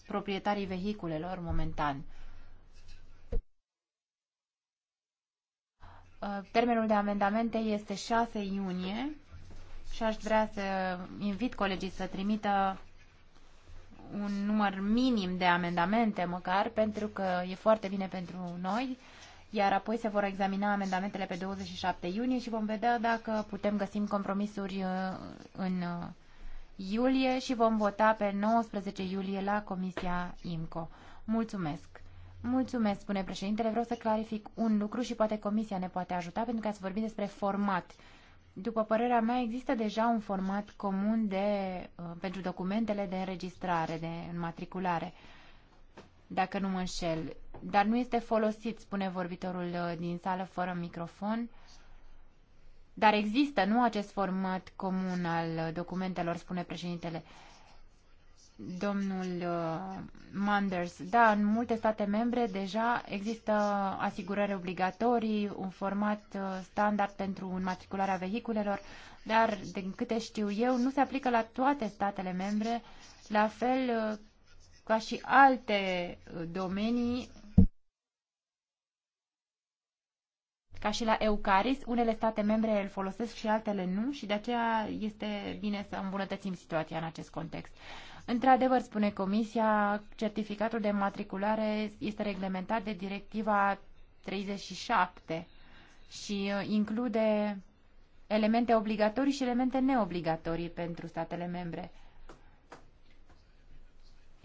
proprietarii vehiculelor momentan. Uh, termenul de amendamente este 6 iunie și aș vrea să invit colegii să trimită un număr minim de amendamente măcar, pentru că e foarte bine pentru noi, iar apoi se vor examina amendamentele pe 27 iunie și vom vedea dacă putem găsi compromisuri uh, în uh, iulie și vom vota pe 19 iulie la Comisia IMCO. Mulțumesc! Mulțumesc, spune președintele. Vreau să clarific un lucru și poate comisia ne poate ajuta pentru că ați vorbit despre format. După părerea mea, există deja un format comun de, uh, pentru documentele de înregistrare, de înmatriculare, dacă nu mă înșel. Dar nu este folosit, spune vorbitorul uh, din sală fără microfon. Dar există, nu acest format comun al uh, documentelor, spune președintele domnul uh, Manders. Da, în multe state membre deja există asigurări obligatorii, un format uh, standard pentru înmatricularea vehiculelor, dar, din câte știu eu, nu se aplică la toate statele membre, la fel uh, ca și alte domenii ca și la Eucaris, unele state membre îl folosesc și altele nu și de aceea este bine să îmbunătățim situația în acest context. Într-adevăr, spune Comisia, certificatul de matriculare este reglementat de Directiva 37 și uh, include elemente obligatorii și elemente neobligatorii pentru statele membre.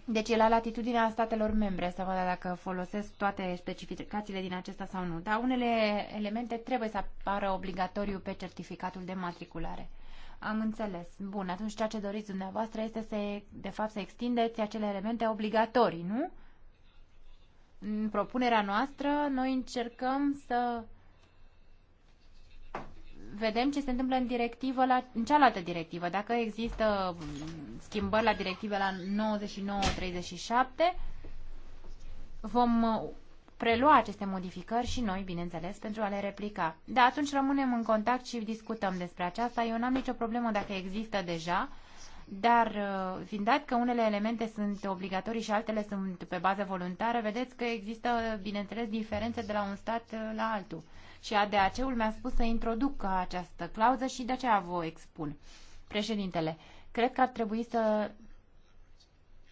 Deci e la latitudinea statelor membre să văd dacă folosesc toate specificațiile din acesta sau nu. Dar unele elemente trebuie să apară obligatoriu pe certificatul de matriculare. Am înțeles. Bun, atunci ceea ce doriți dumneavoastră este să, de fapt, să extindeți acele elemente obligatorii, nu? În propunerea noastră, noi încercăm să vedem ce se întâmplă în directivă la, în cealaltă directivă. Dacă există schimbări la directivă la 99-37, vom prelua aceste modificări și noi, bineînțeles, pentru a le replica. De atunci rămânem în contact și discutăm despre aceasta. Eu n-am nicio problemă dacă există deja, dar uh, fiind dat că unele elemente sunt obligatorii și altele sunt pe bază voluntară, vedeți că există, bineînțeles, diferențe de la un stat uh, la altul. Și ADAC-ul mi-a spus să introduc această clauză și de aceea vă expun. Președintele, cred că ar trebui să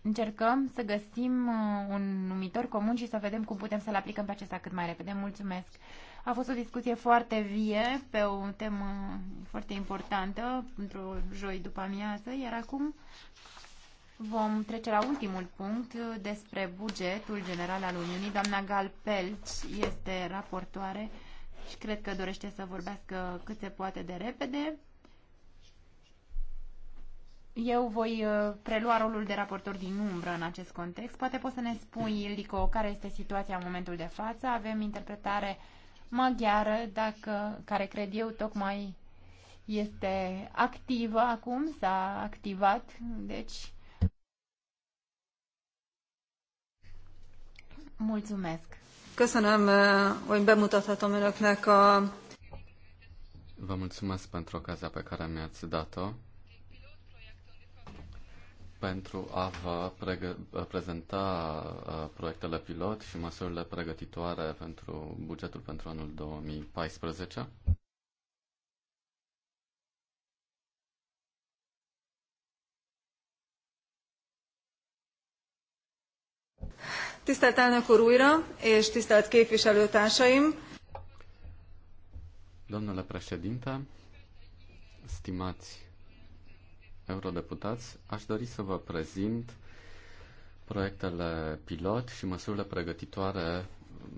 încercăm să găsim uh, un numitor comun și să vedem cum putem să-l aplicăm pe acesta cât mai repede. Mulțumesc! A fost o discuție foarte vie pe o temă foarte importantă pentru joi după amiază, iar acum vom trece la ultimul punct despre bugetul general al Uniunii. Doamna Gal Pelci este raportoare și cred că dorește să vorbească cât se poate de repede. Eu voi uh, prelua rolul de raportor din umbră în acest context. Poate poți să ne spui, Ildico, care este situația în momentul de față. Avem interpretare maghiară, dacă, care cred eu tocmai este activă acum, s-a activat, deci mulțumesc. Köszönöm, uh, hogy bemutathatom önöknek a... Vă mulțumesc pentru ocazia pe care mi-ați dat-o pentru a vă prezenta proiectele pilot și măsurile pregătitoare pentru bugetul pentru anul 2014. Tisztelt elnök úr újra, és tisztelt képviselőtársaim! Domnule președinte, stimați eurodeputați, aș dori să vă prezint proiectele pilot și măsurile pregătitoare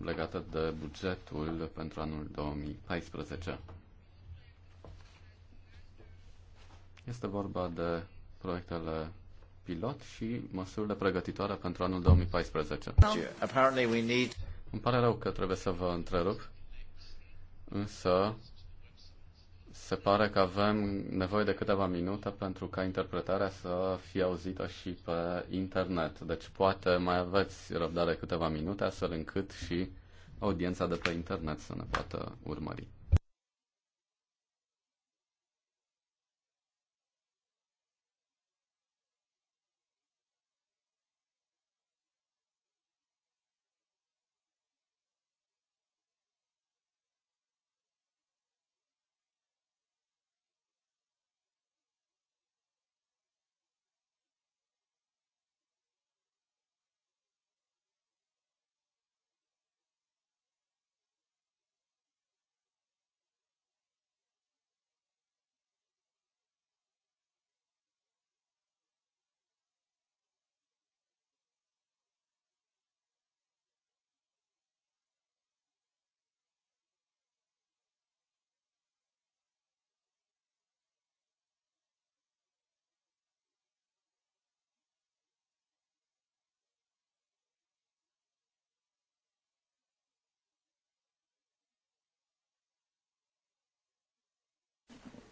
legate de bugetul pentru anul 2014. Este vorba de proiectele pilot și măsurile pregătitoare pentru anul 2014. No. Îmi pare rău că trebuie să vă întrerup, însă se pare că avem nevoie de câteva minute pentru ca interpretarea să fie auzită și pe internet. Deci poate mai aveți răbdare câteva minute astfel încât și audiența de pe internet să ne poată urmări.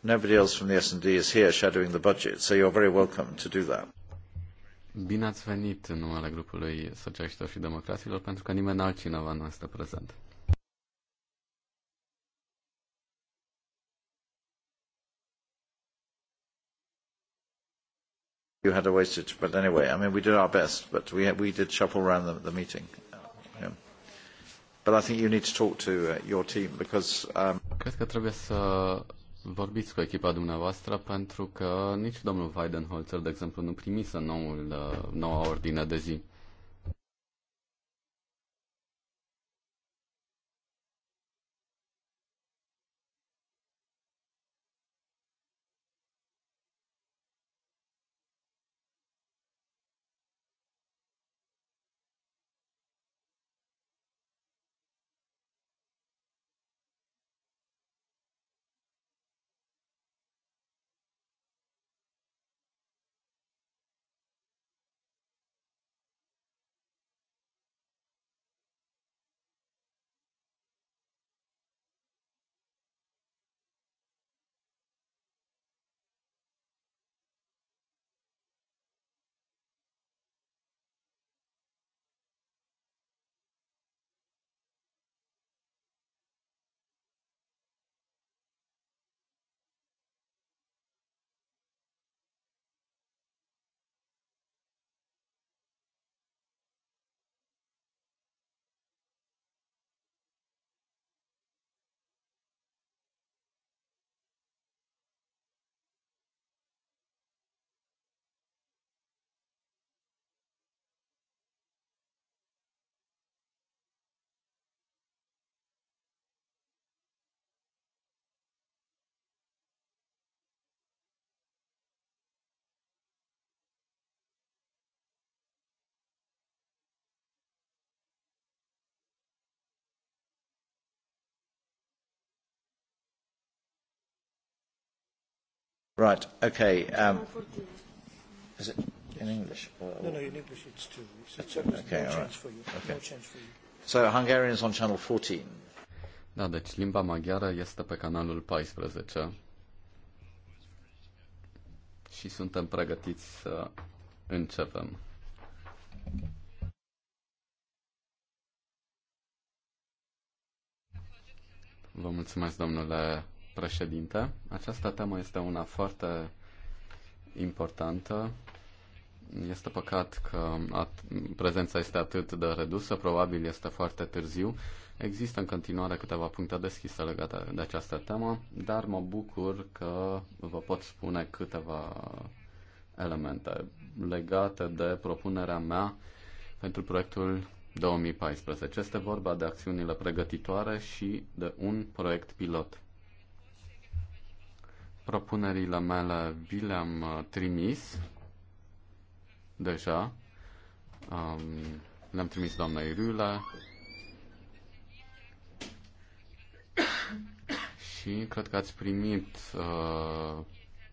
Nobody else from the S&D is here shadowing the budget, so you're very welcome to do that. Bine ați venit în numele grupului Socialiștilor și Democraților, pentru că nimeni altcineva nu este prezent. You had a wasted, but anyway, I mean, we did our best, but we, we did shuffle around the, the meeting. Yeah. But I think you need to talk to uh, your team because... Um... Cred că trebuie să vorbiți cu echipa dumneavoastră pentru că nici domnul Weidenholzer, de exemplu, nu primise noul, uh, noua ordine de zi. Right, okay. Um, is it in English? Or? No, no, in English it's two. It's, it's okay, no all right. For you. Okay. No for you. So Hungarian is on channel 14. Da, deci limba maghiară este pe canalul 14 și suntem pregătiți să începem. Vă mulțumesc, domnule președinte. Această temă este una foarte importantă. Este păcat că prezența este atât de redusă, probabil este foarte târziu. Există în continuare câteva puncte deschise legate de această temă, dar mă bucur că vă pot spune câteva elemente legate de propunerea mea pentru proiectul 2014. Este vorba de acțiunile pregătitoare și de un proiect pilot. Propunerile mele vi le-am uh, trimis deja. Um, le-am trimis doamnei Rule. și cred că ați primit uh,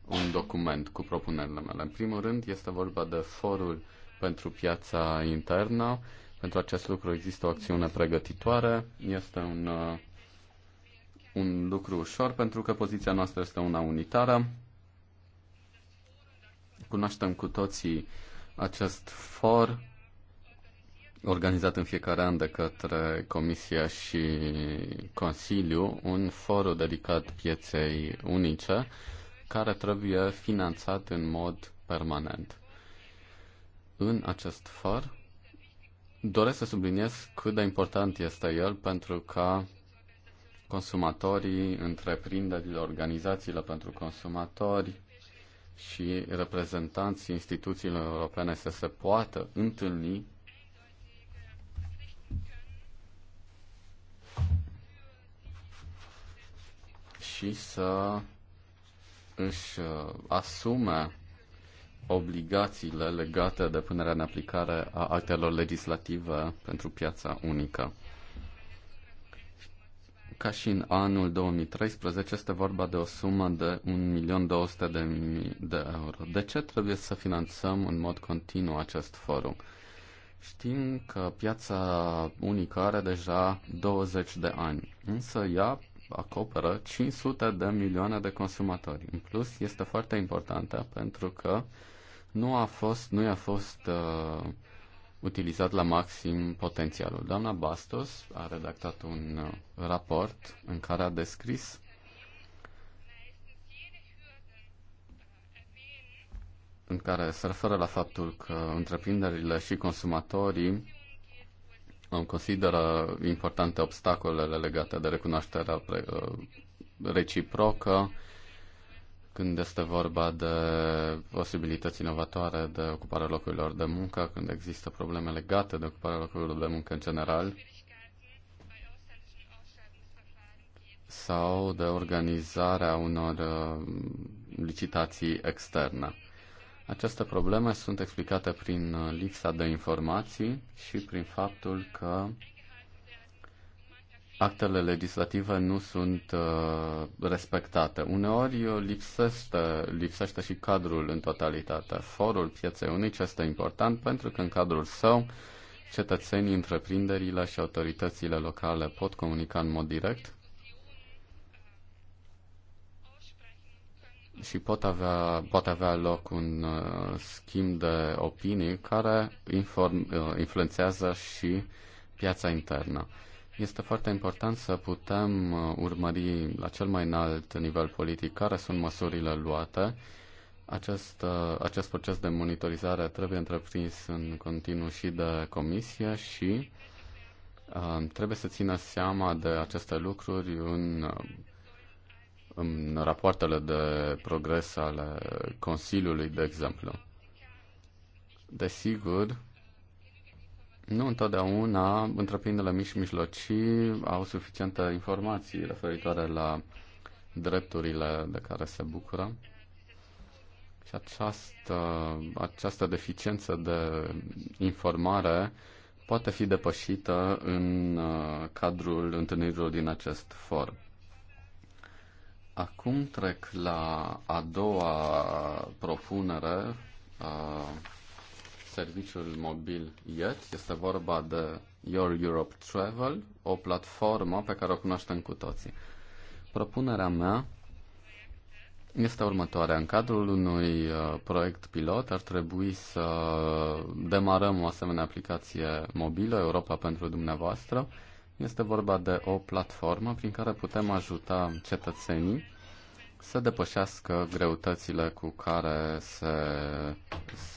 un document cu propunerile mele. În primul rând este vorba de forul pentru piața internă. Pentru acest lucru există o acțiune pregătitoare. Este un uh, un lucru ușor pentru că poziția noastră este una unitară. Cunoaștem cu toții acest for organizat în fiecare an de către Comisia și Consiliu, un foru dedicat pieței unice care trebuie finanțat în mod permanent. În acest for doresc să subliniez cât de important este el pentru ca consumatorii, întreprinderile, organizațiile pentru consumatori și reprezentanții instituțiilor europene să se poată întâlni și să își uh, asume obligațiile legate de punerea în aplicare a actelor legislative pentru piața unică. Ca și în anul 2013, este vorba de o sumă de 1.200.000 de euro. De ce trebuie să finanțăm în mod continuu acest forum? Știm că piața unică are deja 20 de ani, însă ea acoperă 500 de milioane de consumatori. În plus, este foarte importantă pentru că nu a fost, nu i-a fost uh, utilizat la maxim potențialul. Doamna Bastos a redactat un uh, raport în care a descris în care se referă la faptul că întreprinderile și consumatorii consideră importante obstacolele legate de recunoașterea uh, reciprocă, când este vorba de posibilități inovatoare de ocuparea locurilor de muncă, când există probleme legate de ocuparea locurilor de muncă în general, sau de organizarea unor uh, licitații externe. Aceste probleme sunt explicate prin uh, lipsa de informații și prin faptul că actele legislative nu sunt uh, respectate. Uneori uh, lipsește, lipsește și cadrul în totalitate. Forul pieței unice este important pentru că în cadrul său cetățenii, întreprinderile și autoritățile locale pot comunica în mod direct și pot avea, pot avea loc un uh, schimb de opinii care inform, uh, influențează și piața internă. Uh, este foarte important să putem uh, urmări la cel mai înalt nivel politic care sunt măsurile luate. Acest, uh, acest proces de monitorizare trebuie întreprins în continuu și de comisie și uh, trebuie să țină seama de aceste lucruri în, în rapoartele de progres ale Consiliului, de exemplu. Desigur, nu întotdeauna întreprinderile mici și mijlocii au suficiente informații referitoare la drepturile de care se bucură. Și această, această deficiență de informare poate fi depășită în uh, cadrul întâlnirilor din acest for. Acum trec la a doua propunere uh, serviciul mobil Yet. Este vorba de Your Europe Travel, o platformă pe care o cunoaștem cu toții. Propunerea mea este următoarea. În cadrul unui uh, proiect pilot ar trebui să demarăm o asemenea aplicație mobilă, Europa pentru dumneavoastră. Este vorba de o platformă prin care putem ajuta cetățenii să depășească greutățile cu care se,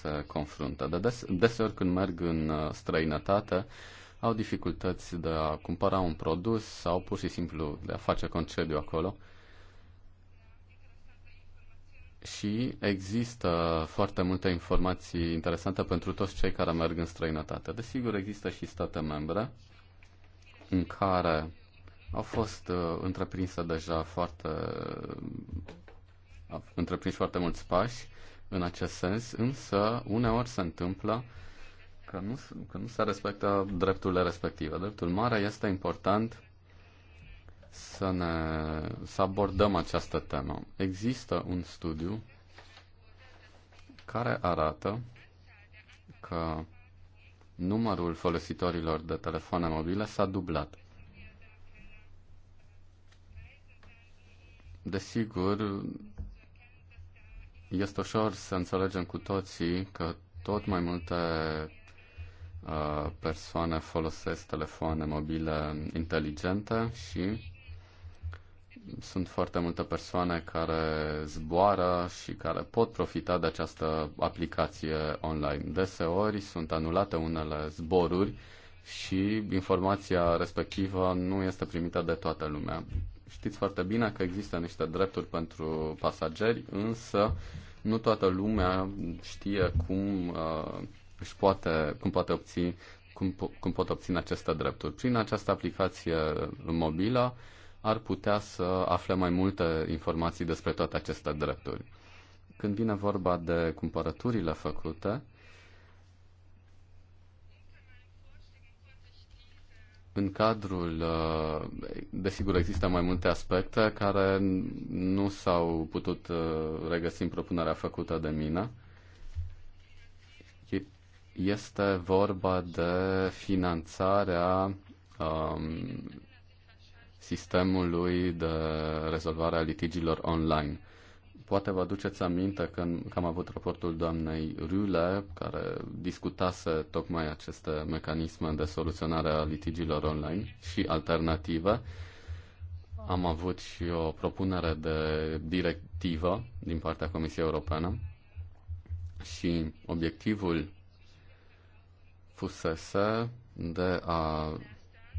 se confruntă. De des, deseori când merg în uh, străinătate, au dificultăți de a cumpăra un produs sau pur și simplu de a face concediu acolo. Și există foarte multe informații interesante pentru toți cei care merg în străinătate. Desigur, există și state membre în care au fost uh, întreprinse deja foarte, uh, întreprins foarte mulți pași în acest sens, însă uneori se întâmplă că nu, că nu se respectă drepturile respective. Dreptul mare este important să, ne, să abordăm această temă. Există un studiu care arată că numărul folositorilor de telefoane mobile s-a dublat. Desigur, este ușor să înțelegem cu toții că tot mai multe persoane folosesc telefoane mobile inteligente și sunt foarte multe persoane care zboară și care pot profita de această aplicație online. Deseori sunt anulate unele zboruri și informația respectivă nu este primită de toată lumea. Știți foarte bine că există niște drepturi pentru pasageri, însă nu toată lumea știe cum uh, își poate, cum poate obține cum, cum pot obține aceste drepturi. Prin această aplicație mobilă ar putea să afle mai multe informații despre toate aceste drepturi. Când vine vorba de cumpărăturile făcute, În cadrul, uh, desigur, există mai multe aspecte care nu s-au putut uh, regăsi în propunerea făcută de mine. Este vorba de finanțarea um, sistemului de rezolvare a litigiilor online. Poate vă aduceți aminte când, că am avut raportul doamnei Rule, care discutase tocmai aceste mecanisme de soluționare a litigilor online și alternative. Am avut și o propunere de directivă din partea Comisiei Europene și obiectivul fusese de a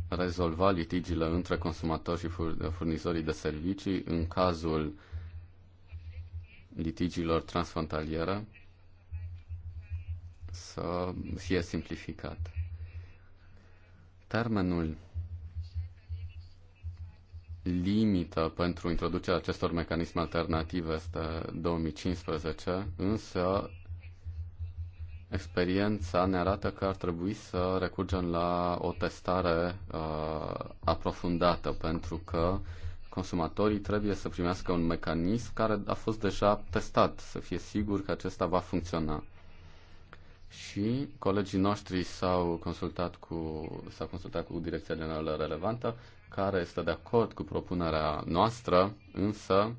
rezolva litigiile între consumatori și furnizorii de servicii în cazul uh, litigiilor transfrontaliere să fie simplificat. Termenul limită pentru introducerea acestor mecanisme alternative este 2015, însă experiența ne arată că ar trebui să recurgem la o testare uh, aprofundată, pentru că consumatorii trebuie să primească un mecanism care a fost deja testat, să fie sigur că acesta va funcționa. Și colegii noștri s-au consultat cu, s-au consultat cu direcția generală relevantă, care este de acord cu propunerea noastră, însă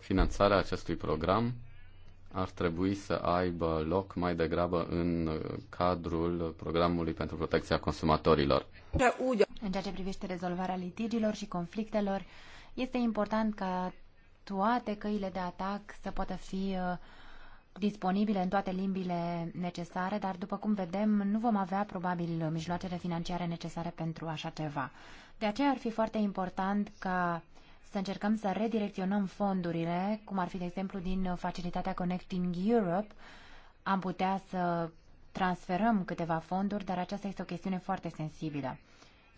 finanțarea acestui program ar trebui să aibă loc mai degrabă în cadrul programului pentru protecția consumatorilor. În ceea ce privește rezolvarea litigilor și conflictelor, este important ca toate căile de atac să poată fi uh, disponibile în toate limbile necesare, dar după cum vedem, nu vom avea probabil mijloacele financiare necesare pentru așa ceva. De aceea ar fi foarte important ca să încercăm să redirecționăm fondurile, cum ar fi, de exemplu, din facilitatea Connecting Europe, am putea să transferăm câteva fonduri, dar aceasta este o chestiune foarte sensibilă.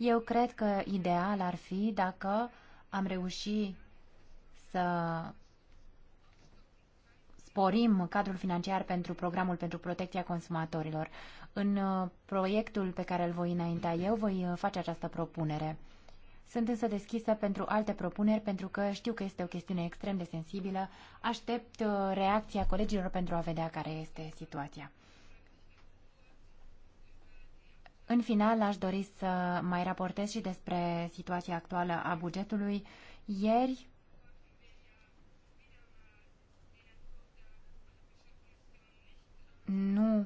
Eu cred că ideal ar fi dacă am reușit să sporim cadrul financiar pentru programul pentru protecția consumatorilor. În uh, proiectul pe care îl voi înainta eu, voi uh, face această propunere. Sunt însă deschisă pentru alte propuneri, pentru că știu că este o chestiune extrem de sensibilă. Aștept uh, reacția colegilor pentru a vedea care este situația. În final, aș dori să mai raportez și despre situația actuală a bugetului. Ieri, nu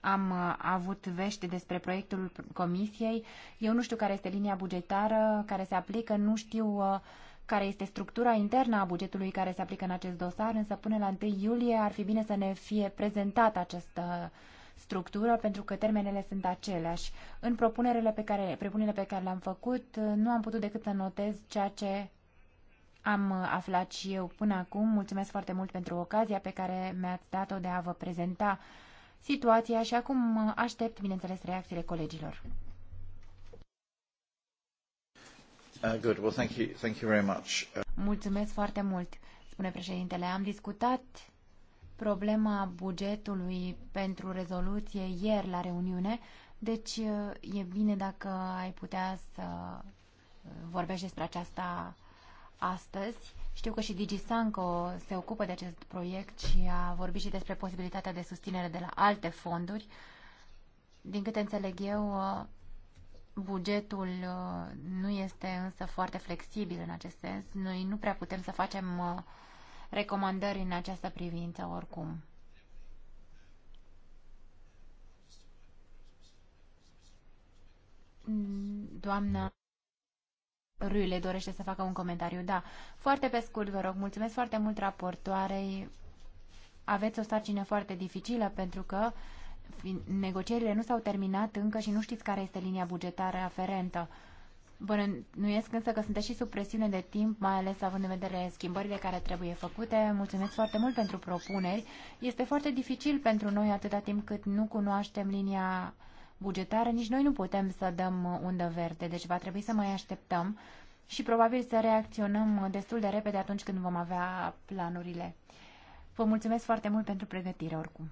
am uh, avut vești despre proiectul comisiei. Eu nu știu care este linia bugetară care se aplică, nu știu uh, care este structura internă a bugetului care se aplică în acest dosar, însă până la 1 iulie ar fi bine să ne fie prezentat acest uh, structură, pentru că termenele sunt aceleași. În propunerile pe care, propunerile pe care le-am făcut, nu am putut decât să notez ceea ce am aflat și eu până acum. Mulțumesc foarte mult pentru ocazia pe care mi-ați dat-o de a vă prezenta situația și acum aștept, bineînțeles, reacțiile colegilor. Uh, uh, Mulțumesc foarte mult, spune președintele. Am discutat problema bugetului pentru rezoluție ieri la reuniune, deci e bine dacă ai putea să vorbești despre aceasta astăzi. Știu că și DigiSanco se ocupă de acest proiect și a vorbit și despre posibilitatea de susținere de la alte fonduri. Din câte înțeleg eu, bugetul nu este însă foarte flexibil în acest sens. Noi nu prea putem să facem uh, recomandări în această privință oricum. Doamna Rüle dorește să facă un comentariu. Da, foarte pe scurt, vă rog. Mulțumesc foarte mult raportoarei. Aveți o sarcină foarte dificilă pentru că negocierile nu s-au terminat încă și nu știți care este linia bugetară aferentă. Bănuiesc însă că sunteți și sub presiune de timp, mai ales având în vedere schimbările care trebuie făcute. Mulțumesc foarte mult pentru propuneri. Este foarte dificil pentru noi atâta timp cât nu cunoaștem linia bugetară, nici noi nu putem să dăm undă verde, deci va trebui să mai așteptăm și probabil să reacționăm destul de repede atunci când vom avea planurile. Vă mulțumesc foarte mult pentru pregătire oricum.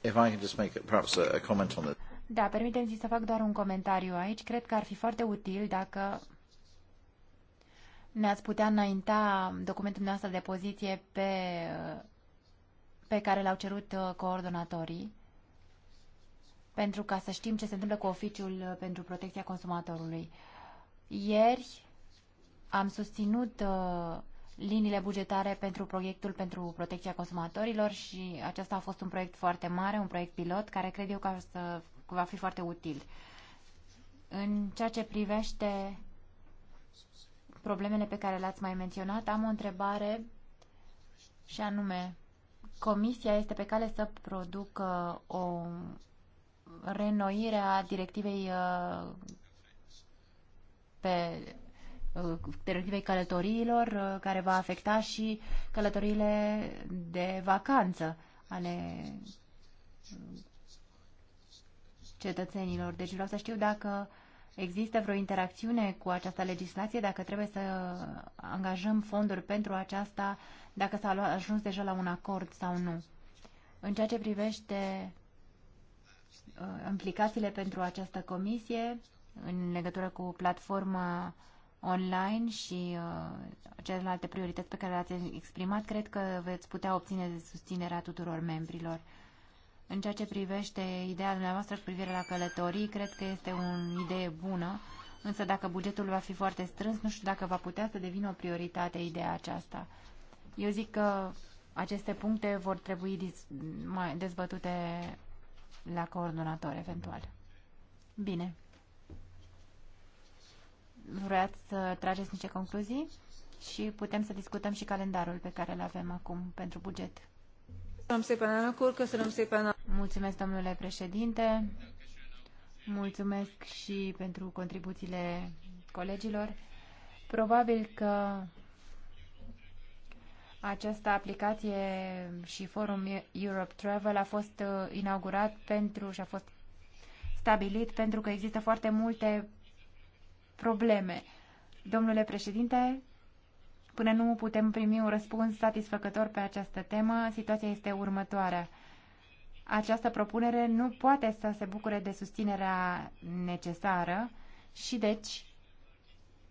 If I can just make perhaps a comment on that. Da, permiteți-mi să fac doar un comentariu aici. Cred că ar fi foarte util dacă ne-ați putea înainta documentul noastră de poziție pe, pe care l-au cerut uh, coordonatorii pentru ca să știm ce se întâmplă cu oficiul uh, pentru protecția consumatorului. Ieri am susținut uh, liniile bugetare pentru proiectul pentru protecția consumatorilor și acesta a fost un proiect foarte mare, un proiect pilot, care cred eu că o să va fi foarte util. În ceea ce privește problemele pe care le-ați mai menționat, am o întrebare și anume, Comisia este pe cale să producă o renoire a directivei uh, pe uh, directivei călătoriilor uh, care va afecta și călătoriile de vacanță ale cetățenilor. Deci vreau să știu dacă există vreo interacțiune cu această legislație, dacă trebuie să angajăm fonduri pentru aceasta, dacă s-a ajuns deja la un acord sau nu. În ceea ce privește uh, implicațiile pentru această comisie în legătură cu platforma online și uh, celelalte priorități pe care le-ați exprimat, cred că veți putea obține susținerea tuturor membrilor. În ceea ce privește ideea dumneavoastră cu privire la călătorii, cred că este o idee bună, însă dacă bugetul va fi foarte strâns, nu știu dacă va putea să devină o prioritate ideea aceasta. Eu zic că aceste puncte vor trebui mai dezbătute la coordonator, eventual. Bine. Vreați să trageți niște concluzii? Și putem să discutăm și calendarul pe care îl avem acum pentru buget. Mulțumesc, domnule președinte. Mulțumesc și pentru contribuțiile colegilor. Probabil că această aplicație și forum Europe Travel a fost uh, inaugurat pentru și a fost stabilit pentru că există foarte multe probleme. Domnule președinte, Până nu putem primi un răspuns satisfăcător pe această temă, situația este următoarea. Această propunere nu poate să se bucure de susținerea necesară și deci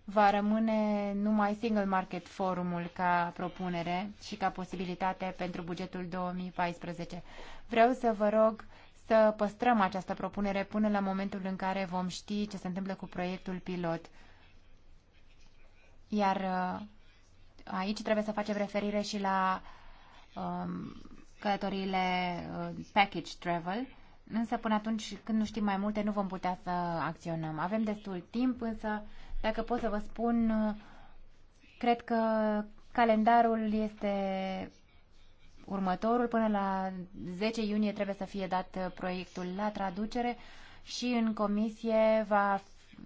va rămâne numai Single Market Forumul ca propunere și ca posibilitate pentru bugetul 2014. Vreau să vă rog să păstrăm această propunere până la momentul în care vom ști ce se întâmplă cu proiectul pilot. Iar uh, aici trebuie să facem referire și la um, călătoriile uh, package travel, însă până atunci când nu știm mai multe nu vom putea să acționăm. Avem destul timp, însă dacă pot să vă spun, cred că calendarul este următorul. Până la 10 iunie trebuie să fie dat proiectul la traducere și în comisie va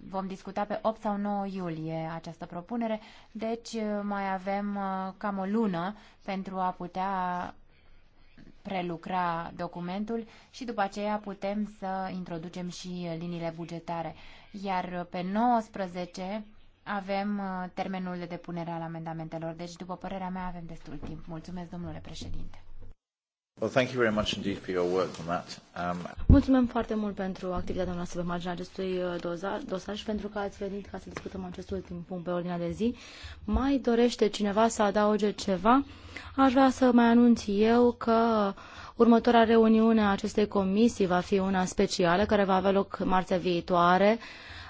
vom discuta pe 8 sau 9 iulie această propunere, deci uh, mai avem uh, cam o lună pentru a putea prelucra documentul și după aceea putem să introducem și liniile bugetare. Iar pe 19 avem uh, termenul de depunere al amendamentelor, deci după părerea mea avem destul timp. Mulțumesc, domnule președinte. Mulțumim foarte mult pentru activitatea noastră pe marginea acestui uh, dosar și pentru că ați venit ca să discutăm acest ultim punct pe ordinea de zi. Mai dorește cineva să adauge ceva? Aș vrea să mai anunț eu că următoarea reuniune a acestei comisii va fi una specială care va avea loc marțea viitoare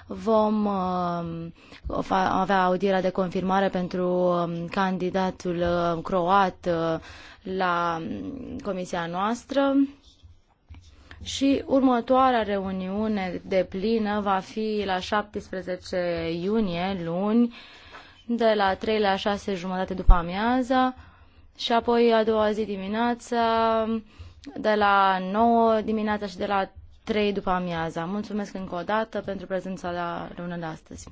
vom uh, avea audierea de confirmare pentru um, candidatul uh, croat uh, la um, comisia noastră și următoarea reuniune de plină va fi la 17 iunie, luni, de la 3 la 6 jumătate după amiaza și apoi a doua zi dimineața de la 9 dimineața și de la Trei după amiaza. Mulțumesc încă o dată pentru prezența la reuniunea de astăzi.